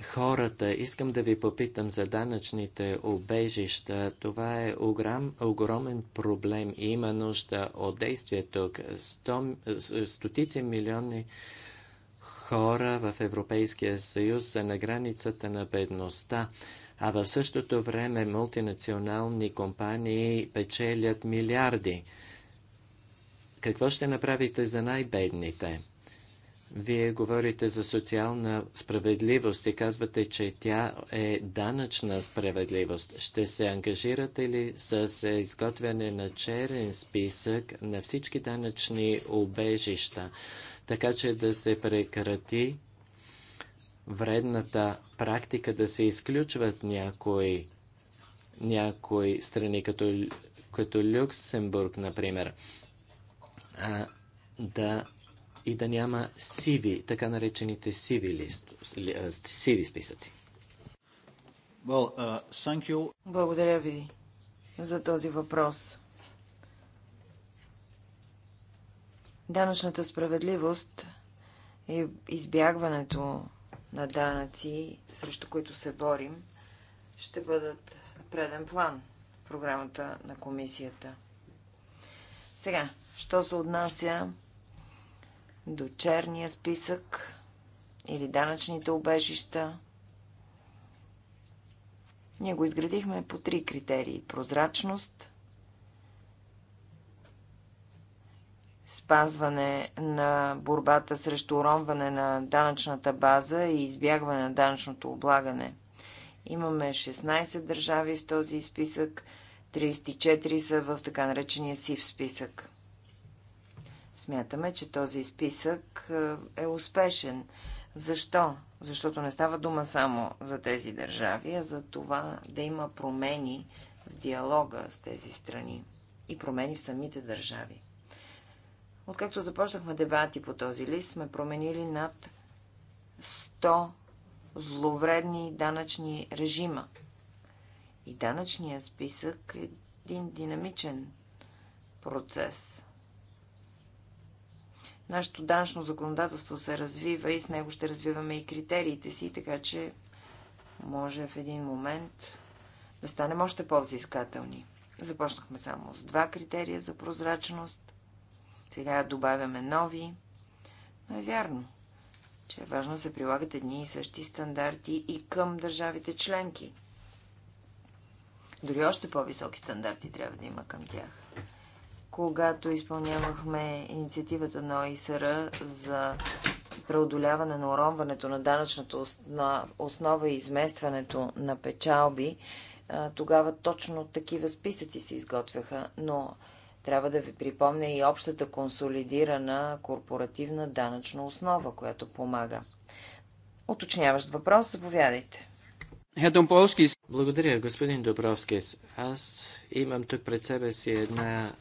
хората. Искам да ви попитам за данъчните обежища. Това е огром, огромен проблем и има нужда от действие тук. Сто, стотици милиони хора в Европейския съюз са на границата на бедността, а в същото време мултинационални компании печелят милиарди. Какво ще направите за най-бедните? Вие говорите за социална справедливост и казвате, че тя е данъчна справедливост. Ще се ангажирате ли с изготвяне на черен списък на всички данъчни убежища, така че да се прекрати вредната практика да се изключват някои, някои страни, като, като Люксембург, например, а, да и да няма сиви, така наречените сиви, лист, сиви списъци. Well, uh, thank you. Благодаря ви за този въпрос. Данъчната справедливост и избягването на данъци, срещу които се борим, ще бъдат преден план в програмата на комисията. Сега, що се отнася до черния списък или данъчните обежища. Ние го изградихме по три критерии. Прозрачност, спазване на борбата срещу уронване на данъчната база и избягване на данъчното облагане. Имаме 16 държави в този списък, 34 са в така наречения сив списък. Смятаме, че този списък е, е успешен. Защо? Защото не става дума само за тези държави, а за това да има промени в диалога с тези страни и промени в самите държави. Откакто започнахме дебати по този лист, сме променили над 100 зловредни данъчни режима. И данъчният списък е един динамичен процес. Нашето данъчно законодателство се развива и с него ще развиваме и критериите си, така че може в един момент да станем още по-взискателни. Започнахме само с два критерия за прозрачност. Сега добавяме нови. Но е вярно, че е важно да се прилагат едни и същи стандарти и към държавите членки. Дори още по-високи стандарти трябва да има към тях когато изпълнявахме инициативата на ОИСР за преодоляване на уронването на данъчната основа и изместването на печалби, тогава точно такива списъци се изготвяха, но трябва да ви припомня и общата консолидирана корпоративна данъчна основа, която помага. Оточняващ въпрос, заповядайте. Благодаря, господин Добровски. Аз имам тук пред себе си една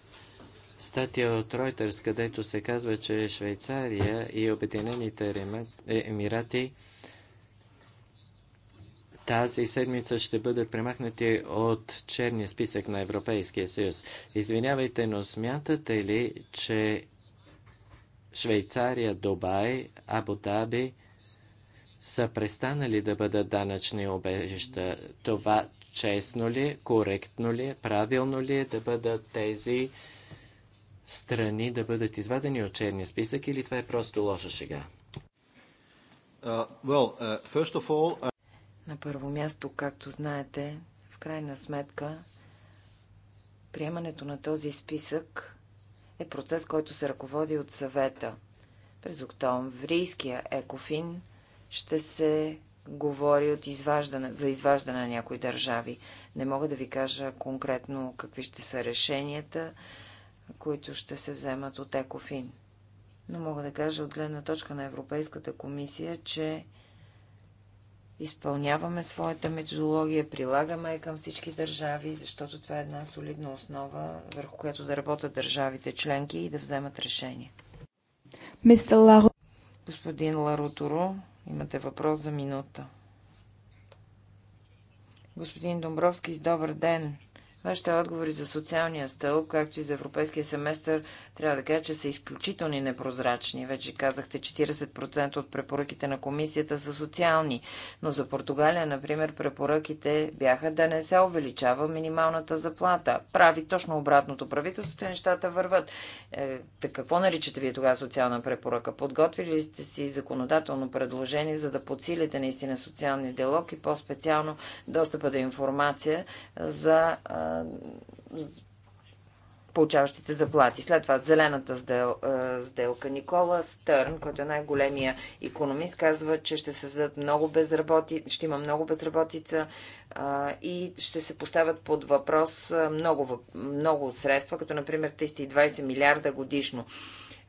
статия от Reuters, където се казва, че Швейцария и Обединените е, Емирати тази седмица ще бъдат премахнати от черния списък на Европейския съюз. Извинявайте, но смятате ли, че Швейцария, Дубай, Абу Даби са престанали да бъдат данъчни обежища? Това честно ли, коректно ли, правилно ли е да бъдат тези страни да бъдат извадени от черния списък или това е просто лоша шега? Uh, well, uh, all, uh... На първо място, както знаете, в крайна сметка, приемането на този списък е процес, който се ръководи от съвета. През октомврийския екофин ще се говори от изваждане, за изваждане на някои държави. Не мога да ви кажа конкретно какви ще са решенията, които ще се вземат от ЕКОФИН. Но мога да кажа от гледна точка на Европейската комисия, че изпълняваме своята методология, прилагаме я към всички държави, защото това е една солидна основа, върху която да работят държавите членки и да вземат решение. Ларо... Господин Ларуторо, имате въпрос за минута. Господин Домбровски, добър ден! Вашите е отговори за социалния стълб, както и за европейския семестър, трябва да кажа, че са изключително непрозрачни. Вече казахте, 40% от препоръките на комисията са социални, но за Португалия, например, препоръките бяха да не се увеличава минималната заплата. Прави точно обратното правителството и нещата върват. Е, какво наричате вие тогава социална препоръка? Подготвили ли сте си законодателно предложение, за да подсилите наистина социалния диалог и по-специално достъпа до информация за е, получаващите заплати. След това зелената сдел, сделка. Никола Стърн, който е най-големия економист, казва, че ще се създадат много безработи, ще има много безработица а, и ще се поставят под въпрос много, много средства, като например 320 милиарда годишно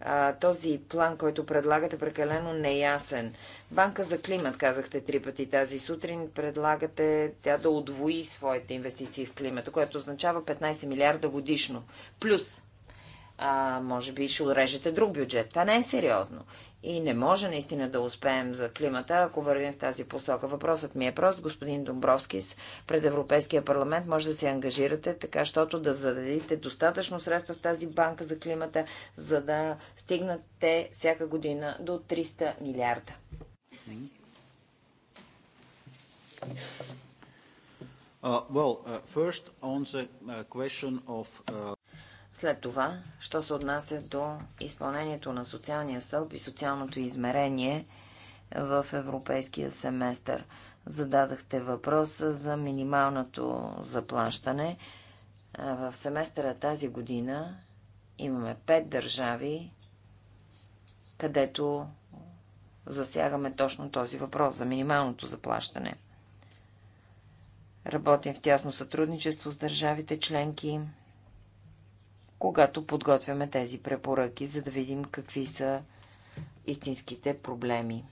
а, този план, който предлагате, прекалено неясен. Банка за климат, казахте три пъти тази сутрин, предлагате тя да отвои своите инвестиции в климата, което означава 15 милиарда годишно. Плюс, а, може би ще урежете друг бюджет. Това не е сериозно и не може наистина да успеем за климата, ако вървим в тази посока. Въпросът ми е прост, господин Домбровскис, пред Европейския парламент може да се ангажирате, така щото да зададите достатъчно средства в тази банка за климата, за да стигнат те всяка година до 300 милиарда. Uh, well, uh, first on the uh, question of uh... След това, що се отнася до изпълнението на социалния сълб и социалното измерение в европейския семестър. Зададахте въпроса за минималното заплащане. В семестъра тази година имаме пет държави, където засягаме точно този въпрос за минималното заплащане. Работим в тясно сътрудничество с държавите членки когато подготвяме тези препоръки, за да видим какви са истинските проблеми.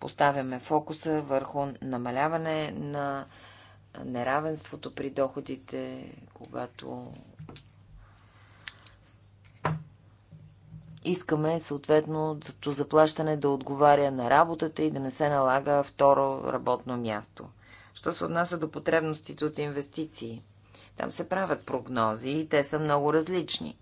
Поставяме фокуса върху намаляване на неравенството при доходите, когато искаме съответно то заплащане да отговаря на работата и да не се налага второ работно място. Що се отнася до потребностите от инвестиции? Там се правят прогнози и те са много различни.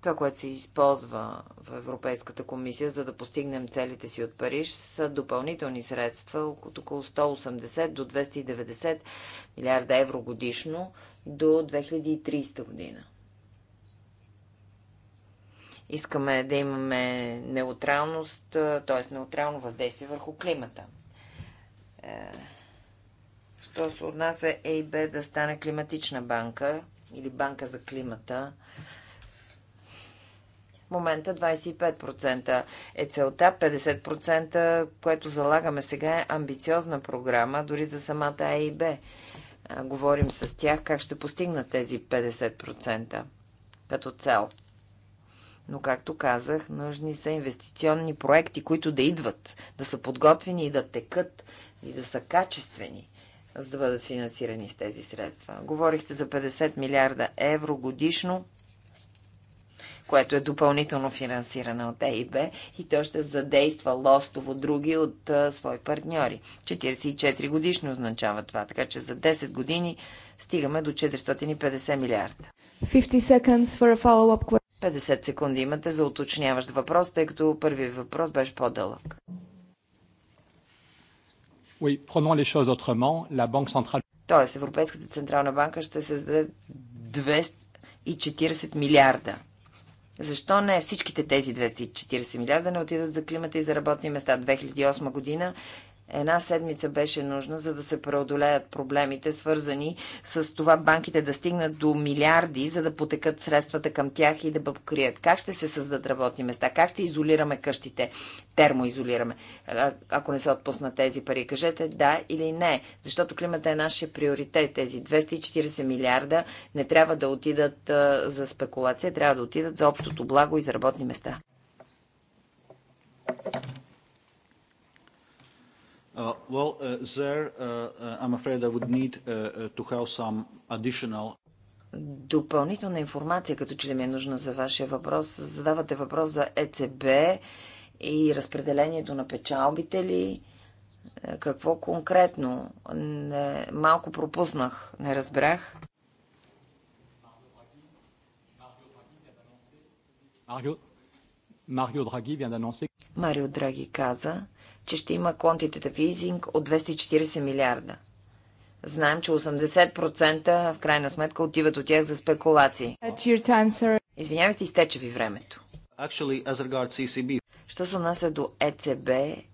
Това, което се използва в Европейската комисия, за да постигнем целите си от Париж, са допълнителни средства от около 180 до 290 милиарда евро годишно до 2030 година. Искаме да имаме неутралност, т.е. неутрално въздействие върху климата. Е, Що се отнася ЕИБ да стане климатична банка или банка за климата, в момента 25% е целта, 50%, което залагаме сега е амбициозна програма, дори за самата ЕИБ. Говорим с тях как ще постигнат тези 50% като цел. Но, както казах, нужни са инвестиционни проекти, които да идват, да са подготвени и да текат и да са качествени за да бъдат финансирани с тези средства. Говорихте за 50 милиарда евро годишно, което е допълнително финансиране от ЕИБ и то ще задейства лостово други от а, свои партньори. 44 годишни означава това, така че за 10 години стигаме до 450 милиарда. 50 секунди имате за уточняващ въпрос, тъй като първият въпрос беше по-дълъг. Oui, prenons les choses autrement. La Banque centrale... Тоест, Европейската централна банка ще създаде 240 милиарда. Защо не всичките тези 240 милиарда не отидат за климата и за работни места? 2008 година Една седмица беше нужна, за да се преодолеят проблемите, свързани с това банките да стигнат до милиарди, за да потекат средствата към тях и да покрият. Как ще се създадат работни места? Как ще изолираме къщите? Термоизолираме, ако не се отпуснат тези пари. Кажете да или не, защото климата е нашия приоритет. Тези 240 милиарда не трябва да отидат за спекулация, трябва да отидат за общото благо и за работни места. Uh, well, uh, there uh, uh, I'm afraid I would need uh, uh, to have some additional Допълнителна информация, като че ли ми е нужна за вашия въпрос. Задавате въпрос за ЕЦБ и разпределението на печалбите ли? Е, какво конкретно? Не, малко пропуснах, не разбрах. Марио е Драги каза, че ще има quantitative easing от 240 милиарда. Знаем, че 80% в крайна сметка отиват от тях за спекулации. Time, Извинявайте, изтече ви времето. Actually, Що се отнася до ЕЦБ, е,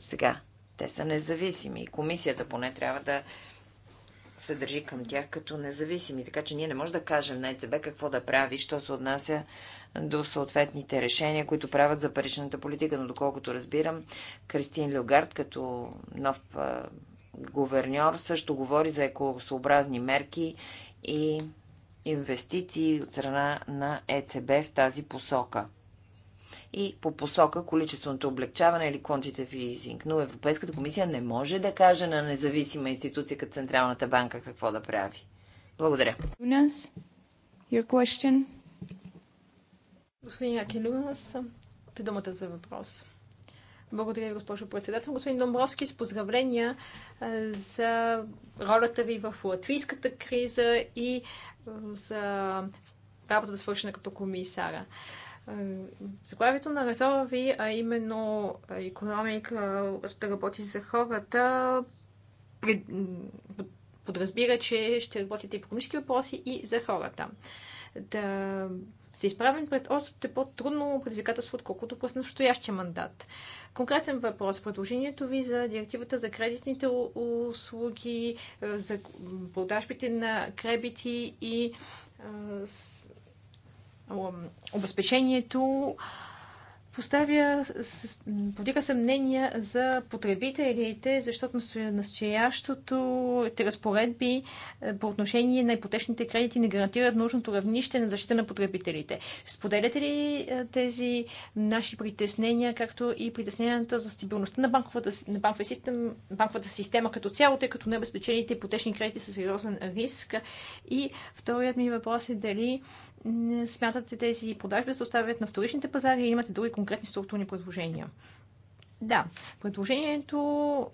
сега, те са независими. Комисията поне трябва да се държи към тях като независими. Така че ние не можем да кажем на ЕЦБ какво да прави, що се отнася до съответните решения, които правят за паричната политика. Но доколкото разбирам, Кристин Люгард като нов гуверньор също говори за екологосообразни мерки и инвестиции от страна на ЕЦБ в тази посока и по посока количественото облегчаване или quantitative easing. Но Европейската комисия не може да каже на независима институция като Централната банка какво да прави. Благодаря. your question? Господин Акелунас, при думата за въпрос. Благодаря ви, госпожо председател. Господин Домбровски, с поздравления за ролята ви в латвийската криза и за работата свършена като комисара. Заглавието на резора ви, а именно економика, да работи за хората, подразбира, че ще работите и по економически въпроси и за хората. Да сте изправен пред още по-трудно предизвикателство, отколкото през настоящия мандат. Конкретен въпрос. Предложението ви за директивата за кредитните услуги, за продажбите на кредити и обезпечението поставя, подига съмнения за потребителите, защото настоящото те разпоредби е, по отношение на ипотечните кредити не гарантират нужното равнище на защита на потребителите. Споделяте ли е, тези наши притеснения, както и притесненията за стабилността на банковата, на банковата, система, банковата система като цяло, тъй като необезпечените ипотечни кредити са сериозен риск? И вторият ми въпрос е дали не смятате тези продажби да се оставят на вторичните пазари или имате други конкретни структурни предложения? Да, предложението,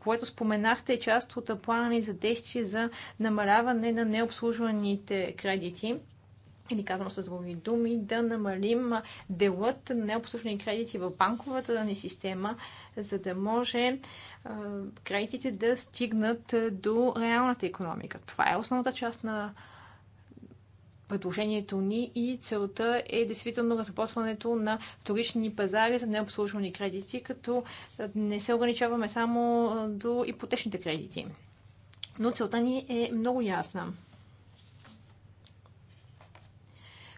което споменахте, е част от плана ни за действие за намаляване на необслужваните кредити или казвам с други думи, да намалим делът на необслужвани кредити в банковата ни система, за да може кредитите да стигнат до реалната економика. Това е основната част на предложението ни и целта е действително разработването на вторични пазари за необслужвани кредити, като не се ограничаваме само до ипотечните кредити. Но целта ни е много ясна.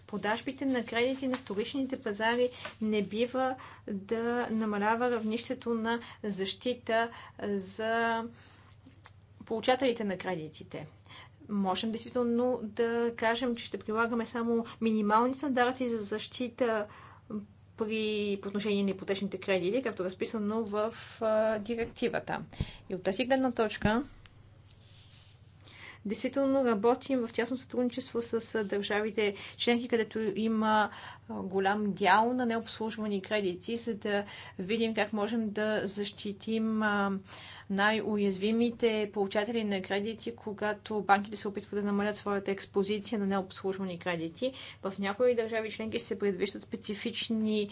продажбите на кредити на вторичните пазари не бива да намалява равнището на защита за получателите на кредитите можем действително да кажем, че ще прилагаме само минимални стандарти за защита при по отношение на ипотечните кредити, както е разписано в а, директивата. И от тази гледна точка Действително работим в тясно сътрудничество с държавите членки, където има голям дял на необслужвани кредити, за да видим как можем да защитим най-уязвимите получатели на кредити, когато банките се опитват да намалят своята експозиция на необслужвани кредити. В някои държави членки се предвиждат специфични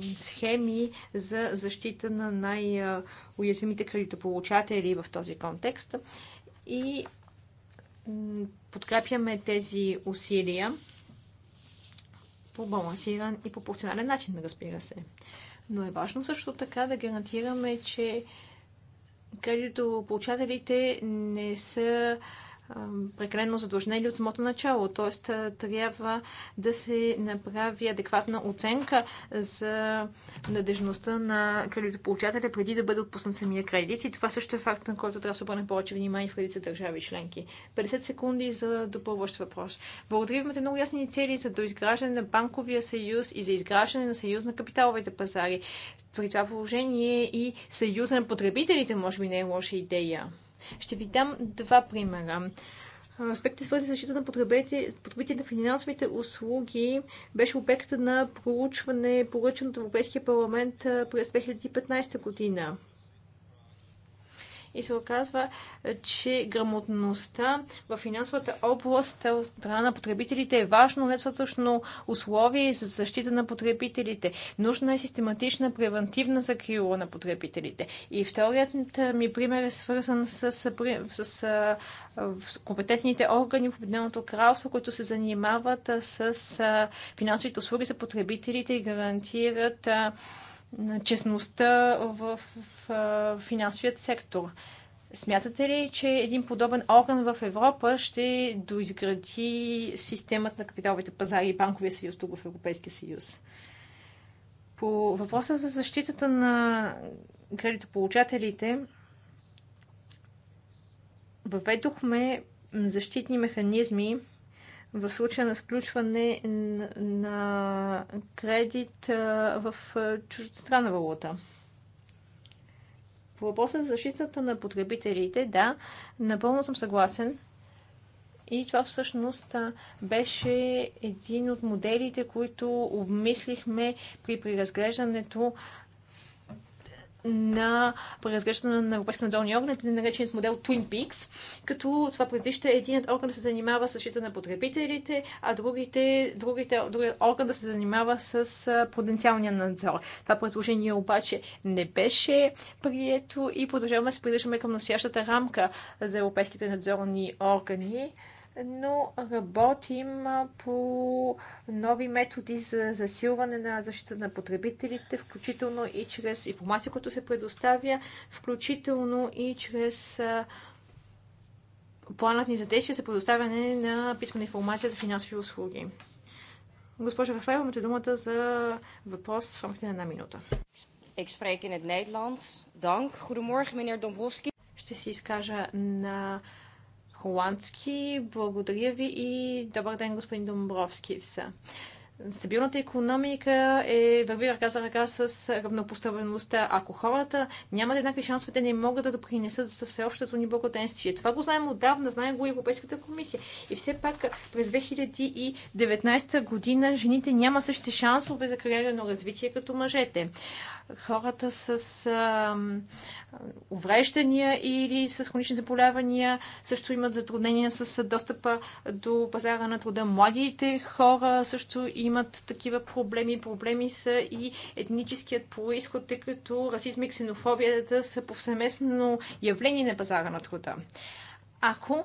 схеми за защита на най- уязвимите кредитополучатели в този контекст. И подкрепяме тези усилия по балансиран и пропорционален начин, разбира се. Но е важно също така да гарантираме, че кредитополучателите не са прекалено задлъжнели от самото начало. т.е. трябва да се направи адекватна оценка за надежността на кредитополучателя преди да бъде отпуснат самия кредит. И това също е факт, на който трябва да се обърне повече внимание в редица държави членки. 50 секунди за допълващ въпрос. Благодаря ви, имате много ясни цели за доизграждане на банковия съюз и за изграждане на съюз на капиталовите пазари. При това положение и съюза на потребителите може би не е лоша идея. Ще ви дам два примера. Аспектите, свързани с защита на потребителите в финансовите услуги, беше обект на проучване, поръчано от Европейския парламент през 2015 година и се оказва, че грамотността в финансовата област е от страна на потребителите е важно недостатъчно условие за защита на потребителите. Нужна е систематична превентивна закрила на потребителите. И вторият ми пример е свързан с, с, с компетентните органи в Обединеното кралство, които се занимават с финансовите услуги за потребителите и гарантират на честността в, в финансовият сектор. Смятате ли, че един подобен орган в Европа ще доизгради системата на капиталовите пазари и банковия съюз тук в Европейския съюз? По въпроса за защитата на кредитополучателите, въведохме защитни механизми в случая на сключване на кредит в чуждестранна валута. По въпроса за защитата на потребителите, да, напълно съм съгласен. И това всъщност беше един от моделите, които обмислихме при преразглеждането на преразглеждане на Европейския надзорни орган, нареченият модел Twin Peaks, като това предвижда единият орган да се занимава с защита на потребителите, а другите, другите, другият орган да се занимава с потенциалния надзор. Това предложение обаче не беше прието и продължаваме да се придържаме към настоящата рамка за европейските надзорни органи но работим по нови методи за засилване на защита на потребителите, включително и чрез информация, която се предоставя, включително и чрез планът ни за действие за предоставяне на писмена информация за финансови услуги. Госпожо Рафаева, имате думата за въпрос в рамките на една минута. Ik spreek in het Nederlands. Dank. Goedemorgen, meneer Dombrovski. Ще си изкажа на холандски. Благодаря ви и добър ден, господин Домбровски. Стабилната економика е върви ръка за ръка с равнопоставеността. Ако хората нямат еднакви шансове, те не могат да допринесат за всеобщото ни благоденствие. Това го знаем отдавна, знаем го и Европейската комисия. И все пак през 2019 година жените нямат същите шансове за кариерно развитие като мъжете хората с а, увреждания или с хронични заболявания също имат затруднения с достъпа до пазара на труда. Младите хора също имат такива проблеми. Проблеми са и етническият происход, тъй като расизм и ксенофобията са повсеместно явление на пазара на труда. Ако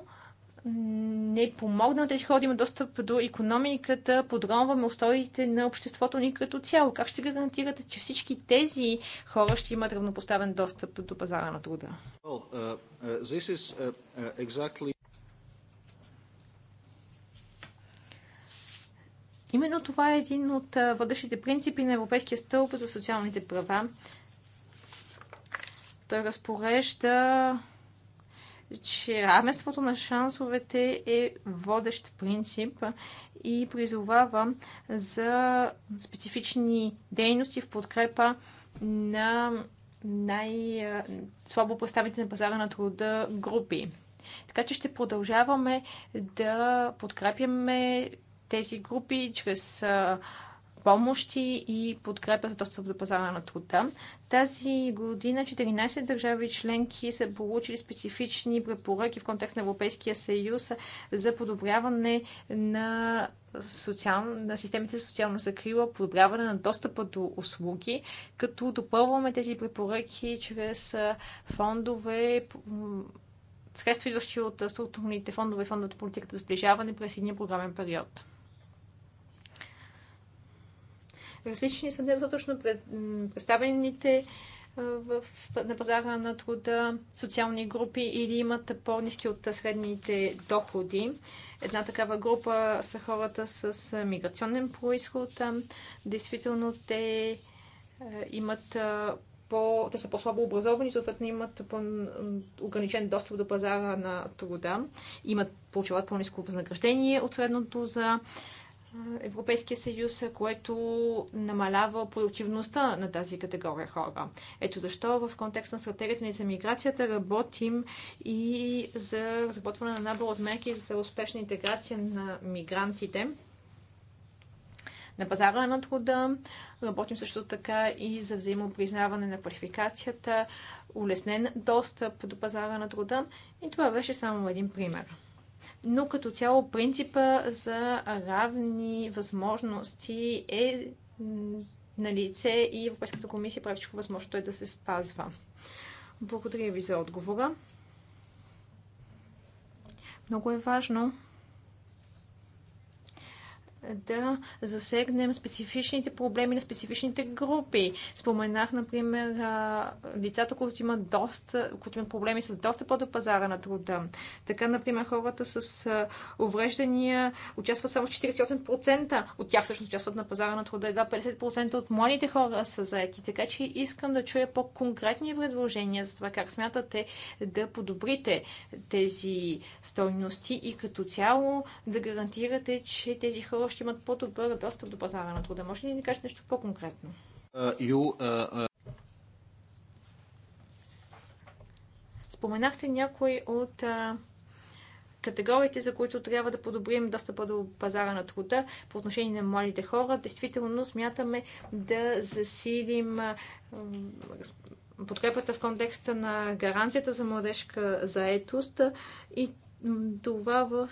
не помогна на тези хора да имат достъп до економиката, подронваме устоите на обществото ни като цяло. Как ще гарантирате, че всички тези хора ще имат равнопоставен достъп до пазара на труда? Well, uh, uh, is, uh, uh, exactly... Именно това е един от uh, водещите принципи на Европейския стълб за социалните права. Той разпорежда че равенството на шансовете е водещ принцип и призовава за специфични дейности в подкрепа на най-слабо представите на пазара на труда групи. Така че ще продължаваме да подкрепяме тези групи чрез помощи и подкрепа за достъп до пазара на труда. Тази година 14 държави членки са получили специфични препоръки в контекст на Европейския съюз за подобряване на, социал... на системите за социална закрила, подобряване на достъпа до услуги, като допълваме тези препоръки чрез фондове, средства, идващи от структурните фондове и фондове от политиката за сближаване през един програмен период. Различни са недостатъчно представените в, на пазара на труда социални групи или имат по-низки от средните доходи. Една такава група са хората с миграционен происход. Действително те имат по, те са по-слабо образовани, съответно имат по-ограничен достъп до пазара на труда, имат, получават по-низко възнаграждение от средното за Европейския съюз, което намалява продуктивността на тази категория хора. Ето защо в контекст на стратегията ни за миграцията работим и за разработване на набор от мерки за успешна интеграция на мигрантите на пазара на труда. Работим също така и за взаимопризнаване на квалификацията, улеснен достъп до пазара на труда. И това беше само един пример но като цяло принципа за равни възможности е на лице и Европейската комисия прави всичко възможно той да се спазва. Благодаря ви за отговора. Много е важно да засегнем специфичните проблеми на специфичните групи. Споменах, например, лицата, които имат, доста, които имат проблеми с достъпа до пазара на труда. Така, например, хората с увреждания участват само 48%. От тях всъщност участват на пазара на труда. Едва 50% от младите хора са заети. Така че искам да чуя по-конкретни предложения за това как смятате да подобрите тези стойности и като цяло да гарантирате, че тези хора хора ще имат по-добър достъп до пазара на труда. Може ли да ни кажете нещо по-конкретно? Uh, uh, uh... Споменахте някои от категориите, за които трябва да подобрим достъпа до пазара на труда по отношение на младите хора. Действително смятаме да засилим подкрепата в контекста на гаранцията за младежка заетост и това в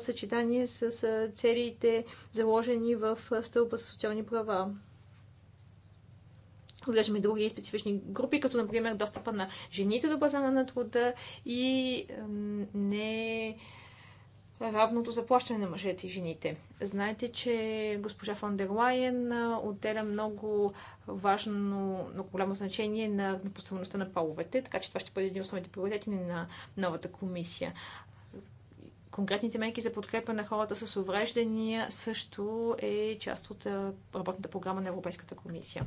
съчетание с целите заложени в стълба за социални права. Отглеждаме други специфични групи, като например достъпа на жените до базана на труда и не равното заплащане на мъжете и жените. Знаете, че госпожа фон дер Лайен отделя много важно, много голямо значение на поставеността на половете, така че това ще бъде един от основните приоритети на новата комисия конкретните мерки за подкрепа на хората с увреждания също е част от е, работната програма на Европейската комисия.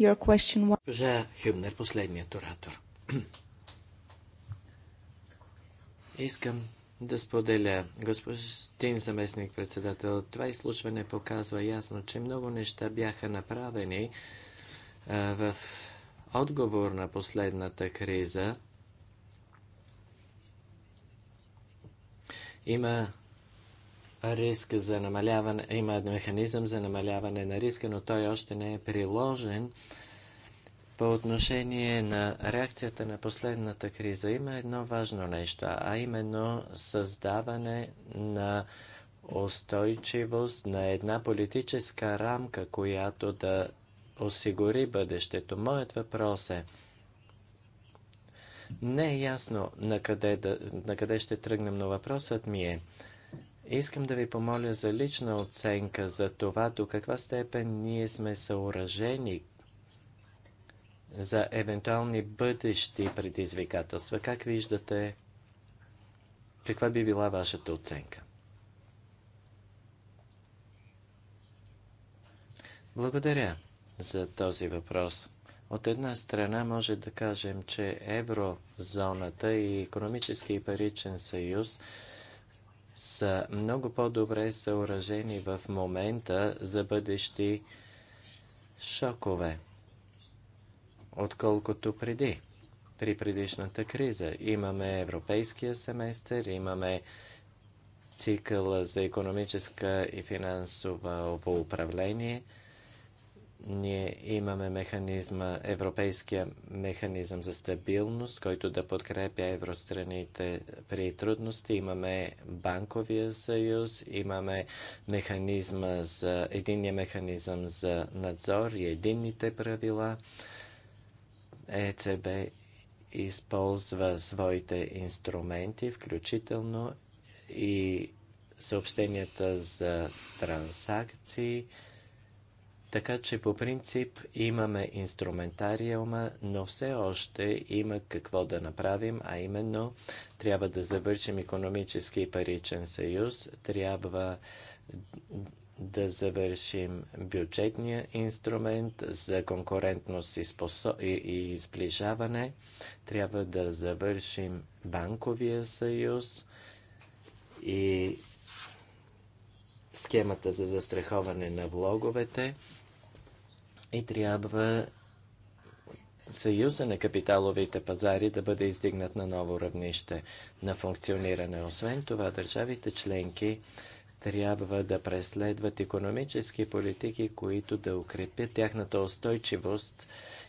Your question... Жа Хюбнер, последният оратор. *clears throat* Искам да споделя, господин заместник председател, това изслушване показва ясно, че много неща бяха направени а, в отговор на последната криза – Има риск за намаляване, има механизъм за намаляване на риска, но той още не е приложен. По отношение на реакцията на последната криза има едно важно нещо, а именно създаване на устойчивост на една политическа рамка, която да осигури бъдещето. Моят въпрос е – не е ясно на къде, да, на къде ще тръгнем, но въпросът ми е, искам да ви помоля за лична оценка за това, до каква степен ние сме съоръжени за евентуални бъдещи предизвикателства. Как виждате, каква би била вашата оценка? Благодаря за този въпрос. От една страна може да кажем, че еврозоната и економически и паричен съюз са много по-добре съоръжени в момента за бъдещи шокове, отколкото преди. При предишната криза имаме европейския семестър, имаме цикъл за економическа и финансово управление – ние имаме механизма, европейския механизъм за стабилност, който да подкрепя евространите при трудности. Имаме банковия съюз, имаме механизма за, единния механизъм за надзор и единните правила. ЕЦБ използва своите инструменти, включително и съобщенията за транзакции. Така че по принцип имаме инструментариума, но все още има какво да направим, а именно трябва да завършим економически и паричен съюз, трябва да завършим бюджетния инструмент за конкурентност и, спосо... и, и сближаване, трябва да завършим банковия съюз и схемата за застраховане на влоговете и трябва Съюза на капиталовите пазари да бъде издигнат на ново равнище на функциониране. Освен това, държавите членки трябва да преследват економически политики, които да укрепят тяхната устойчивост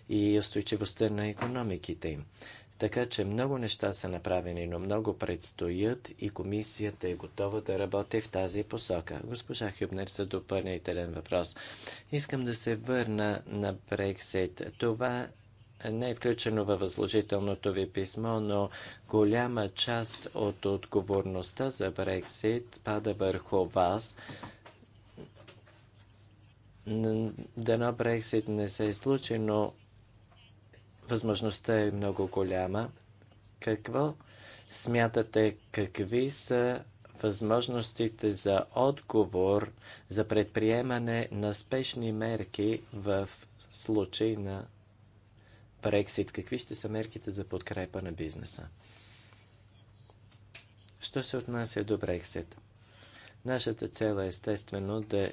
и устойчивостта на економиките им. Така че много неща са направени, но много предстоят и комисията е готова да работи в тази посока. Госпожа Хюбнер за допълнителен въпрос. Искам да се върна на Брексит. Това не е включено във възложителното ви писмо, но голяма част от отговорността за Брексит пада върху вас. Дано Брексит не се е случи, но Възможността е много голяма. Какво смятате, какви са възможностите за отговор, за предприемане на спешни мерки в случай на Брексит? Какви ще са мерките за подкрепа на бизнеса? Що се отнася до Брексит? Нашата цел е естествено да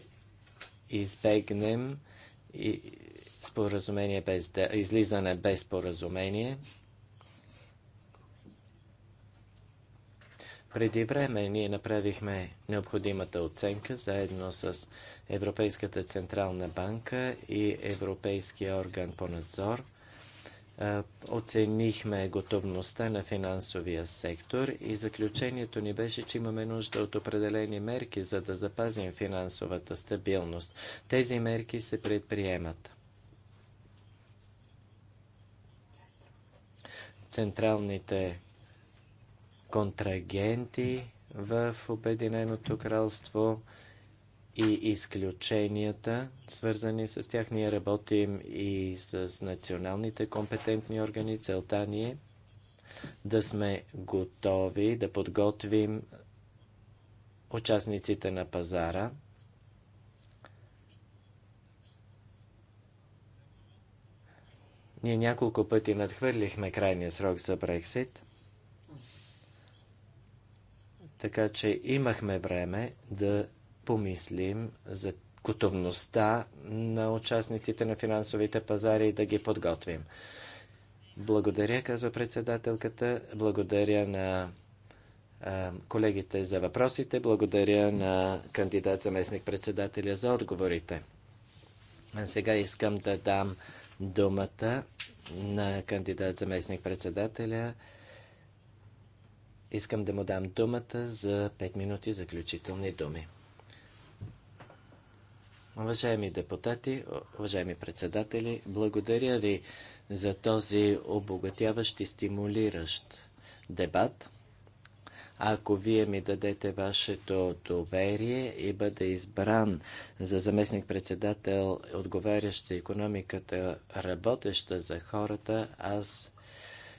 избегнем и споразумение без, излизане без споразумение. Преди време ние направихме необходимата оценка заедно с Европейската централна банка и Европейския орган по надзор. Оценихме готовността на финансовия сектор и заключението ни беше, че имаме нужда от определени мерки, за да запазим финансовата стабилност. Тези мерки се предприемат. централните контрагенти в Обединеното кралство и изключенията, свързани с тях. Ние работим и с националните компетентни органи. Целта ни е да сме готови да подготвим участниците на пазара – Ние няколко пъти надхвърлихме крайния срок за Брексит, така че имахме време да помислим за готовността на участниците на финансовите пазари и да ги подготвим. Благодаря, казва председателката. Благодаря на а, колегите за въпросите. Благодаря на кандидат заместник председателя за отговорите. А сега искам да дам думата на кандидат заместник председателя. Искам да му дам думата за 5 минути заключителни думи. Уважаеми депутати, уважаеми председатели, благодаря ви за този обогатяващ и стимулиращ дебат. Ако вие ми дадете вашето доверие и бъде избран за заместник-председател, отговарящ за економиката, работеща за хората, аз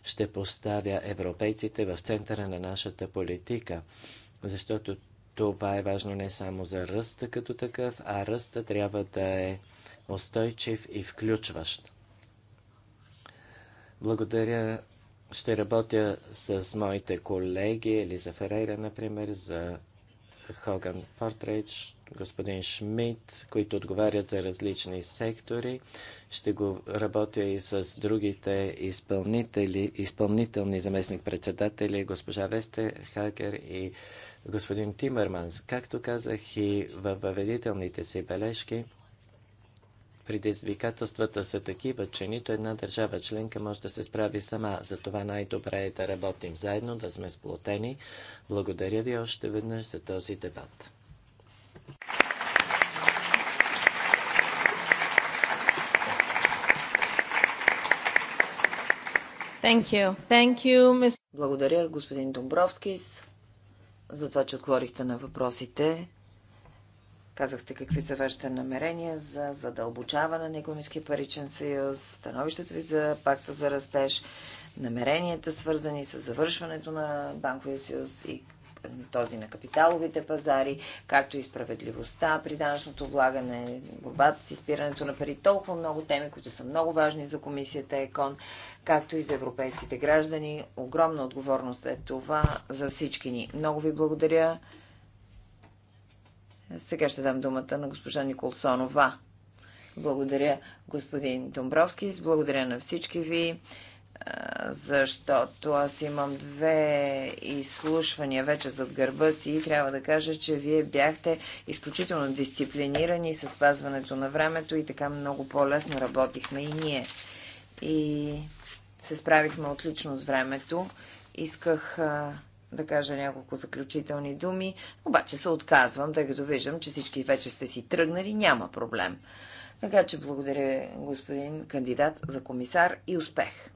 ще поставя европейците в центъра на нашата политика, защото това е важно не само за ръста като такъв, а ръста трябва да е устойчив и включващ. Благодаря ще работя с моите колеги, Елиза Ферейра, например, за Хоган Фортрейдж, господин Шмидт, които отговарят за различни сектори. Ще го работя и с другите изпълнители, изпълнителни заместник-председатели, госпожа Хакер и господин Тимърманс. Както казах и във въведителните си бележки, Предизвикателствата са такива, че нито една държава членка може да се справи сама. Затова най-добре е да работим заедно, да сме сплотени. Благодаря ви още веднъж за този дебат. Thank you. Thank you, Благодаря, господин Домбровскис, за това, че отговорихте на въпросите. Казахте какви са вашите намерения за задълбочаване на економически паричен съюз, становището ви за пакта за растеж, намеренията свързани с завършването на банковия съюз и този на капиталовите пазари, както и справедливостта при данъчното влагане, борбата с изпирането на пари, толкова много теми, които са много важни за комисията ЕКОН, както и за европейските граждани. Огромна отговорност е това за всички ни. Много ви благодаря. Сега ще дам думата на госпожа Николсонова. Благодаря, господин Домбровски. Благодаря на всички ви, защото аз имам две изслушвания вече зад гърба си и трябва да кажа, че вие бяхте изключително дисциплинирани с спазването на времето и така много по-лесно работихме и ние. И се справихме отлично с времето. Исках да кажа няколко заключителни думи, обаче се отказвам, тъй като виждам, че всички вече сте си тръгнали, няма проблем. Така че благодаря господин кандидат за комисар и успех!